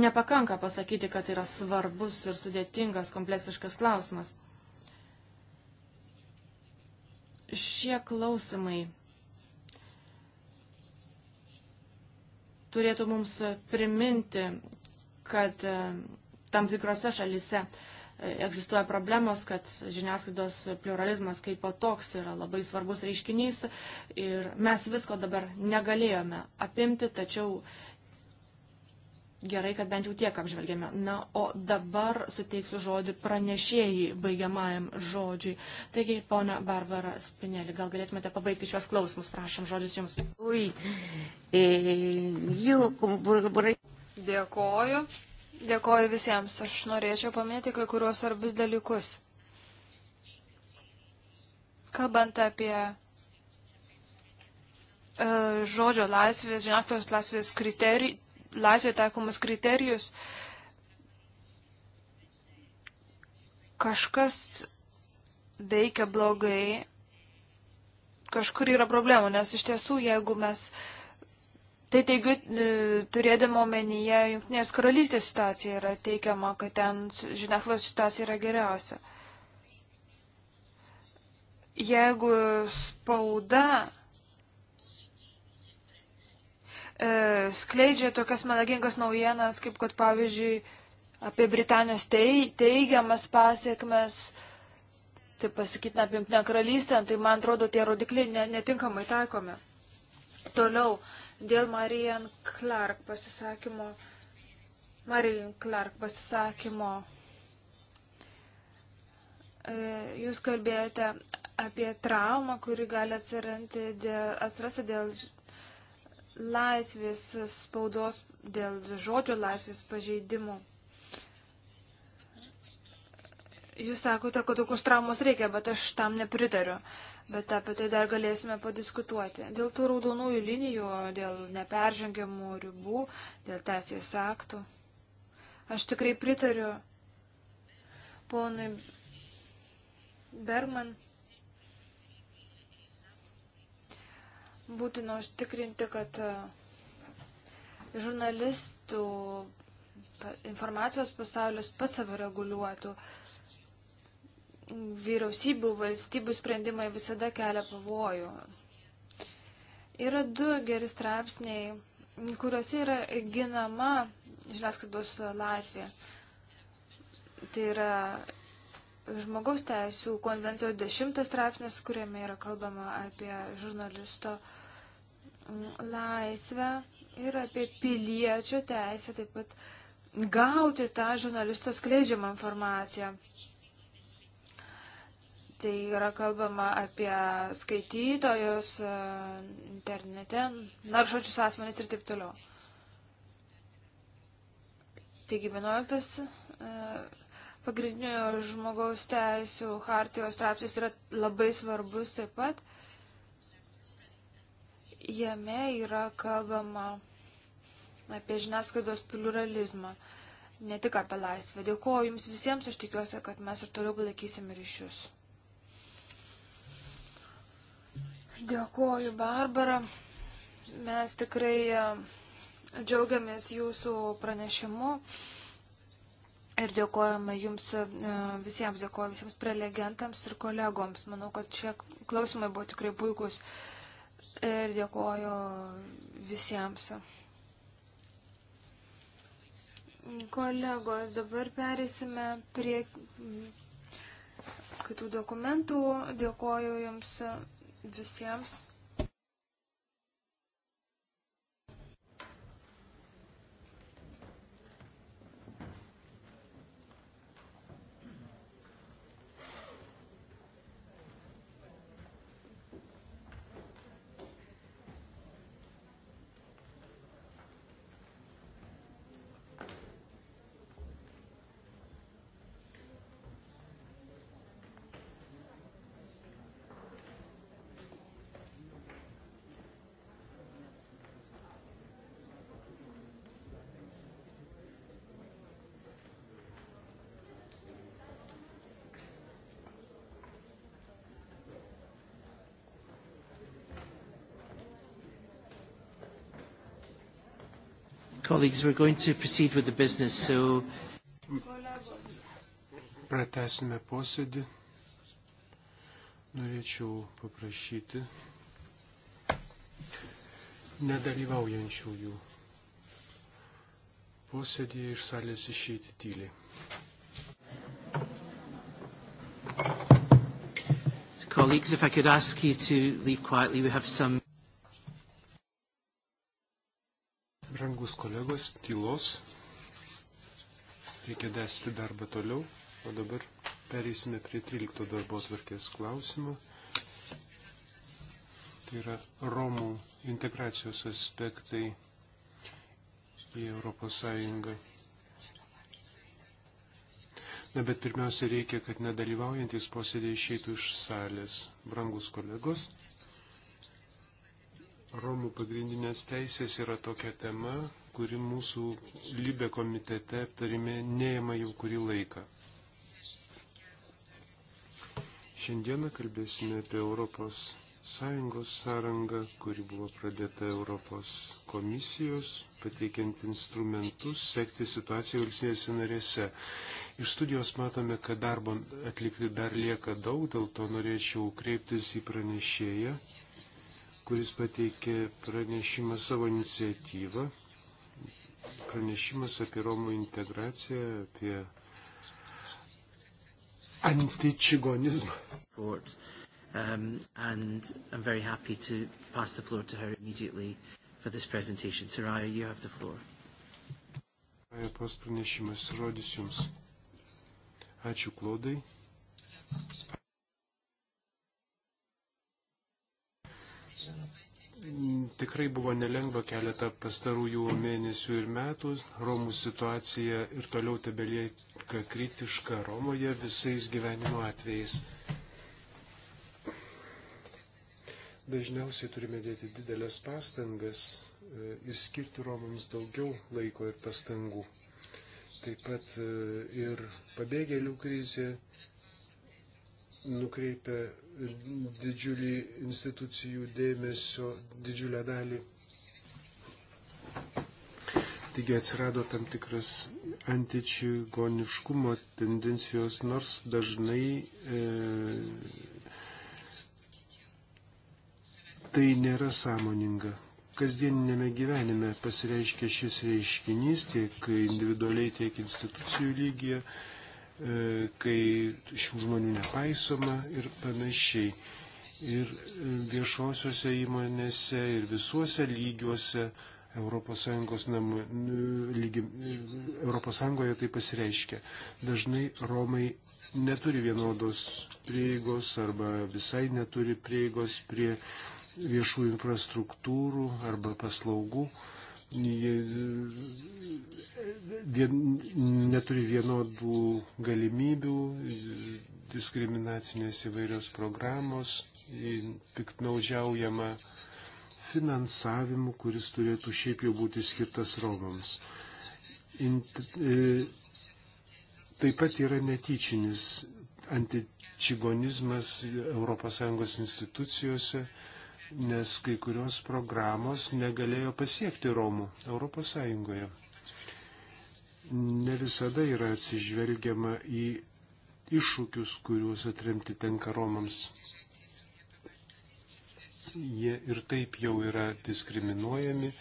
C: Nepakanka pasakyti, kad tai yra svarbus ir sudėtingas kompleksiškas klausimas. Šie klausimai turėtų mums priminti, kad e, tam tikrose šalise e, egzistuoja problemos, kad žiniasklaidos pluralizmas kaip po toks yra labai svarbus reiškinys ir mes visko dabar negalėjome apimti, tačiau uh, Gerai, kad bent jau tiek apžvelgėme. Na, o dabar suteiksiu žodį pranešėjai baigiamajam žodžiui. Taigi, ponia Barbara Spinelį, gal galėtumėte pabaigti šios klausimus, prašom,
A: žodis jums. Ui, e, jau, burai. Dėkoju. Dėkoju visiems. Aš norėčiau paminėti kai kuriuos svarbius dalykus. Kalbant apie e, žodžio laisvės, žiniasklaidos laisvės kriterijų, laisvė taikomas kriterijus. Kažkas veikia blogai, kažkur yra problemų, nes iš tiesų, jeigu mes, tai teigiu, e, turėdami omenyje, Junktinės karalystės situacija yra teikiama, kad ten žiniasklaidos situacija yra geriausia. Jeigu spauda E, skleidžia tokias melagingas naujienas, kaip kad pavyzdžiui apie Britanijos teigiamas pasiekmes, tai pasakyti apie Junktinę karalystę, tai man atrodo tie rodikliai netinkamai taikomi. Toliau, dėl Marian Clark pasisakymo. Marian Clark pasisakymo. E, jūs kalbėjote apie traumą, kuri gali atsirasti dėl, atsirasti dėl laisvės spaudos, dėl žodžio laisvės pažeidimų. Jūs sakote, kad tokios traumos reikia, bet aš tam nepritariu. Bet apie tai dar galėsime padiskutuoti. Dėl tų raudonųjų linijų, dėl neperžengiamų ribų, dėl teisės aktų. Aš tikrai pritariu ponui Berman. būtina užtikrinti, kad e, žurnalistų informacijos pasaulis pats savo reguliuotų. Vyriausybių, valstybių sprendimai visada kelia pavojų. Yra du geri straipsniai, kuriuose yra ginama žiniasklaidos laisvė. Tai yra Žmogaus teisų konvencijos dešimtas straipsnis, kuriame yra kalbama apie žurnalisto laisvę ir apie piliečio teisę taip pat gauti tą žurnalisto skleidžiamą informaciją. Tai yra kalbama apie skaitytojus internete, naršočius asmenys ir taip toliau. Taigi 11 pagrindinio žmogaus teisų hartijos straipsnis yra labai svarbus taip pat. Jame yra kalbama apie žiniasklaidos pluralizmą, ne tik apie laisvę. Dėkuoju Jums visiems, aš tikiuosi, kad mes ir toliau palaikysim ryšius. Dėkuoju, Barbara. Mes tikrai e, džiaugiamės Jūsų pranešimu. Ir dėkojame jums e, visiems, dėkoju visiems prelegentams ir kolegoms. Manau, kad šie klausimai buvo tikrai puikus. Ir dėkoju visiems. Kolegos, dabar perėsime prie kitų dokumentų. Dėkoju jums visiems.
B: Colleagues, we're going to proceed with the business, so... Pratesime posėdį. Norėčiau paprašyti nedalyvaujančiųjų posėdėje iš salės išeiti tyliai. Colleagues, if I could ask you to leave quietly, we have some... Brangus kolegos, tylos. Reikia dėsti darbą toliau. O dabar pereisime prie 13 darbo atvarkės klausimų. Tai yra Romų integracijos aspektai į Europos Sąjungą. Na, bet pirmiausia reikia, kad nedalyvaujantis posėdė išeitų iš salės. Brangus kolegos. Romų pagrindinės teisės yra tokia tema, kuri mūsų lybė komitete aptariminėjama jau kurį laiką. Šiandieną kalbėsime apie Europos Sąjungos sąrangą, kuri buvo pradėta Europos komisijos, pateikiant instrumentus, sekti situaciją valstybėse narėse. Iš studijos matome, kad darbo atlikti dar lieka daug, dėl to norėčiau kreiptis į pranešėją kuris pateikė pranešimą savo iniciatyvą. Pranešimas apie Romų integraciją, apie antičigonizmą. Um, and I'm very happy to pass the floor to her immediately for this presentation. Soraya, you have the floor. Post pranešimas, žodis jums. Ačiū Klodai. Mm, tikrai buvo nelengva keletą pastarųjų mėnesių ir metų. Romų situacija ir toliau tebelieka kritiška Romoje visais gyvenimo atvejais. Dažniausiai turime dėti didelės pastangas e, ir skirti Romams daugiau laiko ir pastangų. Taip pat e, ir pabėgėlių krizė nukreipia didžiulį institucijų dėmesio, didžiulę dalį. Taigi atsirado tam tikras antičigoniškumo tendencijos, nors dažnai e, tai nėra sąmoninga. Kasdieninėme gyvenime pasireiškia šis reiškinys tiek individualiai, tiek institucijų lygyje. E, E, kai šių žmonių nepaisoma ir panašiai. Ir e, viešosiuose įmonėse, ir visuose lygiuose ES, namu, e, lygi, ES tai pasireiškia. Dažnai Romai neturi vienodos prieigos arba visai neturi prieigos prie viešų infrastruktūrų arba paslaugų. E, vien, neturi vienodų galimybių, diskriminacinės įvairios programos, piknaudžiaujama finansavimu, kuris turėtų šiaip jau būti skirtas romams. Int, e, taip pat yra netyčinis antičigonizmas ES institucijose. E, nes kai kurios programos negalėjo pasiekti Romų Europos Sąjungoje. Ne visada yra atsižvelgiama į iššūkius, kuriuos atremti tenka Romams. Jie ir taip jau yra diskriminuojami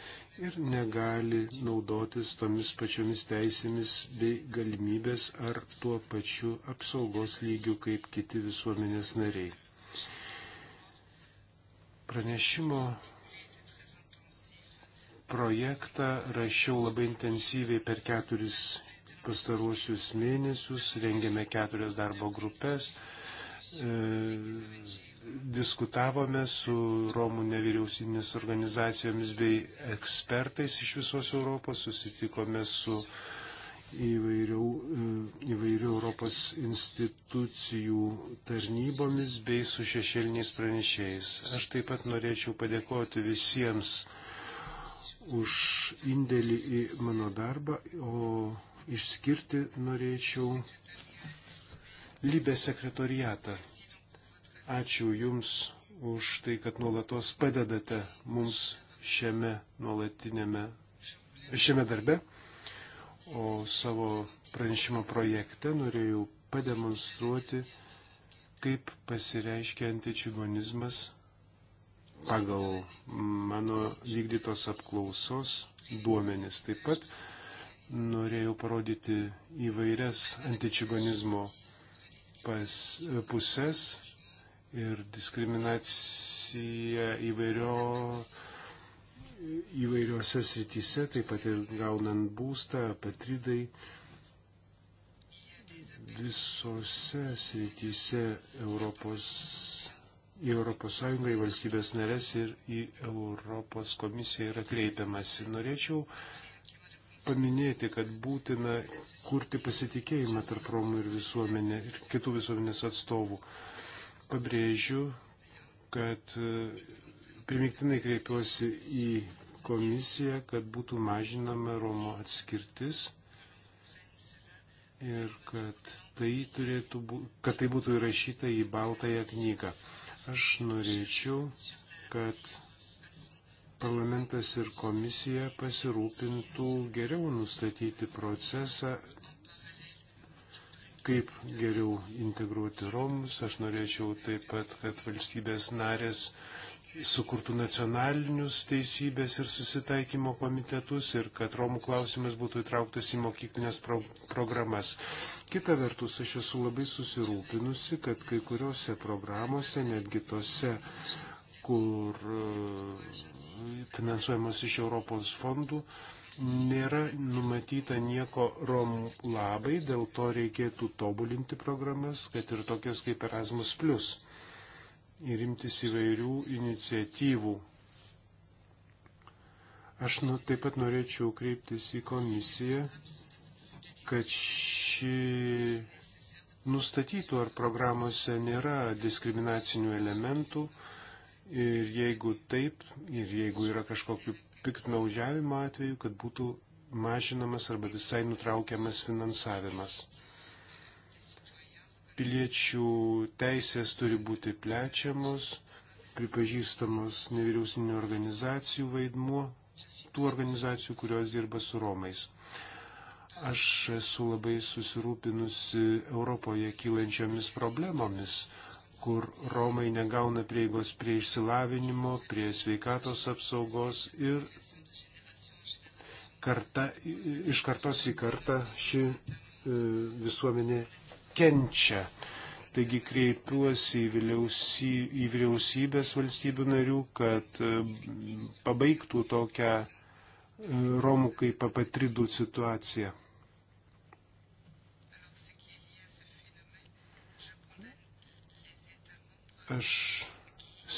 B: ir negali naudotis tomis pačiomis teisėmis bei galimybės ar tuo pačiu apsaugos lygiu kaip kiti visuomenės nariai. Pranešimo projektą rašiau labai intensyviai per keturis pastaruosius mėnesius, rengėme keturias darbo grupės, e, diskutavome su Romų nevyriausybinės organizacijomis bei ekspertais iš visos Europos, susitikome su uh, įvairių, e, įvairių Europos institucijų tarnybomis bei su šešėliniais pranešėjais. Aš taip pat norėčiau padėkoti visiems už indėlį į mano darbą, o išskirti norėčiau Libę sekretoriatą. Ačiū Jums už tai, kad nuolatos padedate mums šiame nuolatiniame, šiame darbe. O savo pranešimo projekte norėjau pademonstruoti, kaip pasireiškia antičigonizmas pagal mano vykdytos apklausos duomenis. Taip pat norėjau parodyti įvairias antičigonizmo pas, puses ir diskriminaciją įvairio įvairiose srityse, taip pat ir gaunant būstą, patridai. Visose srityse Europos, į Europos Sąjungą, į valstybės narės ir į Europos komisiją yra kreipiamasi. Norėčiau paminėti, kad būtina kurti pasitikėjimą tarp Romų ir, visuomenė, ir kitų visuomenės atstovų. Pabrėžiu, kad primiktinai kreipiuosi į komisiją, kad būtų mažinama Romo atskirtis ir kad tai, turėtų, kad tai būtų įrašyta į baltąją knygą. Aš norėčiau, kad parlamentas ir komisija pasirūpintų geriau nustatyti procesą, kaip geriau integruoti Romus. Aš norėčiau taip pat, kad valstybės narės sukurtų nacionalinius teisybės ir susitaikymo komitetus ir kad Romų klausimas būtų įtrauktas į mokyklinės pro programas. Kita vertus, aš esu labai susirūpinusi, kad kai kuriuose programuose, netgi tose, kur e, finansuojamos iš Europos fondų, nėra numatyta nieko Romų labai, dėl to reikėtų tobulinti programas, kad ir tokias kaip Erasmus ir imtis įvairių iniciatyvų. Aš nu, taip pat norėčiau kreiptis į komisiją, kad ši nustatytų, ar programuose nėra diskriminacinių elementų ir jeigu taip, ir jeigu yra kažkokiu piktnaudžiavimo atveju, kad būtų mažinamas arba visai nutraukiamas finansavimas. Piliečių teisės turi būti plečiamos, pripažįstamos nevyriausinių organizacijų vaidmuo, tų organizacijų, kurios dirba su Romais. Aš esu labai susirūpinusi Europoje kylančiomis problemomis, kur Romai negauna prieigos prie išsilavinimo, prie sveikatos apsaugos ir karta, iš kartos į kartą ši e, visuomenė kenčia. Taigi kreipiuosi į, vyliausy, į vyriausybės valstybių narių, kad e, pabaigtų tokią e, Romų kaip apatridų situaciją. Aš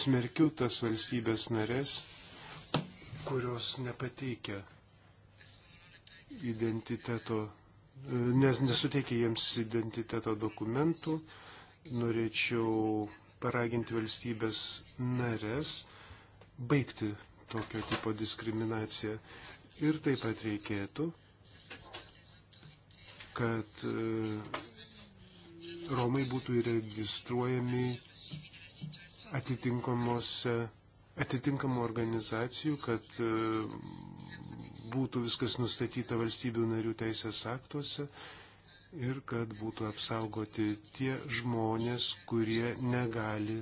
B: smerkiu tas valstybės narės, kurios nepateikia identiteto nes, nesuteikia jiems identiteto dokumentų. Norėčiau paraginti valstybės narės baigti tokio tipo diskriminaciją. Ir taip pat reikėtų, kad e, Romai būtų įregistruojami atitinkamų organizacijų, kad e, būtų viskas nustatyta valstybių narių teisės aktuose ir kad būtų apsaugoti tie žmonės, kurie negali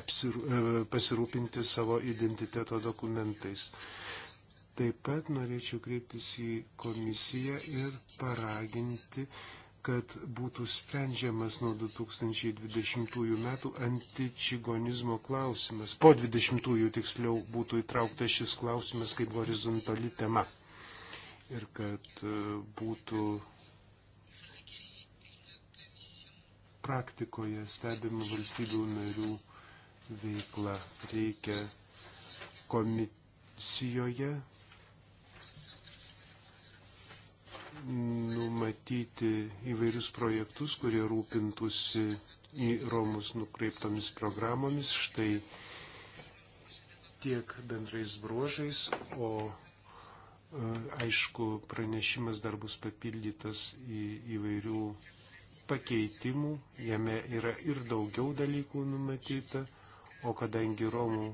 B: apsiru, e, pasirūpinti savo identiteto dokumentais. Taip pat norėčiau kreiptis į komisiją ir paraginti kad būtų sprendžiamas nuo 2020 metų antičigonizmo klausimas. Po 20-ųjų tiksliau būtų įtrauktas šis klausimas kaip horizontali tema. Ir kad e, būtų praktikoje stebima valstybių narių veikla. Reikia komisijoje numatyti įvairius projektus, kurie rūpintųsi į Romus nukreiptomis programomis, štai tiek bendrais bruožais, o e, aišku, pranešimas dar bus papildytas į įvairių pakeitimų, jame yra ir daugiau dalykų numatyta, o kadangi Romų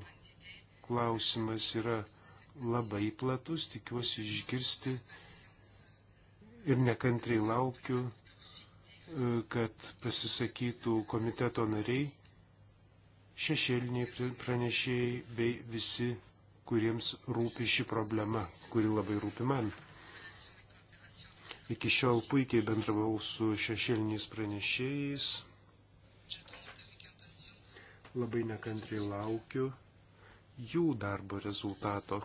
B: klausimas yra labai platus, tikiuosi išgirsti ir nekantriai laukiu, e, kad pasisakytų komiteto nariai, šešėliniai pranešėjai bei visi, kuriems rūpi ši problema, kuri labai rūpi man. Iki šiol puikiai bendravau su šešėliniais pranešėjais. Labai nekantriai laukiu jų darbo rezultato.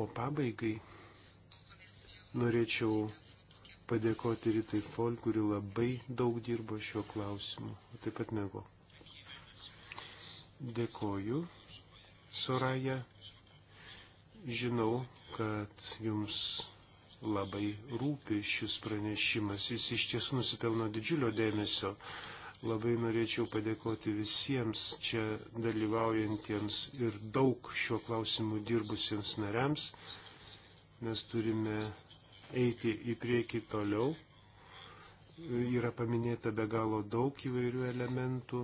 B: O pabaigai norėčiau padėkoti Ritai Fol, kuri labai daug dirbo šiuo klausimu, o taip pat Mego. Dėkoju, Soraja. Žinau, kad jums labai rūpi šis pranešimas. Jis iš tiesų nusipelno didžiulio dėmesio. Labai norėčiau padėkoti visiems čia dalyvaujantiems ir daug šiuo klausimu dirbusiems nariams. Mes turime eiti į priekį toliau. Yra paminėta be galo daug įvairių elementų,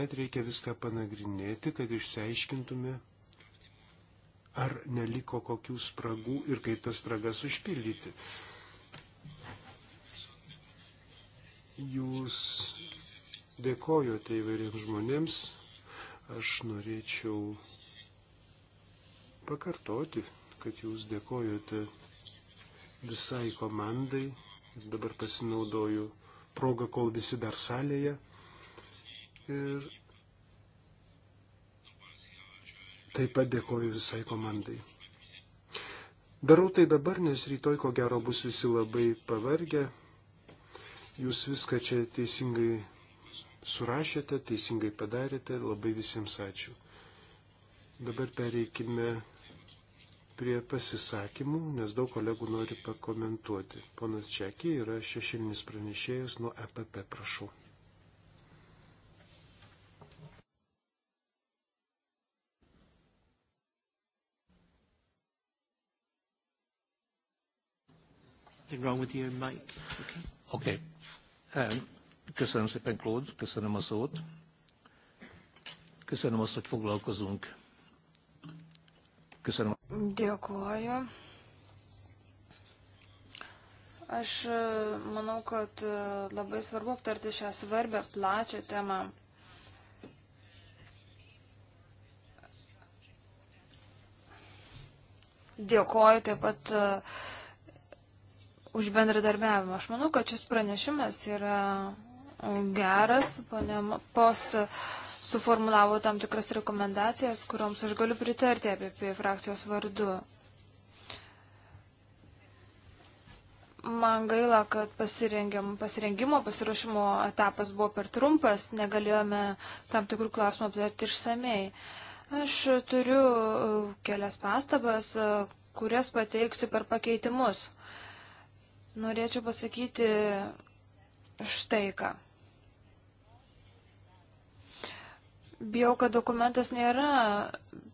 B: bet reikia viską panagrinėti, kad išsiaiškintume, ar neliko kokių spragų ir kaip tas spragas užpildyti. Jūs dėkojote įvairiems žmonėms. Aš norėčiau pakartoti, kad jūs dėkojote visai komandai. Ir dabar pasinaudoju progą, kol visi dar salėje. Ir taip pat dėkoju visai komandai. Darau tai dabar, nes rytoj ko gero bus visi labai pavargę, Jūs viską čia teisingai surašėte, teisingai padarėte, labai visiems ačiū. Dabar pereikime prie pasisakymų, nes daug kolegų nori pakomentuoti. Ponas Čekį yra šešilinis pranešėjas nuo EPP, prašau. What's wrong with your mic? Okay. okay. Köszönöm szépen, Claude, köszönöm a szót. Köszönöm azt, hogy foglalkozunk. Köszönöm.
A: Dėkuoju. Aš e, manau, kad e, labai svarbu aptarti šią svarbę plačią temą. Dėkuoju taip pat uh, už bendradarbiavimą. Aš manau, kad šis pranešimas yra geras. Pone Post suformulavo tam tikras rekomendacijas, kuriuoms aš galiu pritarti apie, apie frakcijos vardu. Man gaila, kad pasirengimo, pasiruošimo etapas buvo per trumpas, negalėjome tam tikrų klausimų aptarti išsamei. Aš turiu kelias pastabas, kurias pateiksiu per pakeitimus. Norėčiau pasakyti štai ką. Bijau, kad dokumentas nėra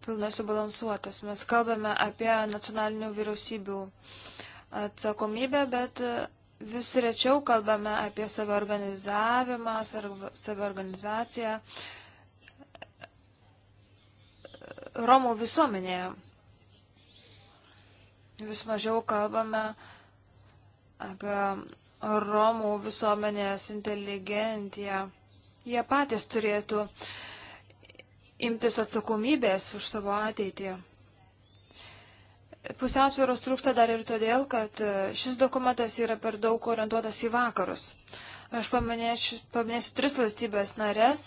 A: pilnai subalansuotas. Mes kalbame apie nacionalinių vyriausybių atsakomybę, bet vis rečiau kalbame apie saviorganizavimą, saviorganizaciją Romų visuomenėje. Vis mažiau kalbame apie apie Romų visuomenės inteligenciją. Jie patys turėtų imtis atsakomybės už savo ateitį. Pusiausvėros trūksta dar ir todėl, kad šis dokumentas yra per daug orientuotas į vakarus. Aš paminėsiu, paminėsiu tris valstybės narės,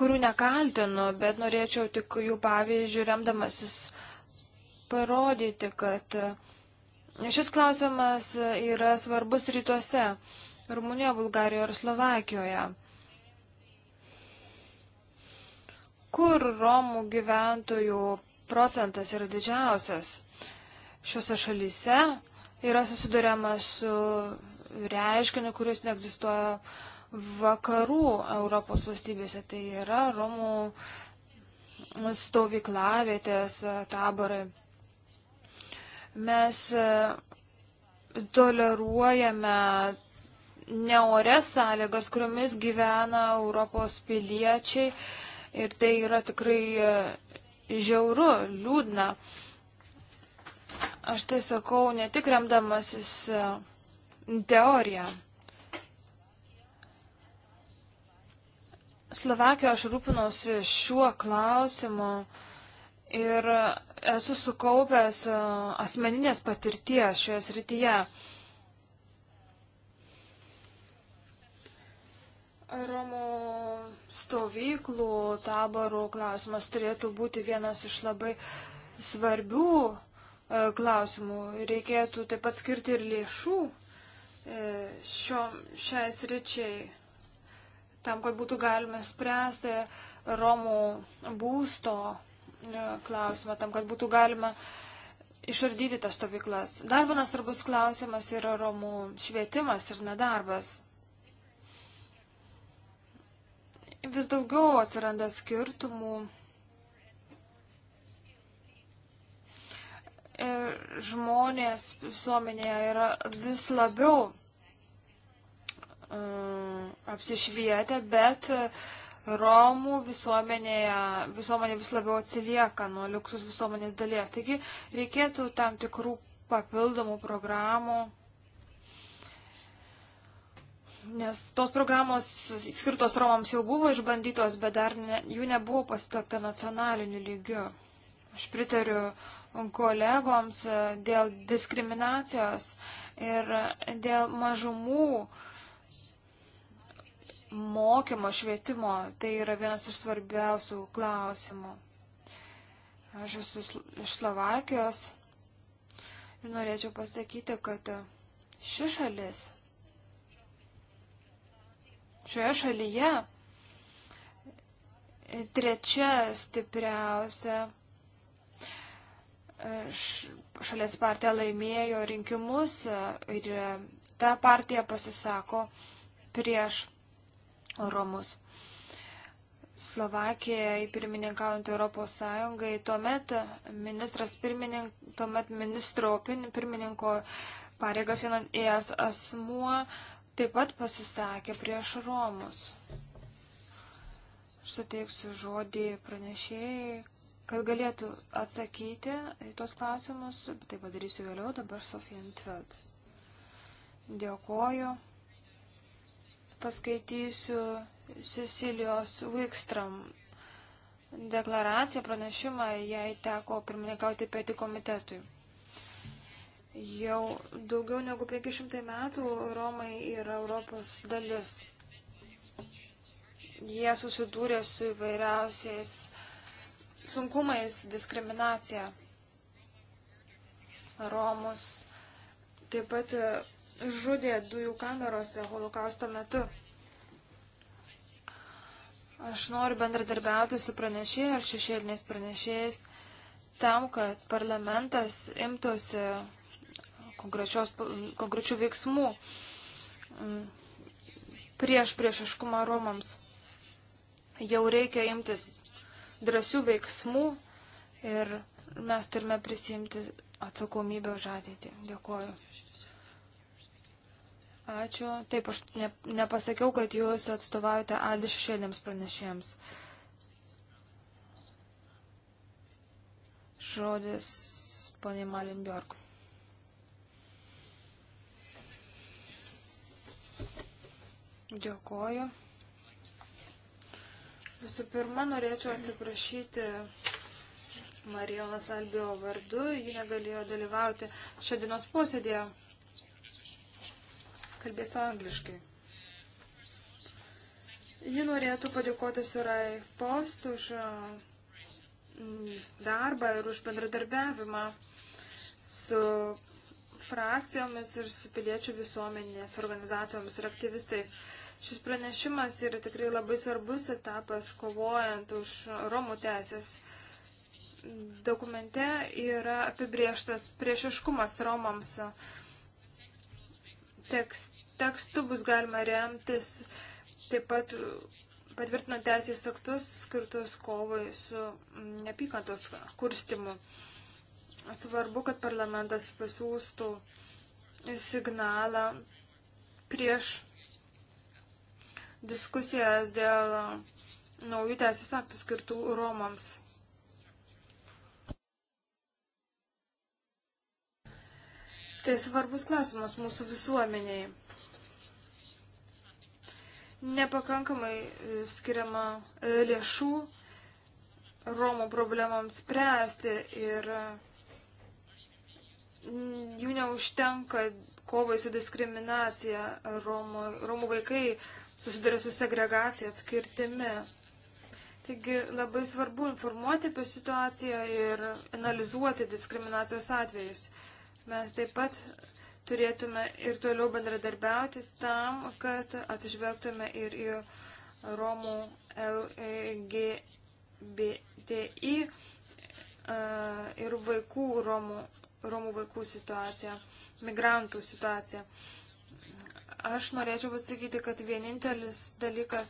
A: kurių nekaltinu, bet norėčiau tik jų pavyzdžių remdamasis parodyti, kad uh, Nu, šis klausimas yra svarbus rytuose - Rumunijoje, Bulgarijoje ir Slovakijoje. Kur Romų gyventojų procentas yra didžiausias? Šiuose šalyse yra susidurėma su reiškiniu, kuris neegzistuoja vakarų Europos valstybėse. Tai yra Romų stovyklavietės taborai. Mes e, toleruojame neores sąlygas, kuriomis gyvena Europos piliečiai ir tai yra tikrai e, žiauru, liūdna. Aš tai sakau ne tik remdamasis e, teoriją. Slovakijoje aš rūpinausi šiuo klausimu ir esu sukaupęs e, asmeninės patirties šioje srityje. Romų stovyklų, taborų klausimas turėtų būti vienas iš labai svarbių e, klausimų. Reikėtų taip pat skirti ir lėšų e, šio, šiai sričiai, tam, kad būtų galima spręsti Romų būsto E, klausimą, tam, kad būtų galima išardyti tas stovyklas. Dar vienas svarbus klausimas yra romų švietimas ir nedarbas. Vis daugiau atsiranda skirtumų. Ir e, žmonės visuomenėje yra vis labiau e, apsišvietę, bet uh, Romų visuomenėje, visuomenė vis labiau atsilieka nuo liuksus visuomenės dalies. Taigi reikėtų tam tikrų papildomų programų, nes tos programos skirtos Romams jau buvo išbandytos, bet dar ne, jų nebuvo pasitelkta nacionaliniu lygiu. Aš pritariu kolegoms dėl diskriminacijos ir dėl mažumų mokymo, švietimo. Tai yra vienas iš svarbiausių klausimų. Aš esu iš Slovakijos ir norėčiau pasakyti, kad ši šalis, šioje šalyje trečia stipriausia e, šalies partija laimėjo rinkimus e, ir e, ta partija pasisako prieš Romus. Slovakijai pirmininkaujant Europos Sąjungai, tuomet ministras pirmininkas, tuomet ministro pirmininko pareigas einantis asmuo taip pat pasisakė prieš Romus. Suteiksiu žodį pranešėjai, kad galėtų atsakyti į tos klausimus, tai padarysiu vėliau, dabar Sofija Antveld. Dėkoju paskaitysiu Cecilijos Wikstram deklaraciją, pranešimą, jai teko pirmininkauti peti komitetui. Jau daugiau negu 500 metų Romai yra Europos dalis. Jie susidūrė su įvairiausiais sunkumais diskriminacija. Romus taip pat žudė dujų kamerose holokausto metu. Aš noriu bendradarbiauti su pranešėjai ar šešėliniais pranešėjais tam, kad parlamentas imtųsi konkrečių veiksmų mm, prieš priešiškumą Romams. Jau reikia imtis drąsių veiksmų ir mes turime prisimti atsakomybę už ateitį. Dėkuoju. Ačiū. Taip, aš ne, nepasakiau, kad jūs atstovaujate Aldi šešėlėms pranešėjams. Žodis ponė Malin Bjork. Dėkoju. Visų pirma, norėčiau atsiprašyti Marijonas Albio vardu. Ji negalėjo dalyvauti šiandienos posėdėje. Kalbėsiu angliškai. Ji norėtų padėkoti Sirai Post už mm, darbą ir už bendradarbiavimą su frakcijomis ir su piliečių visuomenės organizacijomis ir aktyvistais. Šis pranešimas yra tikrai labai svarbus etapas kovojant už Romų teisės. Dokumente yra apibrieštas priešiškumas Romams. Uh, tekst, tekstu bus galima remtis taip pat patvirtinant teisės aktus skirtus kovai su nepykantos kurstimu. Svarbu, kad parlamentas pasiūstų signalą prieš diskusijas dėl naujų teisės aktų skirtų Romams. Tai svarbus klausimas mūsų visuomeniai. Nepakankamai e, skiriama e, lėšų Romų problemams spręsti ir e, jų neužtenka kovai su diskriminacija. Romo, Romų vaikai susiduria su segregacija, atskirtimi. Taigi labai svarbu informuoti apie situaciją ir analizuoti diskriminacijos atvejus. Mes taip pat turėtume ir toliau bendradarbiauti tam, kad atsižvelgtume ir į Romų LGBTI e, ir vaikų Romų, Romų vaikų situaciją, migrantų situaciją. Aš norėčiau pasakyti, kad vienintelis dalykas,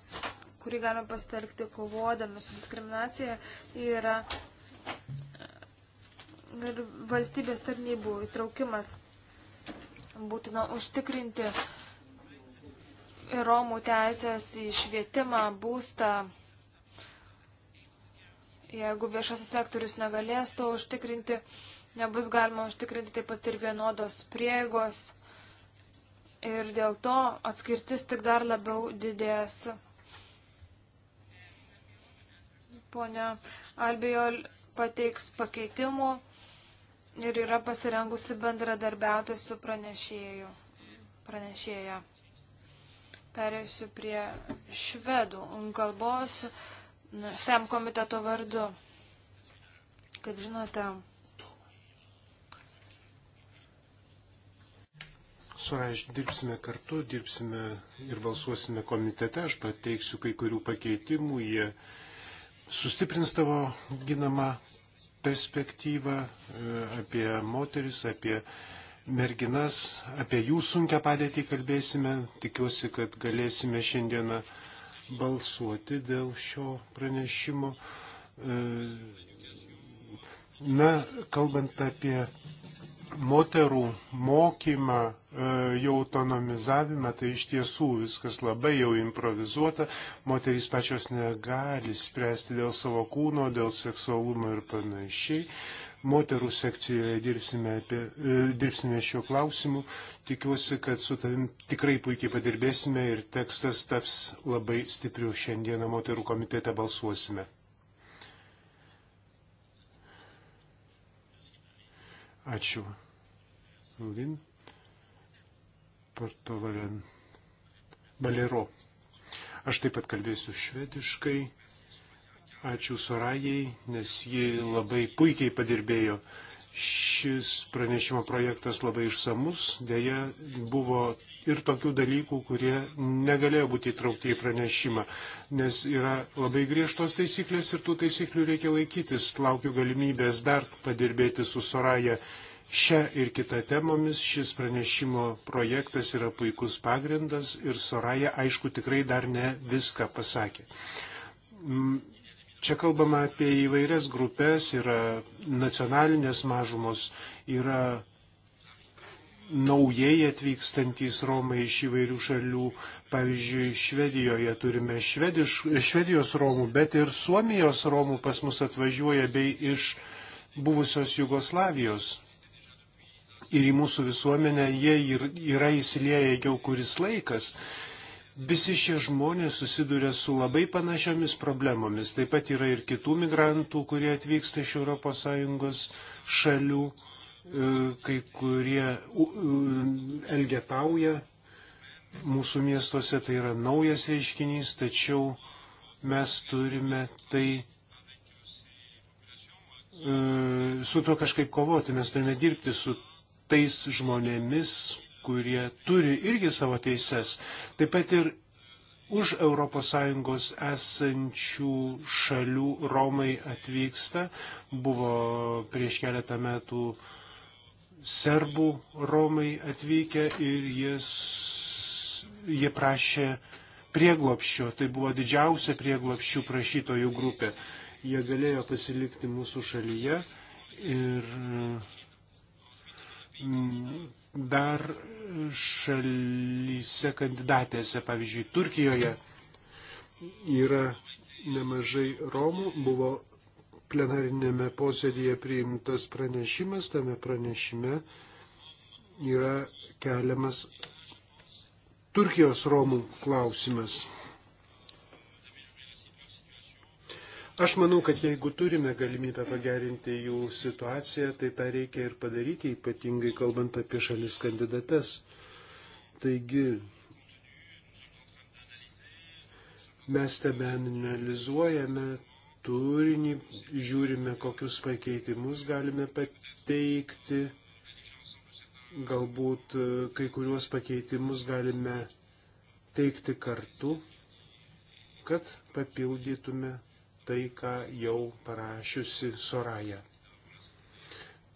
A: kurį galime pasitelkti kovodami su diskriminacija, yra ir valstybės tarnybų įtraukimas būtina užtikrinti Romų teisės į švietimą, būstą. Jeigu viešasis sektorius negalės to užtikrinti, nebus galima užtikrinti taip pat ir vienodos prieigos. Ir dėl to atskirtis tik dar labiau didės. Pone Albijol pateiks pakeitimų ir yra pasirengusi bendradarbiauti su pranešėju. Pranešėja. Perėsiu prie švedų kalbos FEM komiteto vardu. Kaip žinote,
B: su aš dirbsime kartu, dirbsime ir balsuosime komitete, aš pateiksiu kai kurių pakeitimų, jie sustiprins tavo ginamą perspektyvą, e, apie moteris, apie merginas, apie jų sunkę padėtį kalbėsime. Tikiuosi, kad galėsime šiandieną balsuoti dėl šio pranešimo. E, na, kalbant apie moterų mokymą, e, jau autonomizavimą, tai iš tiesų viskas labai jau improvizuota, moterys pačios negali spręsti dėl savo kūno, dėl seksualumo ir panašiai. Moterų sekcijoje dirbsime, apie, e, dirbsime šiuo klausimu. Tikiuosi, kad su tavim tikrai puikiai padirbėsime ir tekstas taps labai stipriu. Šiandieną moterų komitete balsuosime. Ačiū. Rudin. Porto Valen. Balero. Aš taip pat kalbėsiu švediškai. Ačiū Sorajai, nes ji labai puikiai padirbėjo. Šis pranešimo projektas labai išsamus, dėja buvo ir tokių dalykų, kurie negalėjo būti įtraukti į pranešimą, nes yra labai griežtos taisyklės ir tų taisyklių reikia laikytis. Laukiu galimybės dar padirbėti su Soraja šią ir kitą temomis. Šis pranešimo projektas yra puikus pagrindas ir Soraja, aišku, tikrai dar ne viską pasakė. Mm, čia kalbama apie įvairias grupės, yra nacionalinės mažumos, yra naujai atvykstantys Romai iš įvairių šalių. Pavyzdžiui, Švedijoje turime švediš, Švedijos Romų, bet ir Suomijos Romų pas mus atvažiuoja bei iš buvusios Jugoslavijos. Ir į mūsų visuomenę jie yra įsilieję jau kuris laikas. Visi šie žmonės susiduria su labai panašiomis problemomis. Taip pat yra ir kitų migrantų, kurie atvyksta iš ES šalių E, kai kurie elgetauja mūsų miestuose, tai yra naujas reiškinys, tačiau mes turime tai e, su tuo kažkaip kovoti, mes turime dirbti su tais žmonėmis, kurie turi irgi savo teises. Taip pat ir už ES esančių šalių Romai atvyksta. Buvo prieš keletą metų uh, serbų romai atvykę ir jis, jie prašė prieglopščio. Tai buvo didžiausia prieglopščių prašytojų grupė. Jie galėjo pasilikti mūsų šalyje ir mm, dar šalyse kandidatėse, pavyzdžiui, Turkijoje yra nemažai Romų, buvo plenarinėme posėdėje priimtas pranešimas, tame pranešime yra keliamas Turkijos Romų klausimas. Aš manau, kad jeigu turime galimybę pagerinti jų situaciją, tai tą reikia ir padaryti, ypatingai kalbant apie šalis kandidates. Taigi, mes tebe analizuojame turinį, žiūrime, kokius pakeitimus galime pateikti, galbūt e, kai kuriuos pakeitimus galime teikti kartu, kad papildytume tai, ką jau parašiusi Soraja.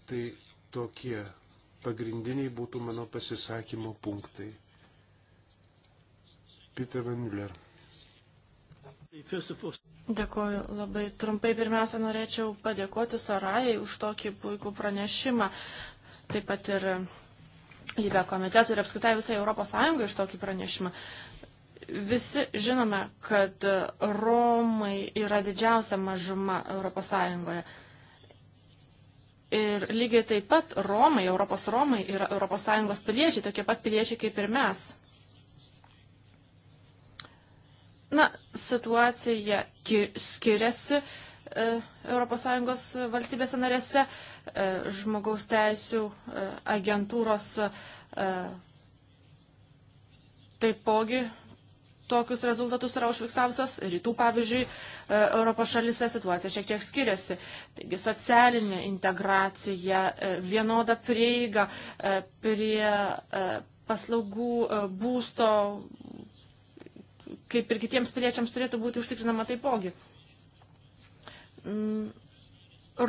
B: Tai tokie pagrindiniai būtų mano pasisakymo punktai. Peter Van Müller.
C: Dėkuoju labai trumpai. Pirmiausia, norėčiau padėkoti Sarajai už tokį puikų pranešimą. Taip pat ir Lybė komitetų ir apskritai visai Europos Sąjungai už tokį pranešimą. Visi žinome, kad Romai yra didžiausia mažuma Europos Sąjungoje. Ir lygiai taip pat Romai, Europos Romai yra Europos Sąjungos piliečiai, tokie pat piliečiai kaip ir mes. situacija skiriasi ES valstybėse narėse. E, žmogaus teisų e, agentūros e, taipogi tokius rezultatus yra užfiksavusios. Rytų, pavyzdžiui, Europos šalise situacija šiek tiek skiriasi. Taigi socialinė integracija, vienoda prieiga prie paslaugų būsto kaip ir kitiems piliečiams turėtų būti užtikrinama taipogi. Mm,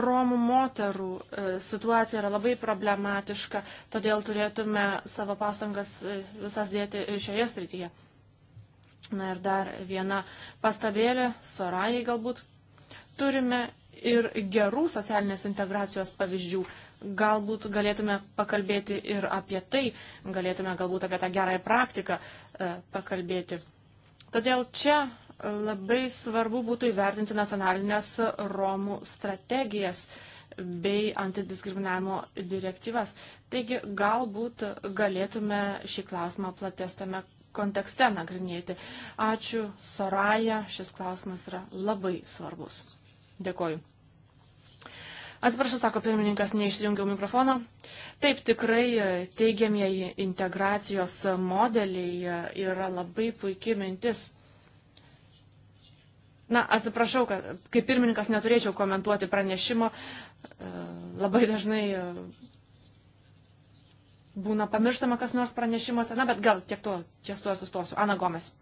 C: Romų moterų e, situacija yra labai problematiška, todėl turėtume savo pastangas e, visas dėti ir šioje srityje. Na ir dar viena pastabėlė, Sorajai galbūt. Turime ir gerų socialinės integracijos pavyzdžių. Galbūt galėtume pakalbėti ir apie tai, galėtume galbūt apie tą gerąją praktiką e, pakalbėti. Todėl čia labai svarbu būtų įvertinti nacionalinės Romų strategijas bei antidiskriminavimo direktyvas. Taigi galbūt galėtume šį klausimą platesnėme kontekste nagrinėti. Ačiū, Soraja, šis klausimas yra labai svarbus. Dėkoju. Atsiprašau, sako pirmininkas, neišsijungiau mikrofono. Taip, tikrai e, teigiamieji integracijos modeliai e, yra labai puikia mintis. Na, atsiprašau, kad kaip pirmininkas neturėčiau komentuoti pranešimo. E, labai dažnai būna pamirštama kas nors pranešimuose. Na, bet gal tiek to, ties tuo sustosiu. Ana Gomes.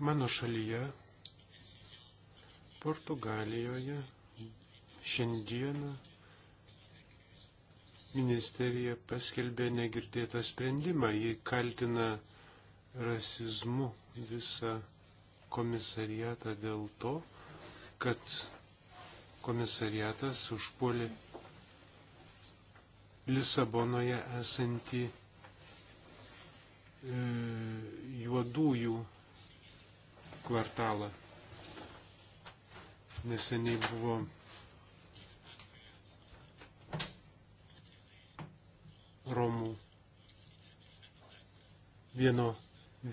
B: Mano šalyje, Portugalijoje, šiandieną ministerija paskelbė negirdėtą sprendimą. Jį kaltina rasizmu visą komisariatą dėl to, kad komisariatas užpuolė Lisabonoje esantį e, juodųjų kvartalą. Neseniai buvo Romų vieno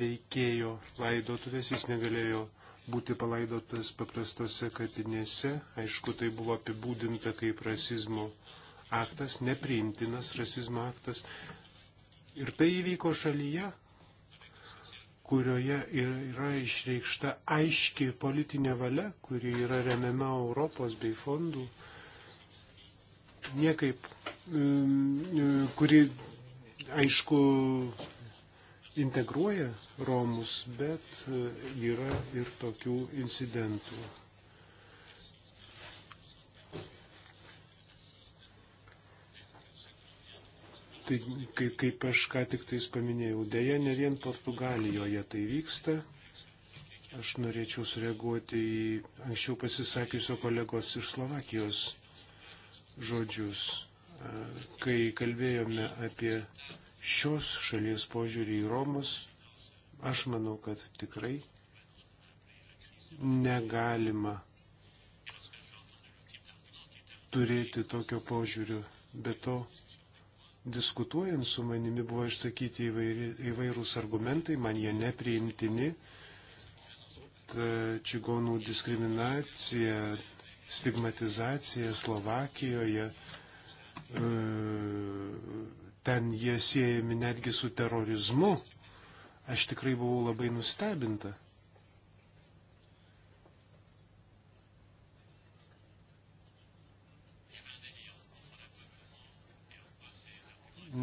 B: veikėjo laidotuvės, jis negalėjo būti palaidotas paprastose kapinėse. Aišku, tai buvo apibūdinta kaip rasizmo aktas, nepriimtinas rasizmo aktas. Ir tai įvyko šalyje, kurioje yra išreikšta aiški politinė valia, kuri yra remiama Europos bei fondų, niekaip, mm, mm, kuri, aišku, integruoja Romus, bet e, yra ir tokių incidentų. tai, kaip, kaip aš ką tik tais paminėjau. Deja, ne vien Portugalijoje tai vyksta. Aš norėčiau sureaguoti į anksčiau pasisakiusio kolegos iš Slovakijos žodžius, kai kalbėjome apie šios šalies požiūrį į Romus. Aš manau, kad tikrai negalima turėti tokio požiūrio. Be to, Diskutuojant su manimi buvo išsakyti įvairūs argumentai, man jie nepriimtini. Čigonų diskriminacija, stigmatizacija Slovakijoje, e, ten jie siejami netgi su terorizmu. Aš tikrai buvau labai nustebinta.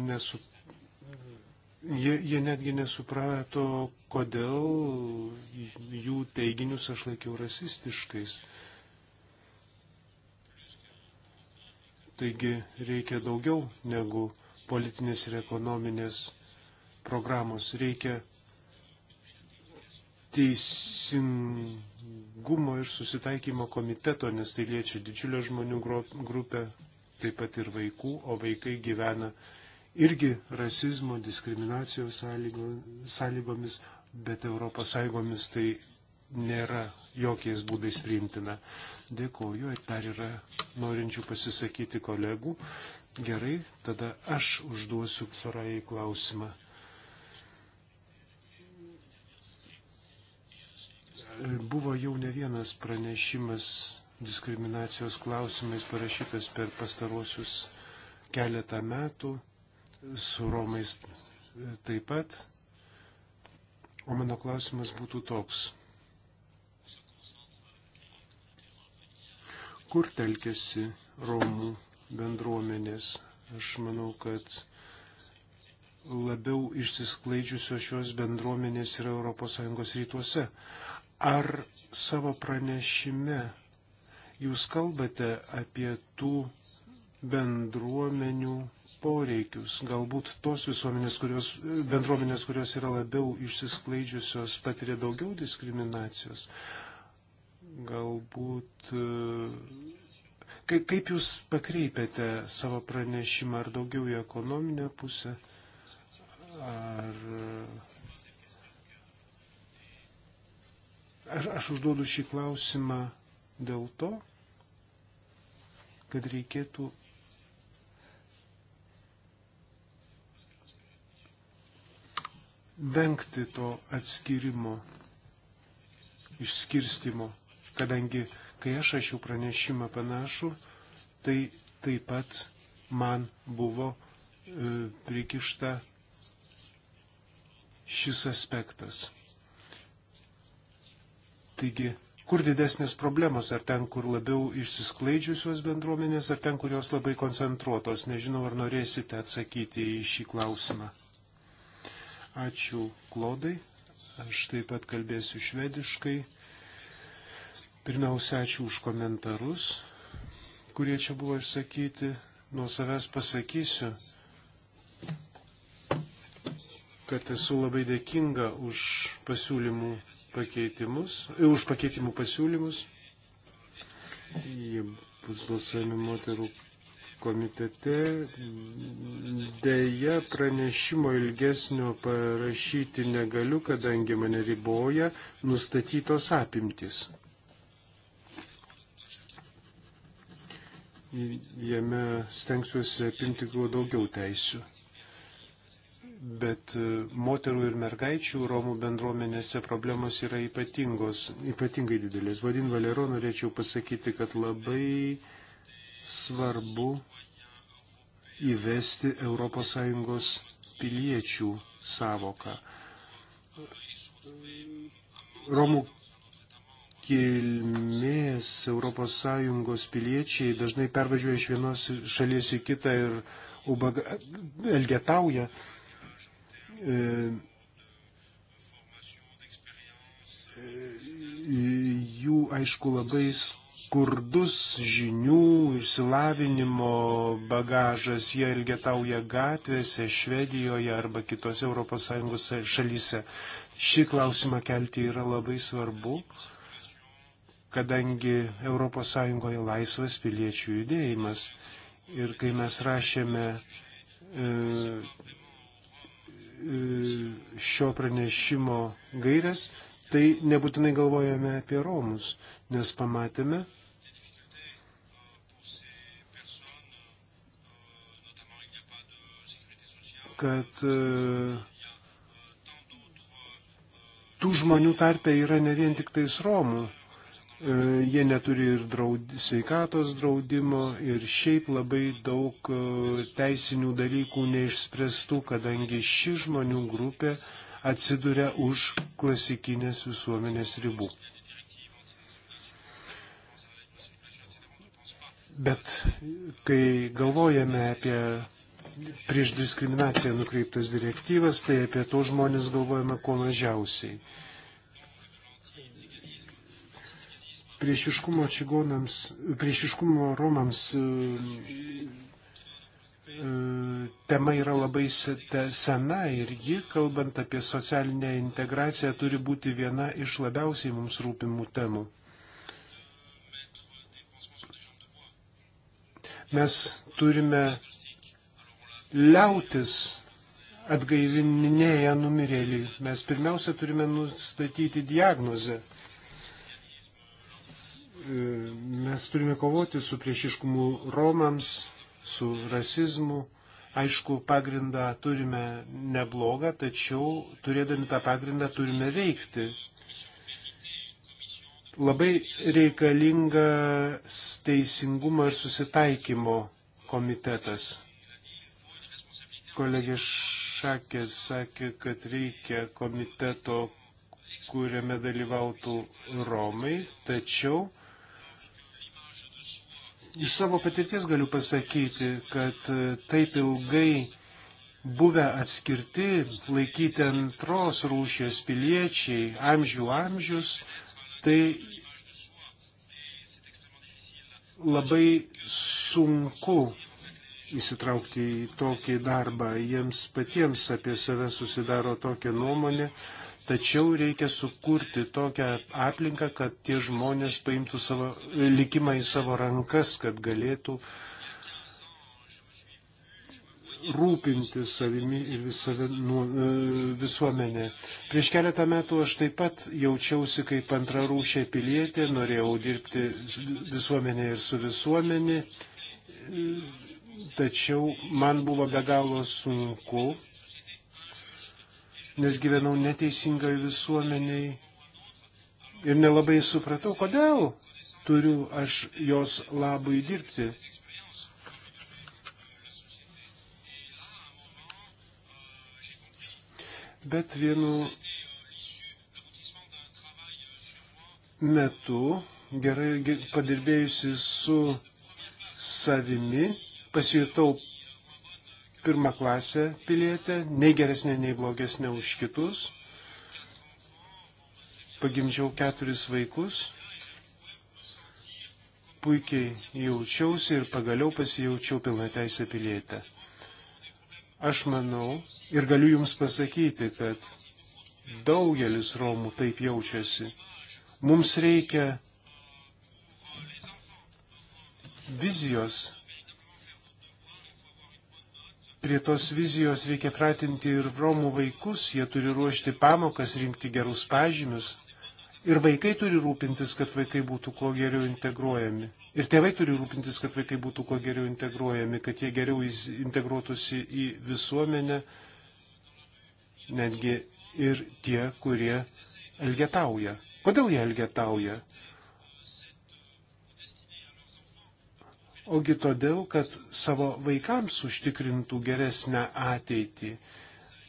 B: nesu, jie, jie netgi nesuprato, kodėl jų teiginius aš laikiau rasistiškais. Taigi reikia daugiau negu politinės ir ekonominės programos. Reikia teisingumo ir susitaikymo komiteto, nes tai liečia didžiulę žmonių grupę, taip pat ir vaikų, o vaikai gyvena irgi rasizmo, diskriminacijos sąlygo, sąlygomis, bet Europos sąlygomis tai nėra jokiais būdais priimtina. Dėkoju ir dar yra norinčių pasisakyti kolegų. Gerai, tada aš užduosiu Sorajai klausimą. Buvo jau ne vienas pranešimas diskriminacijos klausimais parašytas per pastaruosius keletą metų su Romais taip pat. O mano klausimas būtų toks. Kur telkėsi Romų bendruomenės? Aš manau, kad labiau išsisklaidžiusios šios bendruomenės yra ES rytuose. Ar savo pranešime jūs kalbate apie tų bendruomenių poreikius. Galbūt tos visuomenės, kurios, bendruomenės, kurios yra labiau išsisklaidžiusios, patiria daugiau diskriminacijos. Galbūt. E, kaip, kaip jūs pakreipiate savo pranešimą ar daugiau į ekonominę pusę? Ar e, Aš, aš užduodu šį klausimą dėl to, kad reikėtų vengti to atskirimo, išskirstimo, kadangi kai aš rašiau pranešimą panašų, tai taip pat man buvo e, prikišta šis aspektas. Taigi, kur didesnės problemos, ar ten, kur labiau išsiskleidžiusios bendruomenės, ar ten, kur jos labai koncentruotos, nežinau, ar norėsite atsakyti į šį klausimą. Ačiū Klodai. Aš taip pat kalbėsiu švediškai. Pirmiausia, ačiū už komentarus, kurie čia buvo išsakyti. Nuo savęs pasakysiu, kad esu labai dėkinga už pasiūlymų pakeitimus, e, už pakeitimų pasiūlymus. Jie bus balsuojami moterų komitete dėja pranešimo ilgesnio parašyti negaliu, kadangi mane riboja nustatytos apimtis. Jame stengsiuosi apimti kuo daugiau teisių. Bet e, moterų ir mergaičių Romų bendruomenėse problemos yra ypatingos, ypatingai didelės. Vadin Valero norėčiau pasakyti, kad labai svarbu įvesti ES piliečių savoką. Romų kilmės ES piliečiai dažnai pervažiuoja iš vienos šalies į kitą ir ubaga, elgetauja. E, e jų, aišku, labai skurdus žinių, išsilavinimo bagažas, jie elgetauja gatvėse, Švedijoje arba kitose ES šalyse. Šį klausimą kelti yra labai svarbu, kadangi ES laisvas piliečių judėjimas. Ir kai mes rašėme e, e šio pranešimo gairias, Tai nebūtinai galvojame apie Romus, nes pamatėme, kad e, tų žmonių tarpe yra ne vien tik tais Romų. E, jie neturi ir draud, sveikatos draudimo ir šiaip labai daug e, teisinių dalykų neišspręstų, kadangi ši žmonių grupė uh, atsiduria už klasikinės visuomenės ribų. Bet kai galvojame apie prieš diskriminaciją nukreiptas direktyvas, tai apie to žmonės galvojame kuo mažiausiai. Priešiškumo čigonams, priešiškumo romams E, tema yra labai sena ir ji, kalbant apie socialinę integraciją, turi būti viena iš labiausiai mums rūpimų temų. Mes turime liautis atgaivininėję numirėlį. Mes pirmiausia turime nustatyti diagnozę e, mes turime kovoti su priešiškumu Romams, su rasizmu. Aišku, pagrindą turime neblogą, tačiau turėdami tą pagrindą turime veikti. Labai reikalingas teisingumo ir susitaikymo komitetas. Kolegė Šakė sakė, kad reikia komiteto, kuriame dalyvautų Romai, tačiau Iš savo patirties galiu pasakyti, kad e, taip ilgai buvę atskirti, laikyti antros rūšės piliečiai amžių amžius, tai labai sunku įsitraukti į tokį darbą. Jiems patiems apie save susidaro tokia nuomonė, Tačiau reikia sukurti tokią aplinką, kad tie žmonės paimtų savo likimą į savo rankas, kad galėtų rūpinti savimi ir visave, nu, e, visuomenė. Prieš keletą metų aš taip pat jaučiausi kaip antrarūšė pilietė, norėjau dirbti visuomenė ir su visuomenė, tačiau man buvo be galo sunku nes gyvenau neteisingai visuomeniai ir nelabai supratau, kodėl turiu aš jos labui dirbti. Bet vienu metu gerai padirbėjusi su savimi pasijutau pirmą klasę pilietę, nei geresnė, nei blogesnė už kitus. Pagimdžiau keturis vaikus, puikiai jaučiausi ir pagaliau pasijaučiau pilna teisė pilietę. Aš manau ir galiu Jums pasakyti, kad daugelis Romų taip jaučiasi. Mums reikia vizijos prie tos vizijos reikia pratinti ir romų vaikus, jie turi ruošti pamokas, rinkti gerus pažymius. Ir vaikai turi rūpintis, kad vaikai būtų kuo geriau integruojami. Ir tėvai turi rūpintis, kad vaikai būtų kuo geriau integruojami, kad jie geriau integruotųsi į visuomenę, netgi ir tie, kurie elgetauja. Kodėl jie elgetauja? ogi todėl, kad savo vaikams užtikrintų geresnę ateitį,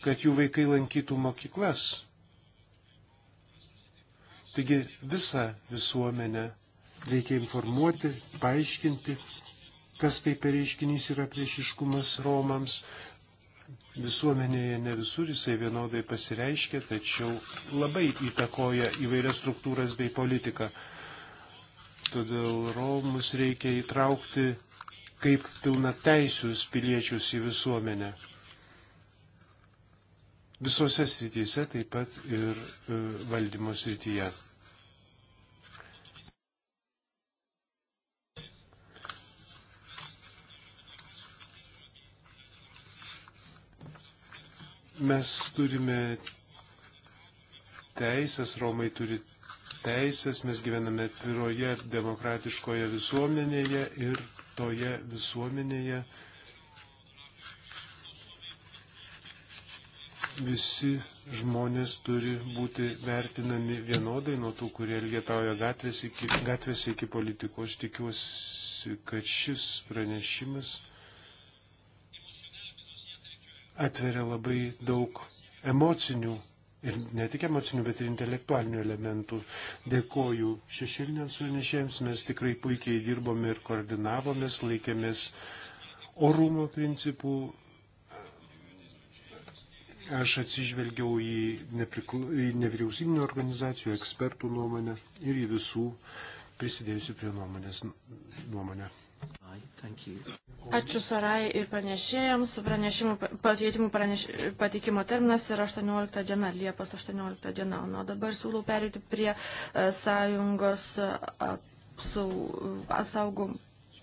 B: kad jų vaikai lankytų mokyklas. Taigi visą visuomenę reikia informuoti, paaiškinti, kas tai per reiškinys yra priešiškumas Romams. Visuomenėje ne visur jisai vienodai pasireiškia, tačiau labai įtakoja įvairias struktūras bei politiką. Todėl Romus reikia įtraukti kaip pilna teisius piliečius į visuomenę. Visose srityse, taip pat ir e, valdymo srityje. Mes turime teisės, Romai turi teisės, mes gyvename atviroje demokratiškoje visuomenėje ir toje visuomenėje visi žmonės turi būti vertinami vienodai, nuo tų, kurie elgetauja gatvėse iki, gatvėse iki politikų. Aš tikiuosi, kad šis pranešimas atveria labai daug emocinių ir ne tik emocinių, bet ir intelektualinių elementų. Dėkoju šešiliniams pranešėjams, mes tikrai puikiai dirbome ir koordinavomės, laikėmės orumo principų. Aš atsižvelgiau į, neprikla... į nevyriausybinio organizacijų ekspertų nuomonę ir į visų prisidėjusių prie nuomonės nuomonę. Ačiū
C: Sarai ir pranešėjams. Pakeitimų praneš, pateikimo terminas yra 18 diena, Liepos 18 diena. Na, dabar siūlau perėti prie e, sąjungos e, apsau, apsaugų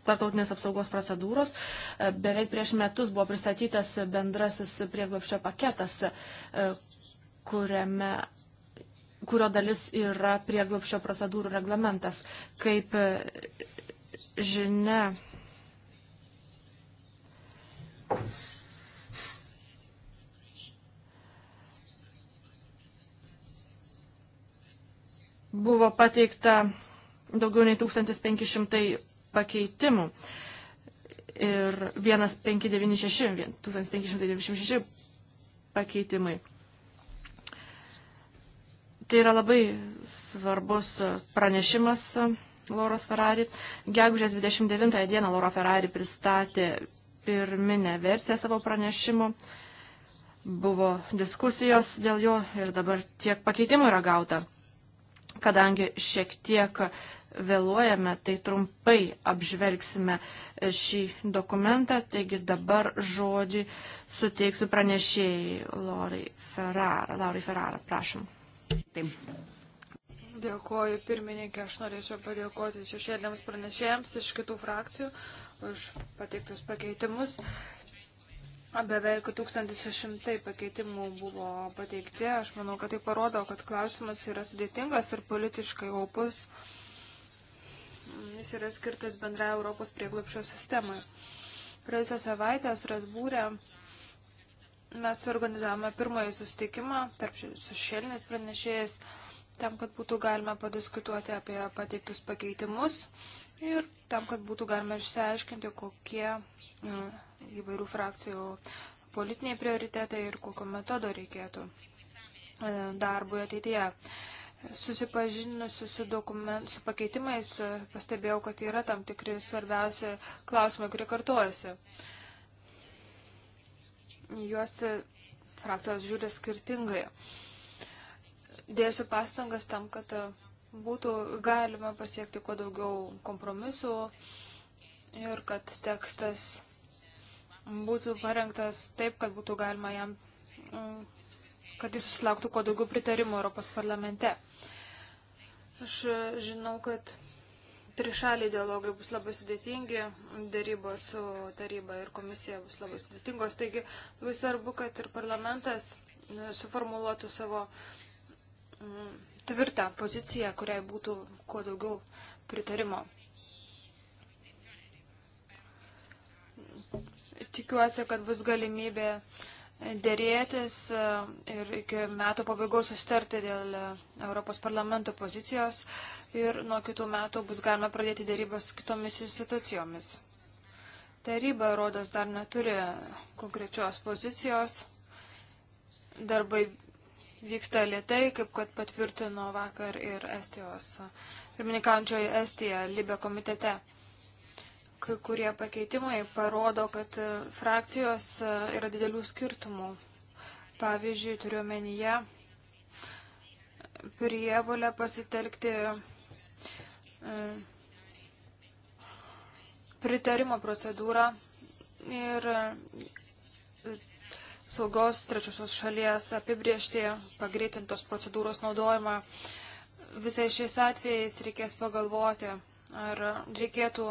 C: tartautinės apsaugos procedūros. E, beveik prieš metus buvo pristatytas bendrasis prieglopščio paketas, kuriame kurio dalis yra prieglopščio procedūrų reglamentas. Kaip žinia. Buvo pateikta daugiau nei 1500 pakeitimų. Ir 1596, 1596 pakeitimai. Tai yra labai svarbus pranešimas Loros Ferrari. Gegužės 29 dieną Loro Ferrari pristatė pirminę versiją savo pranešimo. Buvo diskusijos dėl jo ir dabar tiek pakeitimų yra gauta. Kadangi šiek tiek vėluojame, tai trumpai apžvelgsime šį dokumentą. Taigi dabar žodį suteiksiu pranešėjai Laurai Ferrara. Laurai Ferrara, prašom. Taip.
A: Dėkoju pirmininkė, aš norėčiau padėkoti šešėliams pranešėjams iš kitų frakcijų už pateiktus pakeitimus. Beveik 1600 pakeitimų buvo pateikti. Aš manau, kad tai parodo, kad klausimas yra sudėtingas ir politiškai opus. Jis yra skirtas bendrai Europos prieglapščio sistemai. Praėjusią savaitę Strasbūrė mes suorganizavome pirmąjį susitikimą tarp šešėlinės pranešėjas. Su tam, kad būtų galima padiskutuoti apie pateiktus pakeitimus ir tam, kad būtų galima išsiaiškinti, kokie e, įvairių frakcijų politiniai prioritetai ir kokio metodo reikėtų e, darbui ateityje. Susipažinusiu su, dokument, su pakeitimais e, pastebėjau, kad yra tam tikri svarbiausi klausimai, kurie kartojasi. Juos frakcijos žiūri skirtingai. Uh, dėsiu pastangas tam, kad e, būtų galima pasiekti kuo daugiau kompromisų ir kad tekstas būtų parengtas taip, kad būtų galima jam, mm, kad jis susilauktų kuo daugiau pritarimų Europos parlamente. Aš e, žinau, kad trišaliai dialogai bus labai sudėtingi, dėrybos su taryba ir komisija bus labai sudėtingos, taigi labai svarbu, kad ir parlamentas e, suformuluotų savo uh, tvirtą poziciją, kuriai būtų kuo daugiau pritarimo. Tikiuosi, kad bus galimybė dėrėtis e, ir iki metų pabaigos sustarti dėl e, Europos parlamento pozicijos ir nuo kitų metų bus galima pradėti dėrybos su kitomis institucijomis. Taryba, rodos, dar neturi konkrečios pozicijos. Darbai vyksta lietai, kaip kad patvirtino vakar ir Estijos e, pirmininkaujančioji Estija Libė komitete. Kai kurie pakeitimai parodo, kad e, frakcijos e, yra didelių skirtumų. Pavyzdžiui, turiuomenyje prievolę pasitelkti pritarimo procedūrą ir saugos trečiosios šalies apibriežti pagreitintos procedūros naudojimą. Visai šiais atvejais reikės pagalvoti, ar reikėtų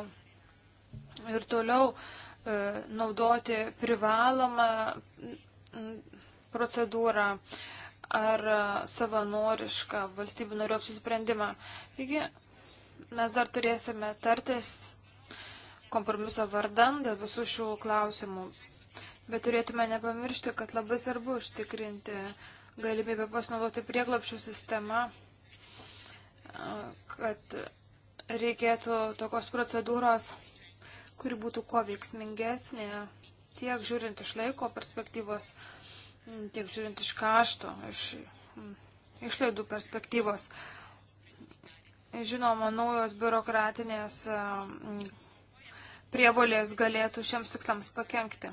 A: ir toliau e, naudoti privalomą procedūrą ar savanorišką valstybių narių apsisprendimą. Taigi mes dar turėsime tartis kompromiso vardan dėl visų šių klausimų bet turėtume nepamiršti, kad labai svarbu užtikrinti galimybę pasinaudoti prieglapšių sistemą, kad reikėtų tokios procedūros, kuri būtų kuo veiksmingesnė, tiek žiūrint iš laiko perspektyvos, tiek žiūrint iš kašto, iš mm, išlaidų perspektyvos. Žinoma, naujos biurokratinės mm, prievolės galėtų šiems tikslams pakengti.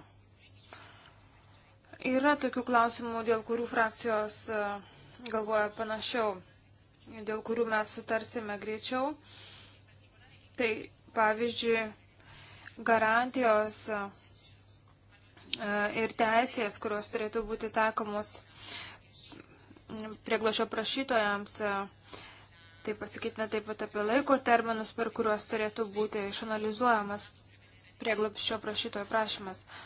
A: Yra tokių klausimų, dėl kurių frakcijos e, galvoja panašiau, dėl kurių mes sutarsime greičiau. Tai pavyzdžiui, garantijos e, ir teisės, kurios turėtų būti taikomos prieglašio prašytojams. E, tai pasakytina taip pat apie laiko terminus, per kuriuos turėtų būti išanalizuojamas prieglapščio prašytojo prašymas. Uh,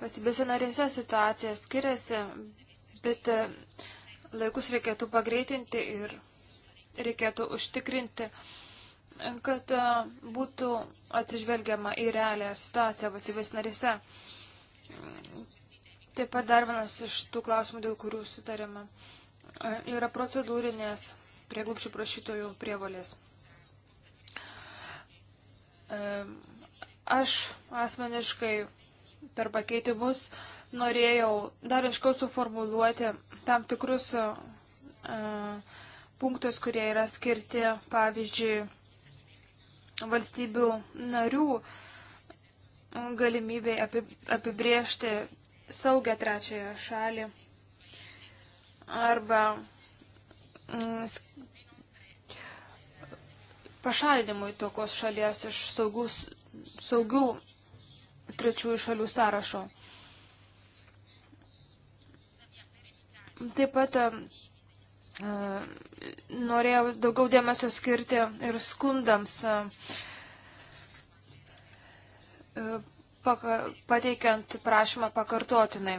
A: Pasibėse narėse situacija skiriasi, bet e, laikus reikėtų pagreitinti ir reikėtų užtikrinti, kad e, būtų atsižvelgiama į realią situaciją valstybės narėse. Taip pat dar vienas iš tų klausimų, dėl kurių sutarėme, yra procedūrinės prieglupšių prašytojų prievolės. E, aš asmeniškai per pakeitimus norėjau dar aiškiau suformuluoti tam tikrus uh, punktus, kurie yra skirti, pavyzdžiui, valstybių narių galimybei apibriežti saugę trečiąją šalį arba mm, pašalinimui tokios šalies iš saugus, saugių trečiųjų šalių sąrašo. Taip pat e, norėjau daugiau dėmesio skirti ir skundams, e, e, pateikiant prašymą pakartotinai.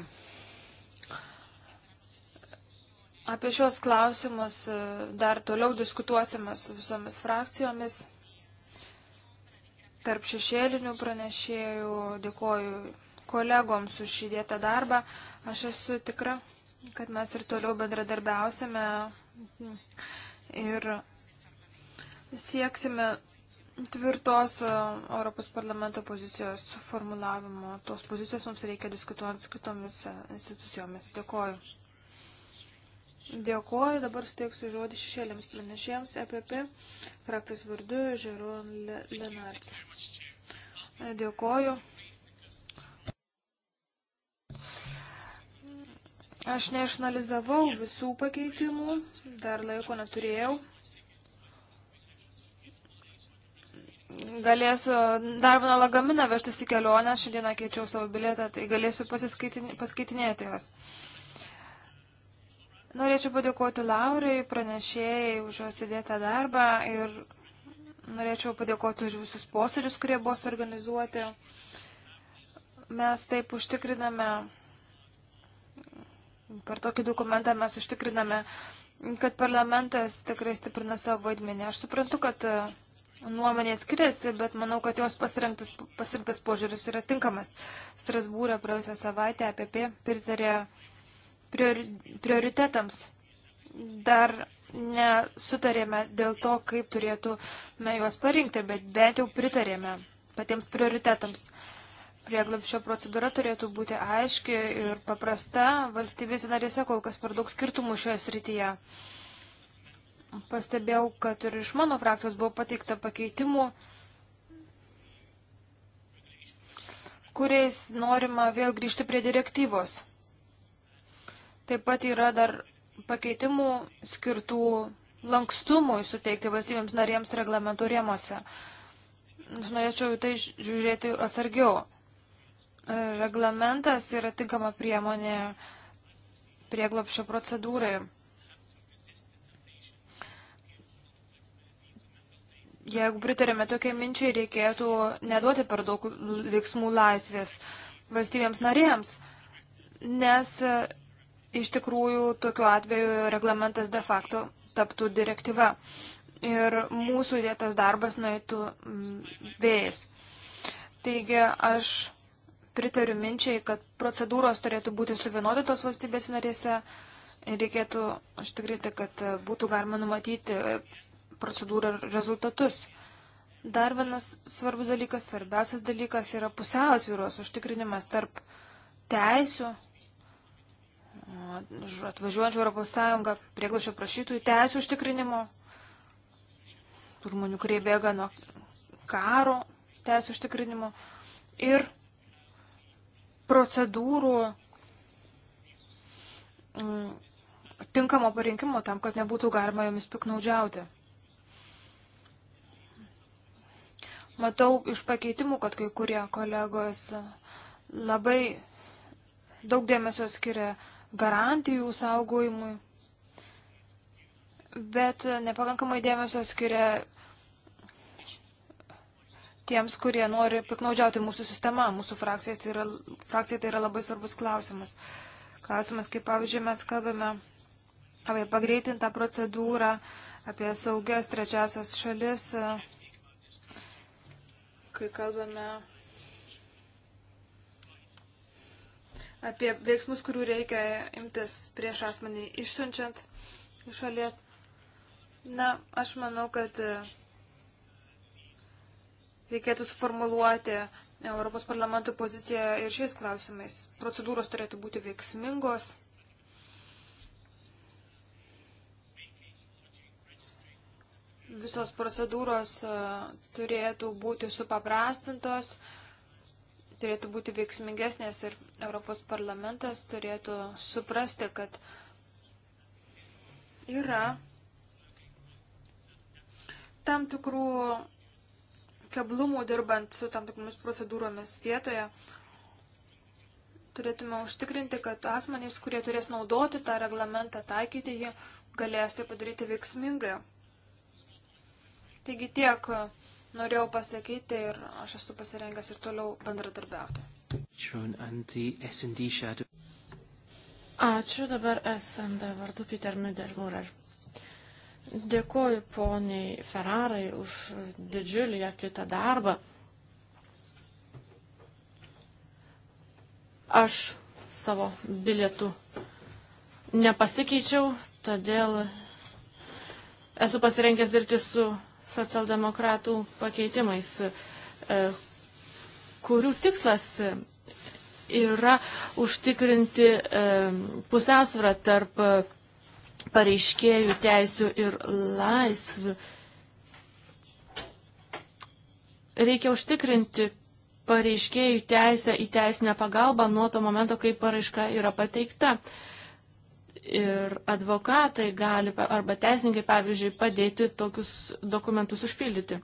A: Apie šios klausimus dar toliau diskutuosime su visomis frakcijomis tarp šešėlinių pranešėjų, dėkoju kolegoms už įdėtą darbą. Aš esu tikra, kad mes ir toliau bendradarbiausime ir sieksime tvirtos e, Europos parlamento pozicijos formulavimo. Tos pozicijos mums reikia diskutuojant su kitomis e, institucijomis. Dėkoju. Dėkuoju, dabar steiksiu žodį šešėliams pranešėjams EPP frakcijos vardu Žeron Lenarts. Dėkuoju. Aš neišanalizavau visų pakeitimų, dar laiko neturėjau. galėsiu dar vieną lagaminą vežtis į kelionę, šiandieną keičiau savo bilietą, tai galėsiu pasiskaitinėti jos. Norėčiau padėkoti Laurai, pranešėjai už jos įdėtą darbą ir norėčiau padėkoti už visus posėdžius, kurie buvo suorganizuoti. Mes taip užtikriname, per tokį dokumentą mes užtikriname, kad parlamentas tikrai stiprina savo vaidmenį. Aš suprantu, kad e, nuomonės skiriasi, bet manau, kad jos pasirinktas, pasirinktas požiūris yra tinkamas. Strasbūrė praėjusią savaitę APP pritarė priori, prioritetams. Dar nesutarėme dėl to, kaip turėtume juos parinkti, bet bent jau pritarėme patiems prioritetams. Prieglapščio procedūra turėtų būti aiški ir paprasta, valstybės narėse kol kas per daug skirtumų šioje srityje. Pastebėjau, kad ir iš mano frakcijos buvo pateikta pakeitimų, kuriais norima vėl grįžti prie direktyvos. Taip pat yra dar pakeitimų skirtų lankstumui suteikti valstybėms narėms reglamentų rėmose. Aš norėčiau tai žiūrėti atsargiau. Reglamentas yra tinkama priemonė prieglopšio procedūrai. Jeigu pritarėme tokiai minčiai, reikėtų neduoti per daug veiksmų laisvės valstybėms narėms, nes iš tikrųjų tokiu atveju reglamentas de facto taptų direktyva ir mūsų įdėtas darbas nueitų mm, vėjas. Taigi aš pritariu minčiai, kad procedūros turėtų būti suvienodytos valstybės narėse. Reikėtų užtikrinti, kad būtų galima numatyti e, procedūrą rezultatus. Dar vienas svarbus dalykas, svarbiausias dalykas yra pusiausvyros užtikrinimas tarp teisių atvažiuojančių Europos Sąjungą prieglašio prašytojų teisų užtikrinimo, žmonių, kurie bėga nuo karo teisų užtikrinimo ir procedūrų m, mm, tinkamo parinkimo tam, kad nebūtų galima jomis piknaudžiauti. Matau iš pakeitimų, kad kai kurie kolegos labai daug dėmesio skiria garantijų saugojimui, bet nepakankamai dėmesio skiria tiems, kurie nori piknaudžiauti mūsų sistemą. Mūsų frakcija tai yra, frakcija tai yra labai svarbus klausimas. Klausimas, kaip pavyzdžiui, mes kalbame apie pagreitintą procedūrą, apie saugias trečiasias šalis, kai kalbame apie veiksmus, kurių reikia imtis prieš asmenį išsiunčiant iš šalies. Na, aš manau, kad e, reikėtų suformuluoti Europos parlamento poziciją ir šiais klausimais. Procedūros turėtų būti veiksmingos. Visos procedūros e, turėtų būti supaprastintos. Uh, turėtų būti veiksmingesnės ir Europos parlamentas turėtų suprasti, kad yra tam tikrų keblumų dirbant su tam tikromis procedūromis vietoje. Turėtume užtikrinti, kad asmenys, kurie turės naudoti tą reglamentą, taikyti jį, galės tai padaryti veiksmingai. Taigi tiek norėjau pasakyti ir aš esu pasirengęs ir toliau bendradarbiauti.
C: Ačiū dabar SND vardu Peter Midermurer. Dėkuoju poniai Ferrarai už didžiulį atliktą darbą. Aš savo bilietų nepasikeičiau, todėl esu pasirengęs dirbti su socialdemokratų pakeitimais, e, kurių tikslas yra užtikrinti e, pusiausvyrą tarp pareiškėjų teisių ir laisvių. Reikia užtikrinti pareiškėjų teisę į teisinę pagalbą nuo to momento, kai paraiška yra pateikta. Uh, ir advokatai gali, arba teisininkai, pavyzdžiui, padėti tokius dokumentus užpildyti.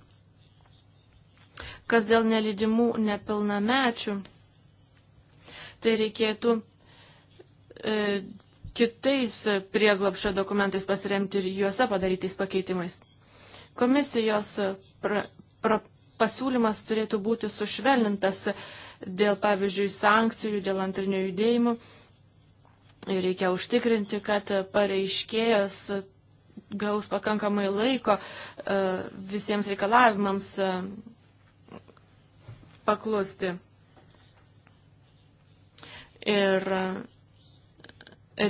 C: Kas dėl nelydimų nepilnamečių, tai reikėtų e, kitais prieglapšio dokumentais pasiremti ir juose padarytais pakeitimais. Komisijos pra, pra, pasiūlymas turėtų būti sušvelnintas dėl, pavyzdžiui, sankcijų, dėl antrinio judėjimų. E, Reikia užtikrinti, kad pareiškėjas gaus pakankamai laiko e, visiems reikalavimams e, paklusti. Ir e,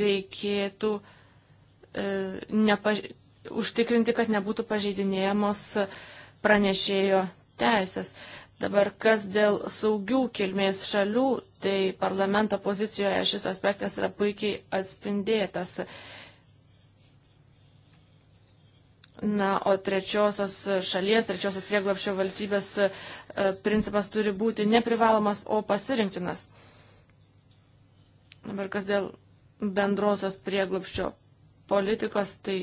C: reikėtų nepa, užtikrinti, kad nebūtų pažeidinėjamos pranešėjo teisės. Dabar kas dėl saugių kilmės šalių, tai parlamento pozicijoje šis aspektas yra puikiai atspindėtas. Na, o trečiosios šalies, trečiosios prieglapščio valstybės e, principas turi būti neprivalomas, o pasirinktinas. Dabar kas dėl bendrosios prieglapščio politikos, tai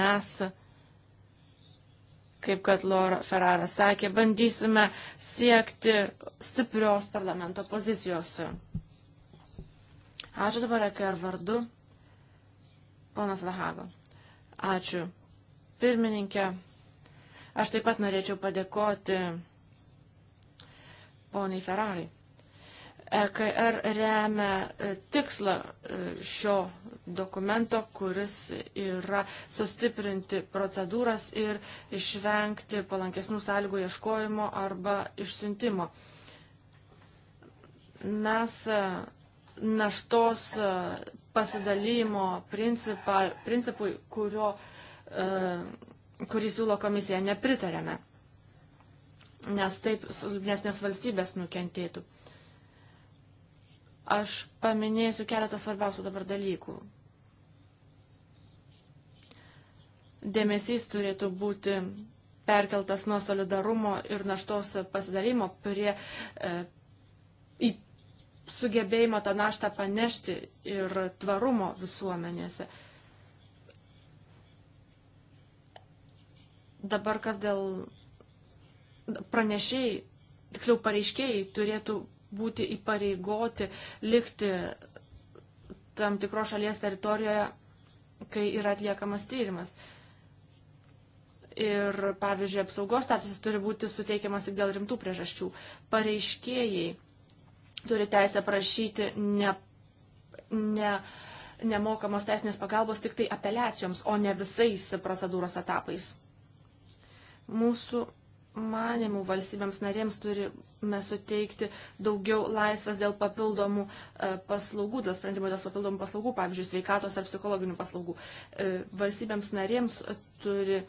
C: mes kaip kad Laura Ferrara sakė, bandysime siekti stiprios parlamento pozicijos. Ačiū dabar, Eker vardu, ponas Lahago. Ačiū. Pirmininkė, aš taip pat norėčiau padėkoti poniai Ferrari. EKR remia e, tikslą e, šio dokumento, kuris yra sustiprinti procedūras ir išvengti palankesnių sąlygų ieškojimo arba išsiuntimo. Mes e, naštos pasidalymo principą, principui, kurio, kurį siūlo komisija, nepritarėme, nes taip silpnesnės valstybės nukentėtų. Aš paminėsiu keletą svarbiausių dabar dalykų. Dėmesys turėtų būti perkeltas nuo solidarumo ir naštos pasidalymo prie e, į sugebėjimo tą naštą panešti ir tvarumo visuomenėse. Dabar kas dėl pranešėjai, tiksliau pareiškėjai turėtų būti įpareigoti likti tam tikro šalies teritorijoje, kai yra atliekamas tyrimas. Ir, pavyzdžiui, apsaugos statusas turi būti suteikiamas tik dėl rimtų priežasčių. Pareiškėjai turi teisę prašyti ne, ne, nemokamos teisinės pagalbos tik tai apeliacijoms, o ne visais procedūros etapais. Mūsų manimų valstybėms narėms turime suteikti daugiau laisvės dėl papildomų e, paslaugų, dėl sprendimo dėl papildomų paslaugų, pavyzdžiui, sveikatos ar psichologinių paslaugų. E, valstybėms narėms turi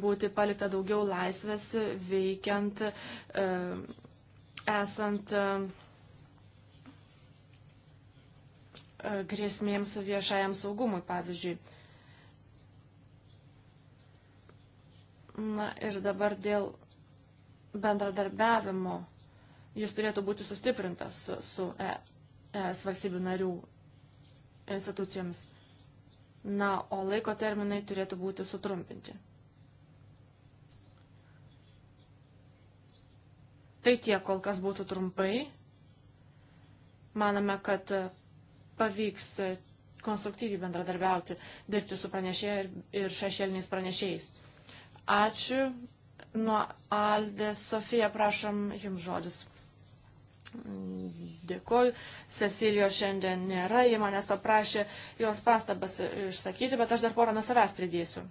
C: būti palikta daugiau laisvės veikiant, e, esant grėsmėms viešajam saugumui, pavyzdžiui. Na ir dabar dėl bendradarbiavimo jis turėtų būti sustiprintas su e, ES valstybių narių institucijomis. Na, o laiko terminai turėtų būti sutrumpinti. Tai tiek kol kas būtų trumpai. Maname, kad pavyks konstruktyviai bendradarbiauti, dirbti su pranešėjai ir, ir šešėliniais pranešėjais. Ačiū nuo Aldės. Sofija, prašom, jums žodis. Dėkoju. Cecilijos šiandien nėra, ji manęs paprašė jos pastabas išsakyti, bet aš dar porą nuo savęs pridėsiu.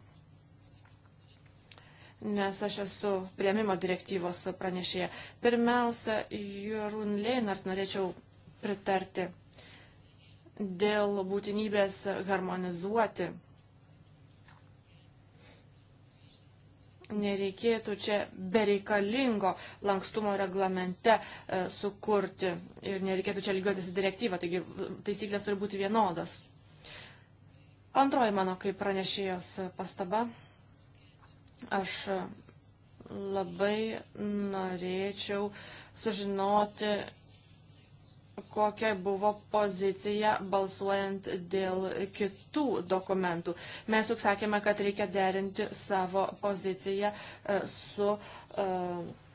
C: Nes aš esu prieimimo direktyvos pranešėja. Pirmiausia, Jurun Leinars norėčiau pritarti dėl būtinybės harmonizuoti nereikėtų čia bereikalingo lankstumo reglamente e, sukurti ir nereikėtų čia lygiuotis į direktyvą, taigi taisyklės turi būti vienodas. Antroji mano kaip pranešėjos pastaba. Aš labai norėčiau sužinoti kokia buvo pozicija balsuojant dėl kitų dokumentų. Mes juk sakėme, kad reikia derinti savo poziciją e, su uh,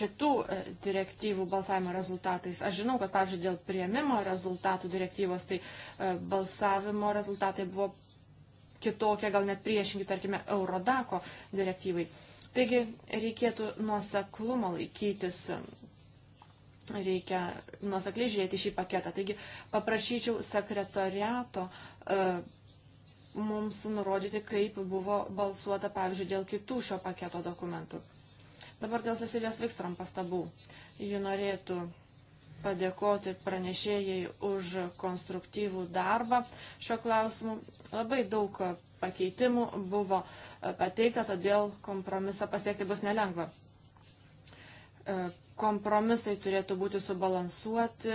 C: kitų e, direktyvų balsavimo rezultatais. Aš žinau, kad, pavyzdžiui, dėl prieimimo rezultatų direktyvos, tai uh, balsavimo rezultatai buvo kitokie, gal net priešingi, tarkime, Eurodako direktyvai. Taigi reikėtų nuoseklumo laikytis reikia nuosakliai žiūrėti šį paketą. Taigi paprašyčiau sekretoriato uh, mums nurodyti, kaip buvo balsuota, pavyzdžiui, dėl kitų šio paketo dokumentų. Dabar dėl Cecilijos Vikstrom pastabų. Ji norėtų padėkoti pranešėjai už konstruktyvų darbą šiuo klausimu. Labai daug pakeitimų buvo e, pateikta, todėl kompromisą pasiekti bus nelengva. E, kompromisai turėtų būti subalansuoti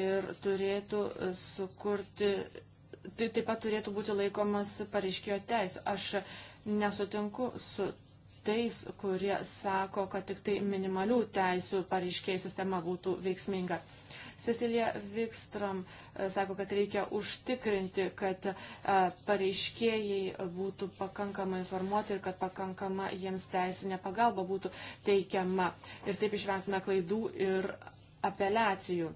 C: ir turėtų e, sukurti, tai taip pat turėtų būti laikomas pareiškėjo teisų. Aš nesutinku su tais, kurie sako, kad tik tai minimalių teisų pareiškėjų sistema būtų veiksminga. Cecilija Vikstrom e, sako, kad reikia užtikrinti, kad e, pareiškėjai būtų pakankamai informuoti ir kad pakankama jiems teisinė pagalba būtų teikiama. Ir taip išvengtume klaidų ir apeliacijų.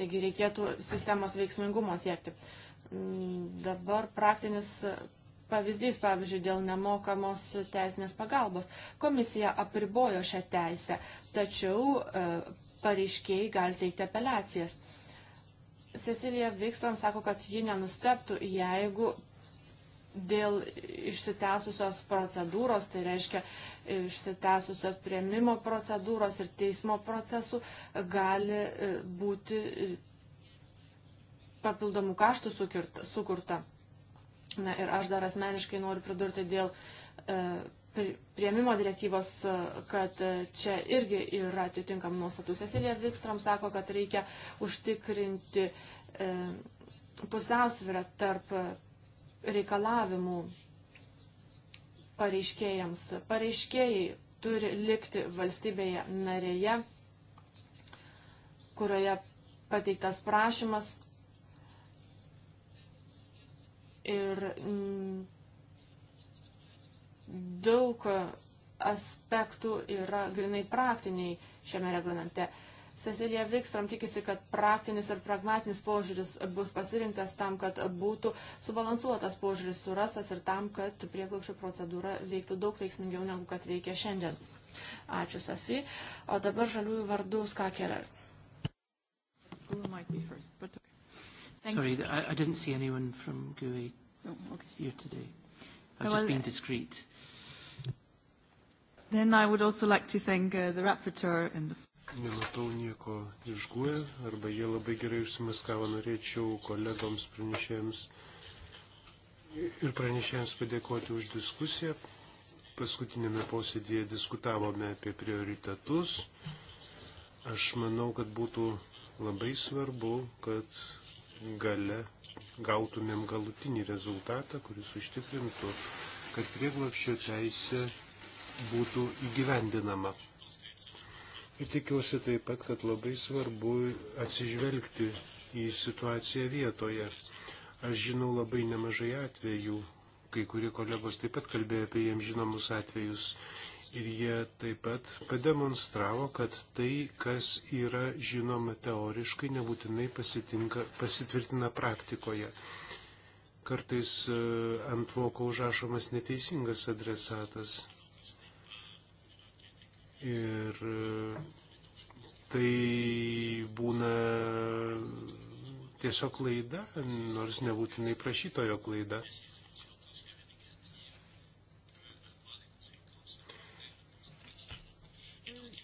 C: Taigi reikėtų sistemos veiksmingumo siekti. Mm, dabar praktinis pavyzdys, pavyzdžiui, dėl nemokamos teisinės pagalbos. Komisija apribojo šią teisę, tačiau e, pareiškiai gali teikti apeliacijas. Cecilija Vikstrom sako, kad ji nenusteptų, jeigu dėl išsitęsusios procedūros, tai reiškia išsitęsusios prieimimo procedūros ir teismo procesų gali e, būti papildomų kaštų sukurta. Na ir aš dar asmeniškai noriu pridurti dėl e, prieimimo direktyvos, e, kad e, čia irgi yra atitinkam nuostatų. Cecilija Vikstrom sako, kad reikia užtikrinti e, pusiausvyrą tarp reikalavimų pareiškėjams. Pareiškėjai turi likti valstybėje narėje, kurioje pateiktas prašymas Ir mm, daug aspektų yra grinai praktiniai šiame reglamente. Cecilija Vikstrom tikisi, kad praktinis ir pragmatinis požiūris bus pasirinktas tam, kad būtų subalansuotas požiūris surastas ir tam, kad prieglaušio procedūra veiktų daug veiksmingiau negu kad veikia šiandien. Ačiū, Safi. O dabar žaliųjų vardų Skakeler. But... Thanks. Sorry, I, I didn't see anyone from GUI oh, okay. here today. I've well, just been uh,
B: discreet.
C: Then I would also like to thank uh, the rapporteur
B: and the Nematau nieko iš GUE, arba jie labai gerai užsimaskavo, norėčiau kolegoms pranešėjams ir pranešėjams padėkoti už diskusiją. Paskutinėme posėdėje diskutavome apie prioritetus. Aš manau, kad būtų labai svarbu, kad gale gautumėm galutinį rezultatą, kuris užtikrintų, kad prieglapščio teisė būtų įgyvendinama. Ir tikiuosi taip pat, kad labai svarbu atsižvelgti į situaciją vietoje. Aš žinau labai nemažai atvejų, kai kurie kolegos taip pat kalbėjo apie jiems žinomus atvejus. Ir jie taip pat pademonstravo, kad tai, kas yra žinoma teoriškai, nebūtinai pasitvirtina praktikoje. Kartais e, ant voko užrašomas neteisingas adresatas. Ir e, tai būna tiesiog klaida, nors nebūtinai prašytojo klaida.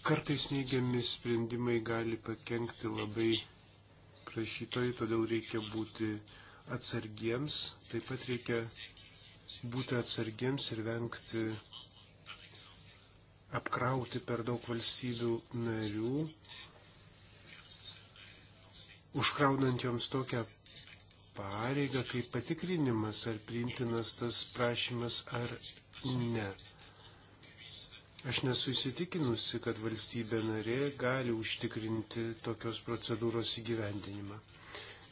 B: Kartais neigiami sprendimai gali pakengti labai prašytojai, todėl reikia būti atsargiems, taip pat reikia būti atsargiems ir vengti apkrauti per daug valstybių narių, užkraunant joms tokią pareigą kaip patikrinimas, ar priimtinas tas prašymas ar ne. Aš nesu įsitikinusi, kad valstybė narė gali užtikrinti tokios procedūros įgyvendinimą,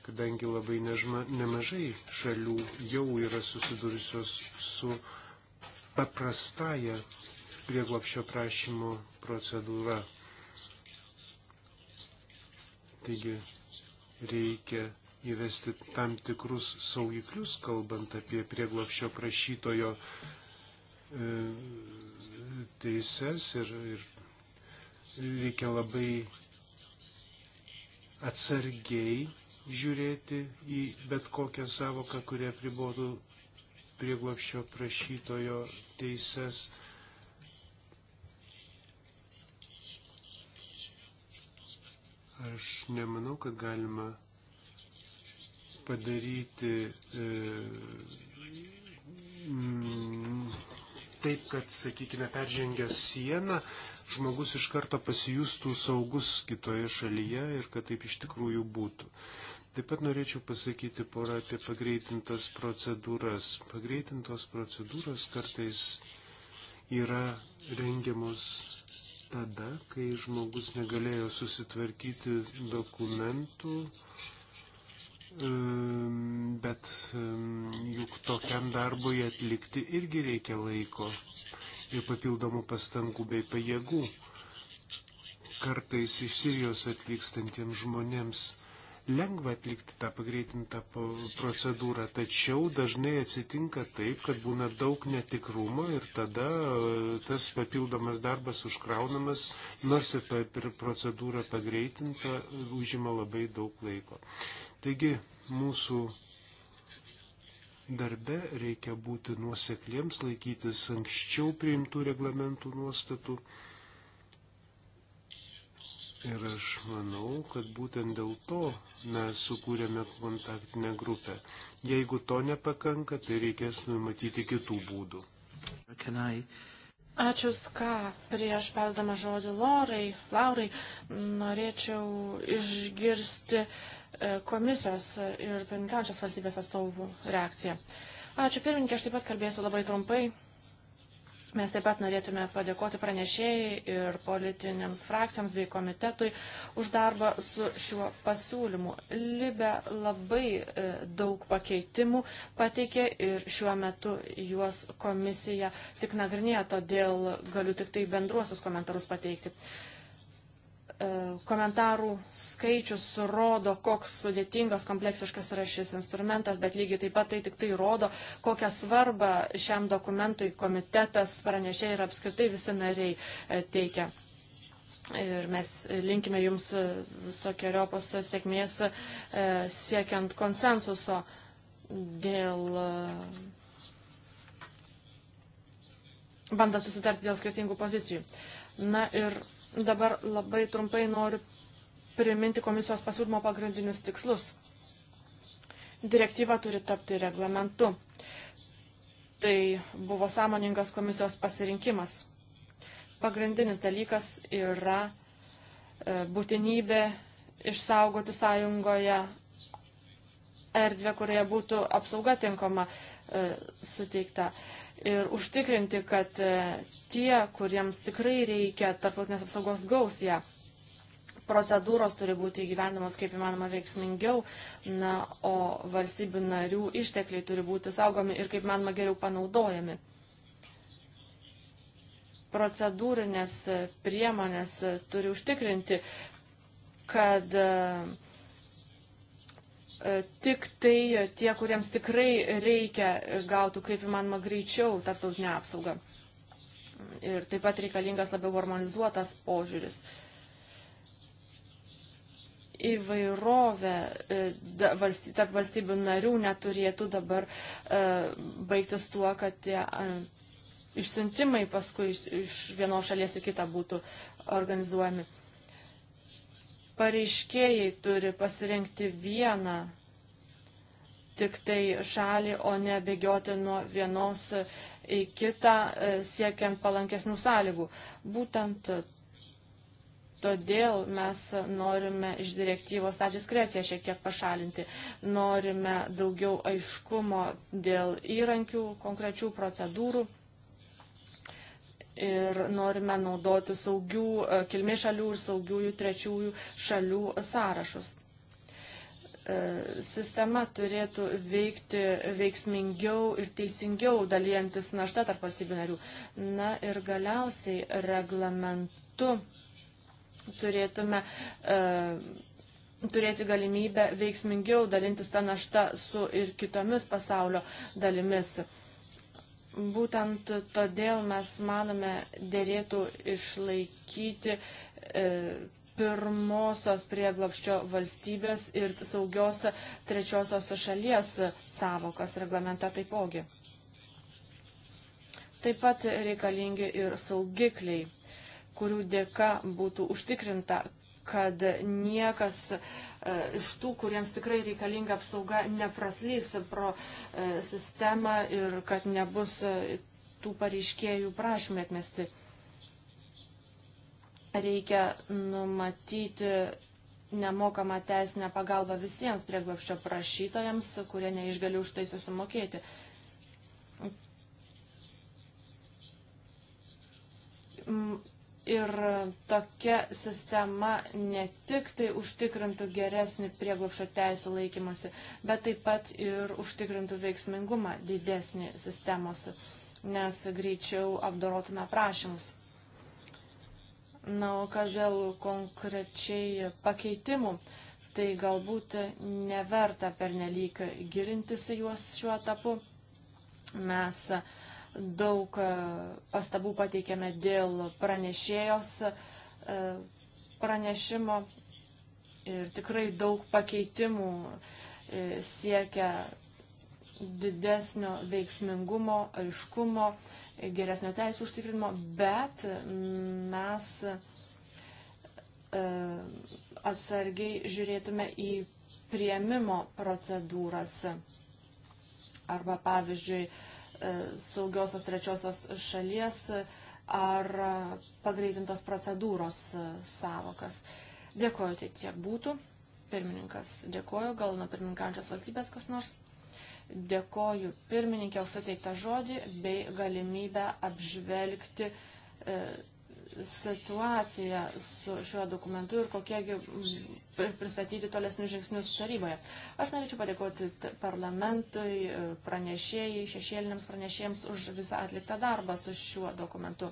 B: kadangi labai nežma, nemažai šalių jau yra susidūrusios su paprastaja prieglopščio prašymo procedūra. Taigi reikia įvesti tam tikrus saugiklius, kalbant apie prieglopščio prašytojo uh, E, teises ir, ir reikia labai atsargiai žiūrėti į bet kokią savoką, kurie pribotų prieglopščio prašytojo teises. Aš nemanau, kad galima padaryti e, mm, taip, kad, sakykime, peržengęs sieną, žmogus iš karto pasijustų saugus kitoje šalyje ir kad taip iš tikrųjų būtų. Taip pat norėčiau pasakyti porą apie pagreitintas procedūras. Pagreitintos procedūros kartais yra rengiamos tada, kai žmogus negalėjo susitvarkyti dokumentų, Ehm, bet ehm, juk tokiam darbui atlikti irgi reikia laiko ir papildomų pastangų bei pajėgų. Kartais iš Sirijos atvykstantiems žmonėms lengva atlikti tą pagreitintą procedūrą, tačiau dažnai atsitinka taip, kad būna daug netikrumo ir tada e, tas papildomas darbas užkraunamas, nors ir procedūra pagreitinta, užima labai daug laiko. Taigi mūsų darbe reikia būti nuosekliems, laikytis anksčiau priimtų reglamentų nuostatų. Ir aš manau, kad būtent dėl to mes sukūrėme kontaktinę grupę. Jeigu to nepakanka, tai reikės numatyti kitų būdų.
C: Ačiū Ska. Prieš perdama žodį Laurai, Laurai norėčiau išgirsti uh, E, komisijos ir pirmininkiausios valstybės atstovų reakcija. Ačiū pirmininkė, aš taip pat kalbėsiu labai trumpai. Mes taip pat norėtume padėkoti pranešėjai ir politinėms frakcijoms bei komitetui už darbą su šiuo pasiūlymu. Libe labai e, daug pakeitimų pateikė ir šiuo metu juos komisija tik nagrinėja, todėl galiu tik tai bendruosius komentarus pateikti. E, komentarų skaičius rodo, koks sudėtingas, kompleksiškas yra šis instrumentas, bet lygiai taip pat tai tik tai rodo, kokią svarbą šiam dokumentui komitetas pranešė ir apskritai visi nariai e, teikia. Ir mes linkime Jums visokiojopos sėkmės e, siekiant konsensuso dėl bandant susitarti dėl skirtingų pozicijų. Na ir Dabar labai trumpai noriu priminti komisijos pasiūlymo pagrindinius tikslus. Direktyva turi tapti reglamentu. Tai buvo sąmoningas komisijos pasirinkimas. Pagrindinis dalykas yra e, būtinybė išsaugoti sąjungoje erdvę, kurioje būtų apsauga tinkama e, suteikta. E, ir užtikrinti, kad e, tie, kuriems tikrai reikia tarptautinės apsaugos gaus ją. Procedūros turi būti įgyvendamos kaip įmanoma veiksmingiau, na, o valstybių narių ištekliai turi būti saugomi ir kaip manoma geriau panaudojami. Procedūrinės priemonės turi užtikrinti, kad uh, E, tik tai e, tie, kuriems tikrai reikia, e, gautų kaip įmanoma greičiau tarptautinę apsaugą. Ir taip pat reikalingas labiau harmonizuotas požiūris. Įvairovė tarp valstybių narių neturėtų dabar baigtis tuo, kad tie išsiuntimai paskui iš vienos šalies į kitą būtų organizuojami pareiškėjai turi pasirinkti vieną tik tai šalį, o ne bėgioti nuo vienos į kitą e, siekiant palankesnių sąlygų. Būtent todėl mes norime iš direktyvos tą diskreciją šiek tiek pašalinti. Norime daugiau aiškumo dėl įrankių, konkrečių procedūrų ir norime naudoti saugių e, kilmės šalių ir saugiųjų trečiųjų šalių sąrašus. E, sistema turėtų veikti veiksmingiau ir teisingiau dalyjantis naštą tarp valstybių narių. Na ir galiausiai reglamentu turėtume uh, turėti galimybę veiksmingiau dalintis tą naštą su ir kitomis pasaulio dalimis. Uh, Būtent todėl mes manome dėrėtų išlaikyti e, pirmosios prieglapščio valstybės ir saugios trečiosios šalies savokas reglamentą taipogi. Taip pat reikalingi ir saugikliai, kurių dėka būtų užtikrinta, kad niekas e, iš tų, kuriems tikrai reikalinga apsauga, nepraslys pro e, sistemą ir kad nebus e, tų pareiškėjų prašymai atmesti. Reikia numatyti nemokamą teisinę pagalbą visiems prieglapščio prašytojams, kurie neišgali už tai susimokėti. Ir tokia sistema ne tik tai užtikrintų geresnį prieglopšio teisų laikymasi, bet taip pat ir užtikrintų veiksmingumą didesnį sistemos, nes greičiau apdorotume prašymus. Na, o kas dėl konkrečiai pakeitimų, tai galbūt neverta pernelyg gilintis į juos šiuo etapu. Mes uh, daug e, pastabų pateikėme dėl pranešėjos e, pranešimo ir tikrai daug pakeitimų e, siekia didesnio veiksmingumo, aiškumo, geresnio teisų užtikrinimo, bet mes atsargiai žiūrėtume į prieimimo procedūras. Arba pavyzdžiui, E, saugiosios trečiosios šalies e, ar pagreitintos procedūros e, savokas. Dėkoju, tai tiek būtų. Pirmininkas, dėkoju, gal nuo pirmininkančios valstybės kas nors. Dėkoju pirmininkė už suteiktą žodį bei galimybę apžvelgti e, situacija su šiuo dokumentu ir kokiegi pristatyti tolesnius žingsnius taryboje. Aš norėčiau padėkoti parlamentui, pranešėjai, šešėliniams pranešėjams už visą atliktą darbą su šiuo dokumentu.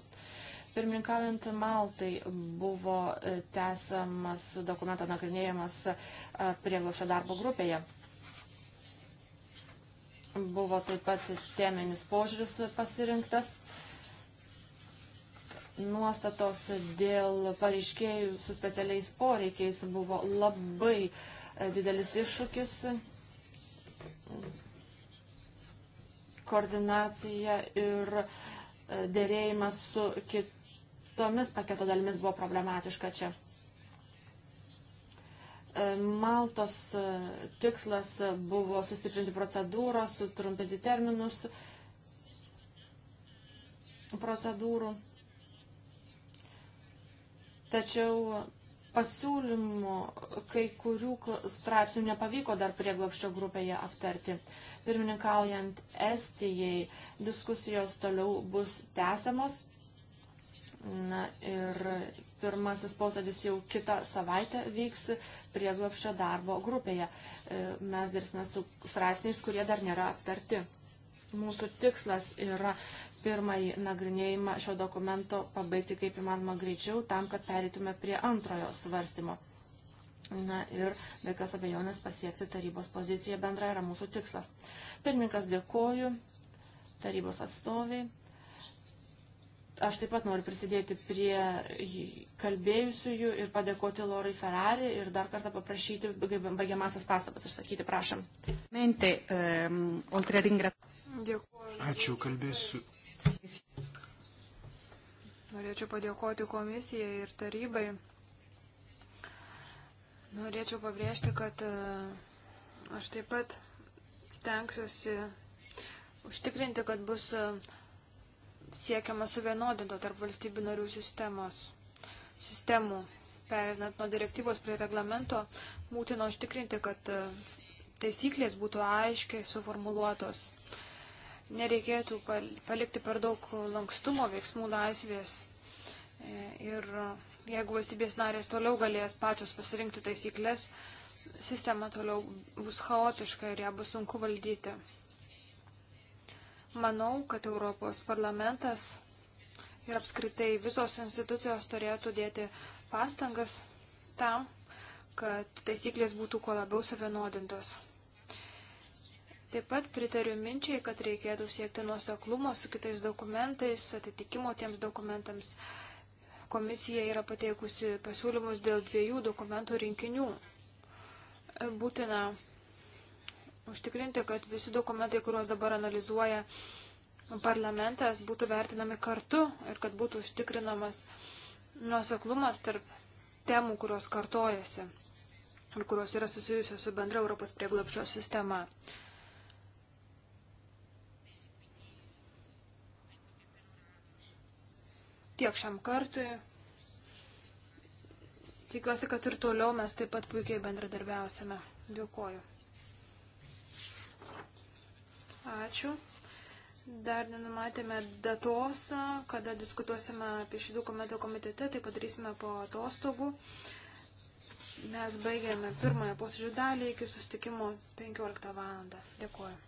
C: Pirmininkaujant Maltai buvo e, tęsiamas dokumento nagrinėjimas e, prieglaušio darbo grupėje. Buvo taip pat teminis požiūris pasirinktas nuostatos dėl pareiškėjų su specialiais poreikiais buvo labai e, didelis iššūkis. Koordinacija ir e, dėrėjimas su kitomis paketo dalimis buvo problematiška čia. E, Maltos tikslas buvo sustiprinti procedūrą, sutrumpinti terminus procedūrų. Tačiau pasiūlymų kai kurių straipsnių nepavyko dar prieglopščio grupėje aptarti. Pirmininkaujant Estijai diskusijos toliau bus tęsiamos. Na ir pirmasis posėdis jau kitą savaitę vyks prieglopščio darbo grupėje. E, mes dirbsime su straipsniais, kurie dar nėra aptarti. Mūsų tikslas yra pirmąjį nagrinėjimą šio dokumento pabaigti kaip įmanoma greičiau, tam, kad pereitume prie antrojo svarstymo. Na ir be jokios abejonės pasiekti tarybos poziciją bendra yra mūsų tikslas. Pirmininkas dėkoju tarybos atstoviai. Aš taip pat noriu prisidėti prie kalbėjusiųjų ir padėkoti Lorai Ferrari ir dar kartą paprašyti baigiamasias pastabas išsakyti, prašom.
A: Mente, um, ehm, Dėkuoju.
B: Ačiū, kalbėsiu
A: Norėčiau padėkoti komisijai ir tarybai. Norėčiau pabrėžti, kad e, aš taip pat stengsiuosi užtikrinti, kad bus e, siekiama suvienodinto tarp valstybių narių sistemos, sistemų. Perinant nuo direktyvos prie reglamento, būtina užtikrinti, kad e, taisyklės būtų aiškiai suformuluotos nereikėtų palikti per daug lankstumo veiksmų laisvės. E, ir e, jeigu valstybės narės toliau galės pačios pasirinkti taisyklės, sistema toliau bus chaotiška ir ją bus sunku valdyti. Manau, kad Europos parlamentas ir apskritai visos institucijos turėtų dėti pastangas tam, kad taisyklės būtų kuo labiau savienodintos. Taip pat pritariu minčiai, kad reikėtų siekti nuoseklumo su kitais dokumentais, atitikimo tiems dokumentams. Komisija yra pateikusi pasiūlymus dėl dviejų dokumentų rinkinių. Būtina užtikrinti, kad visi dokumentai, kuriuos dabar analizuoja parlamentas, būtų vertinami kartu ir kad būtų užtikrinamas nuoseklumas tarp temų, kurios kartojasi ir kurios yra susijusios su bendra Europos prieglapščio sistema. Tiek šiam kartui. Tikiuosi, kad ir toliau mes taip pat puikiai bendradarbiausime. Dėkuoju. Ačiū. Dar nenumatėme datos, kada diskutuosime apie šį dokumentą komitete, tai padarysime po atostogų. Mes baigėme pirmąją posėdžių dalį iki sustikimo 15 val. Dėkuoju.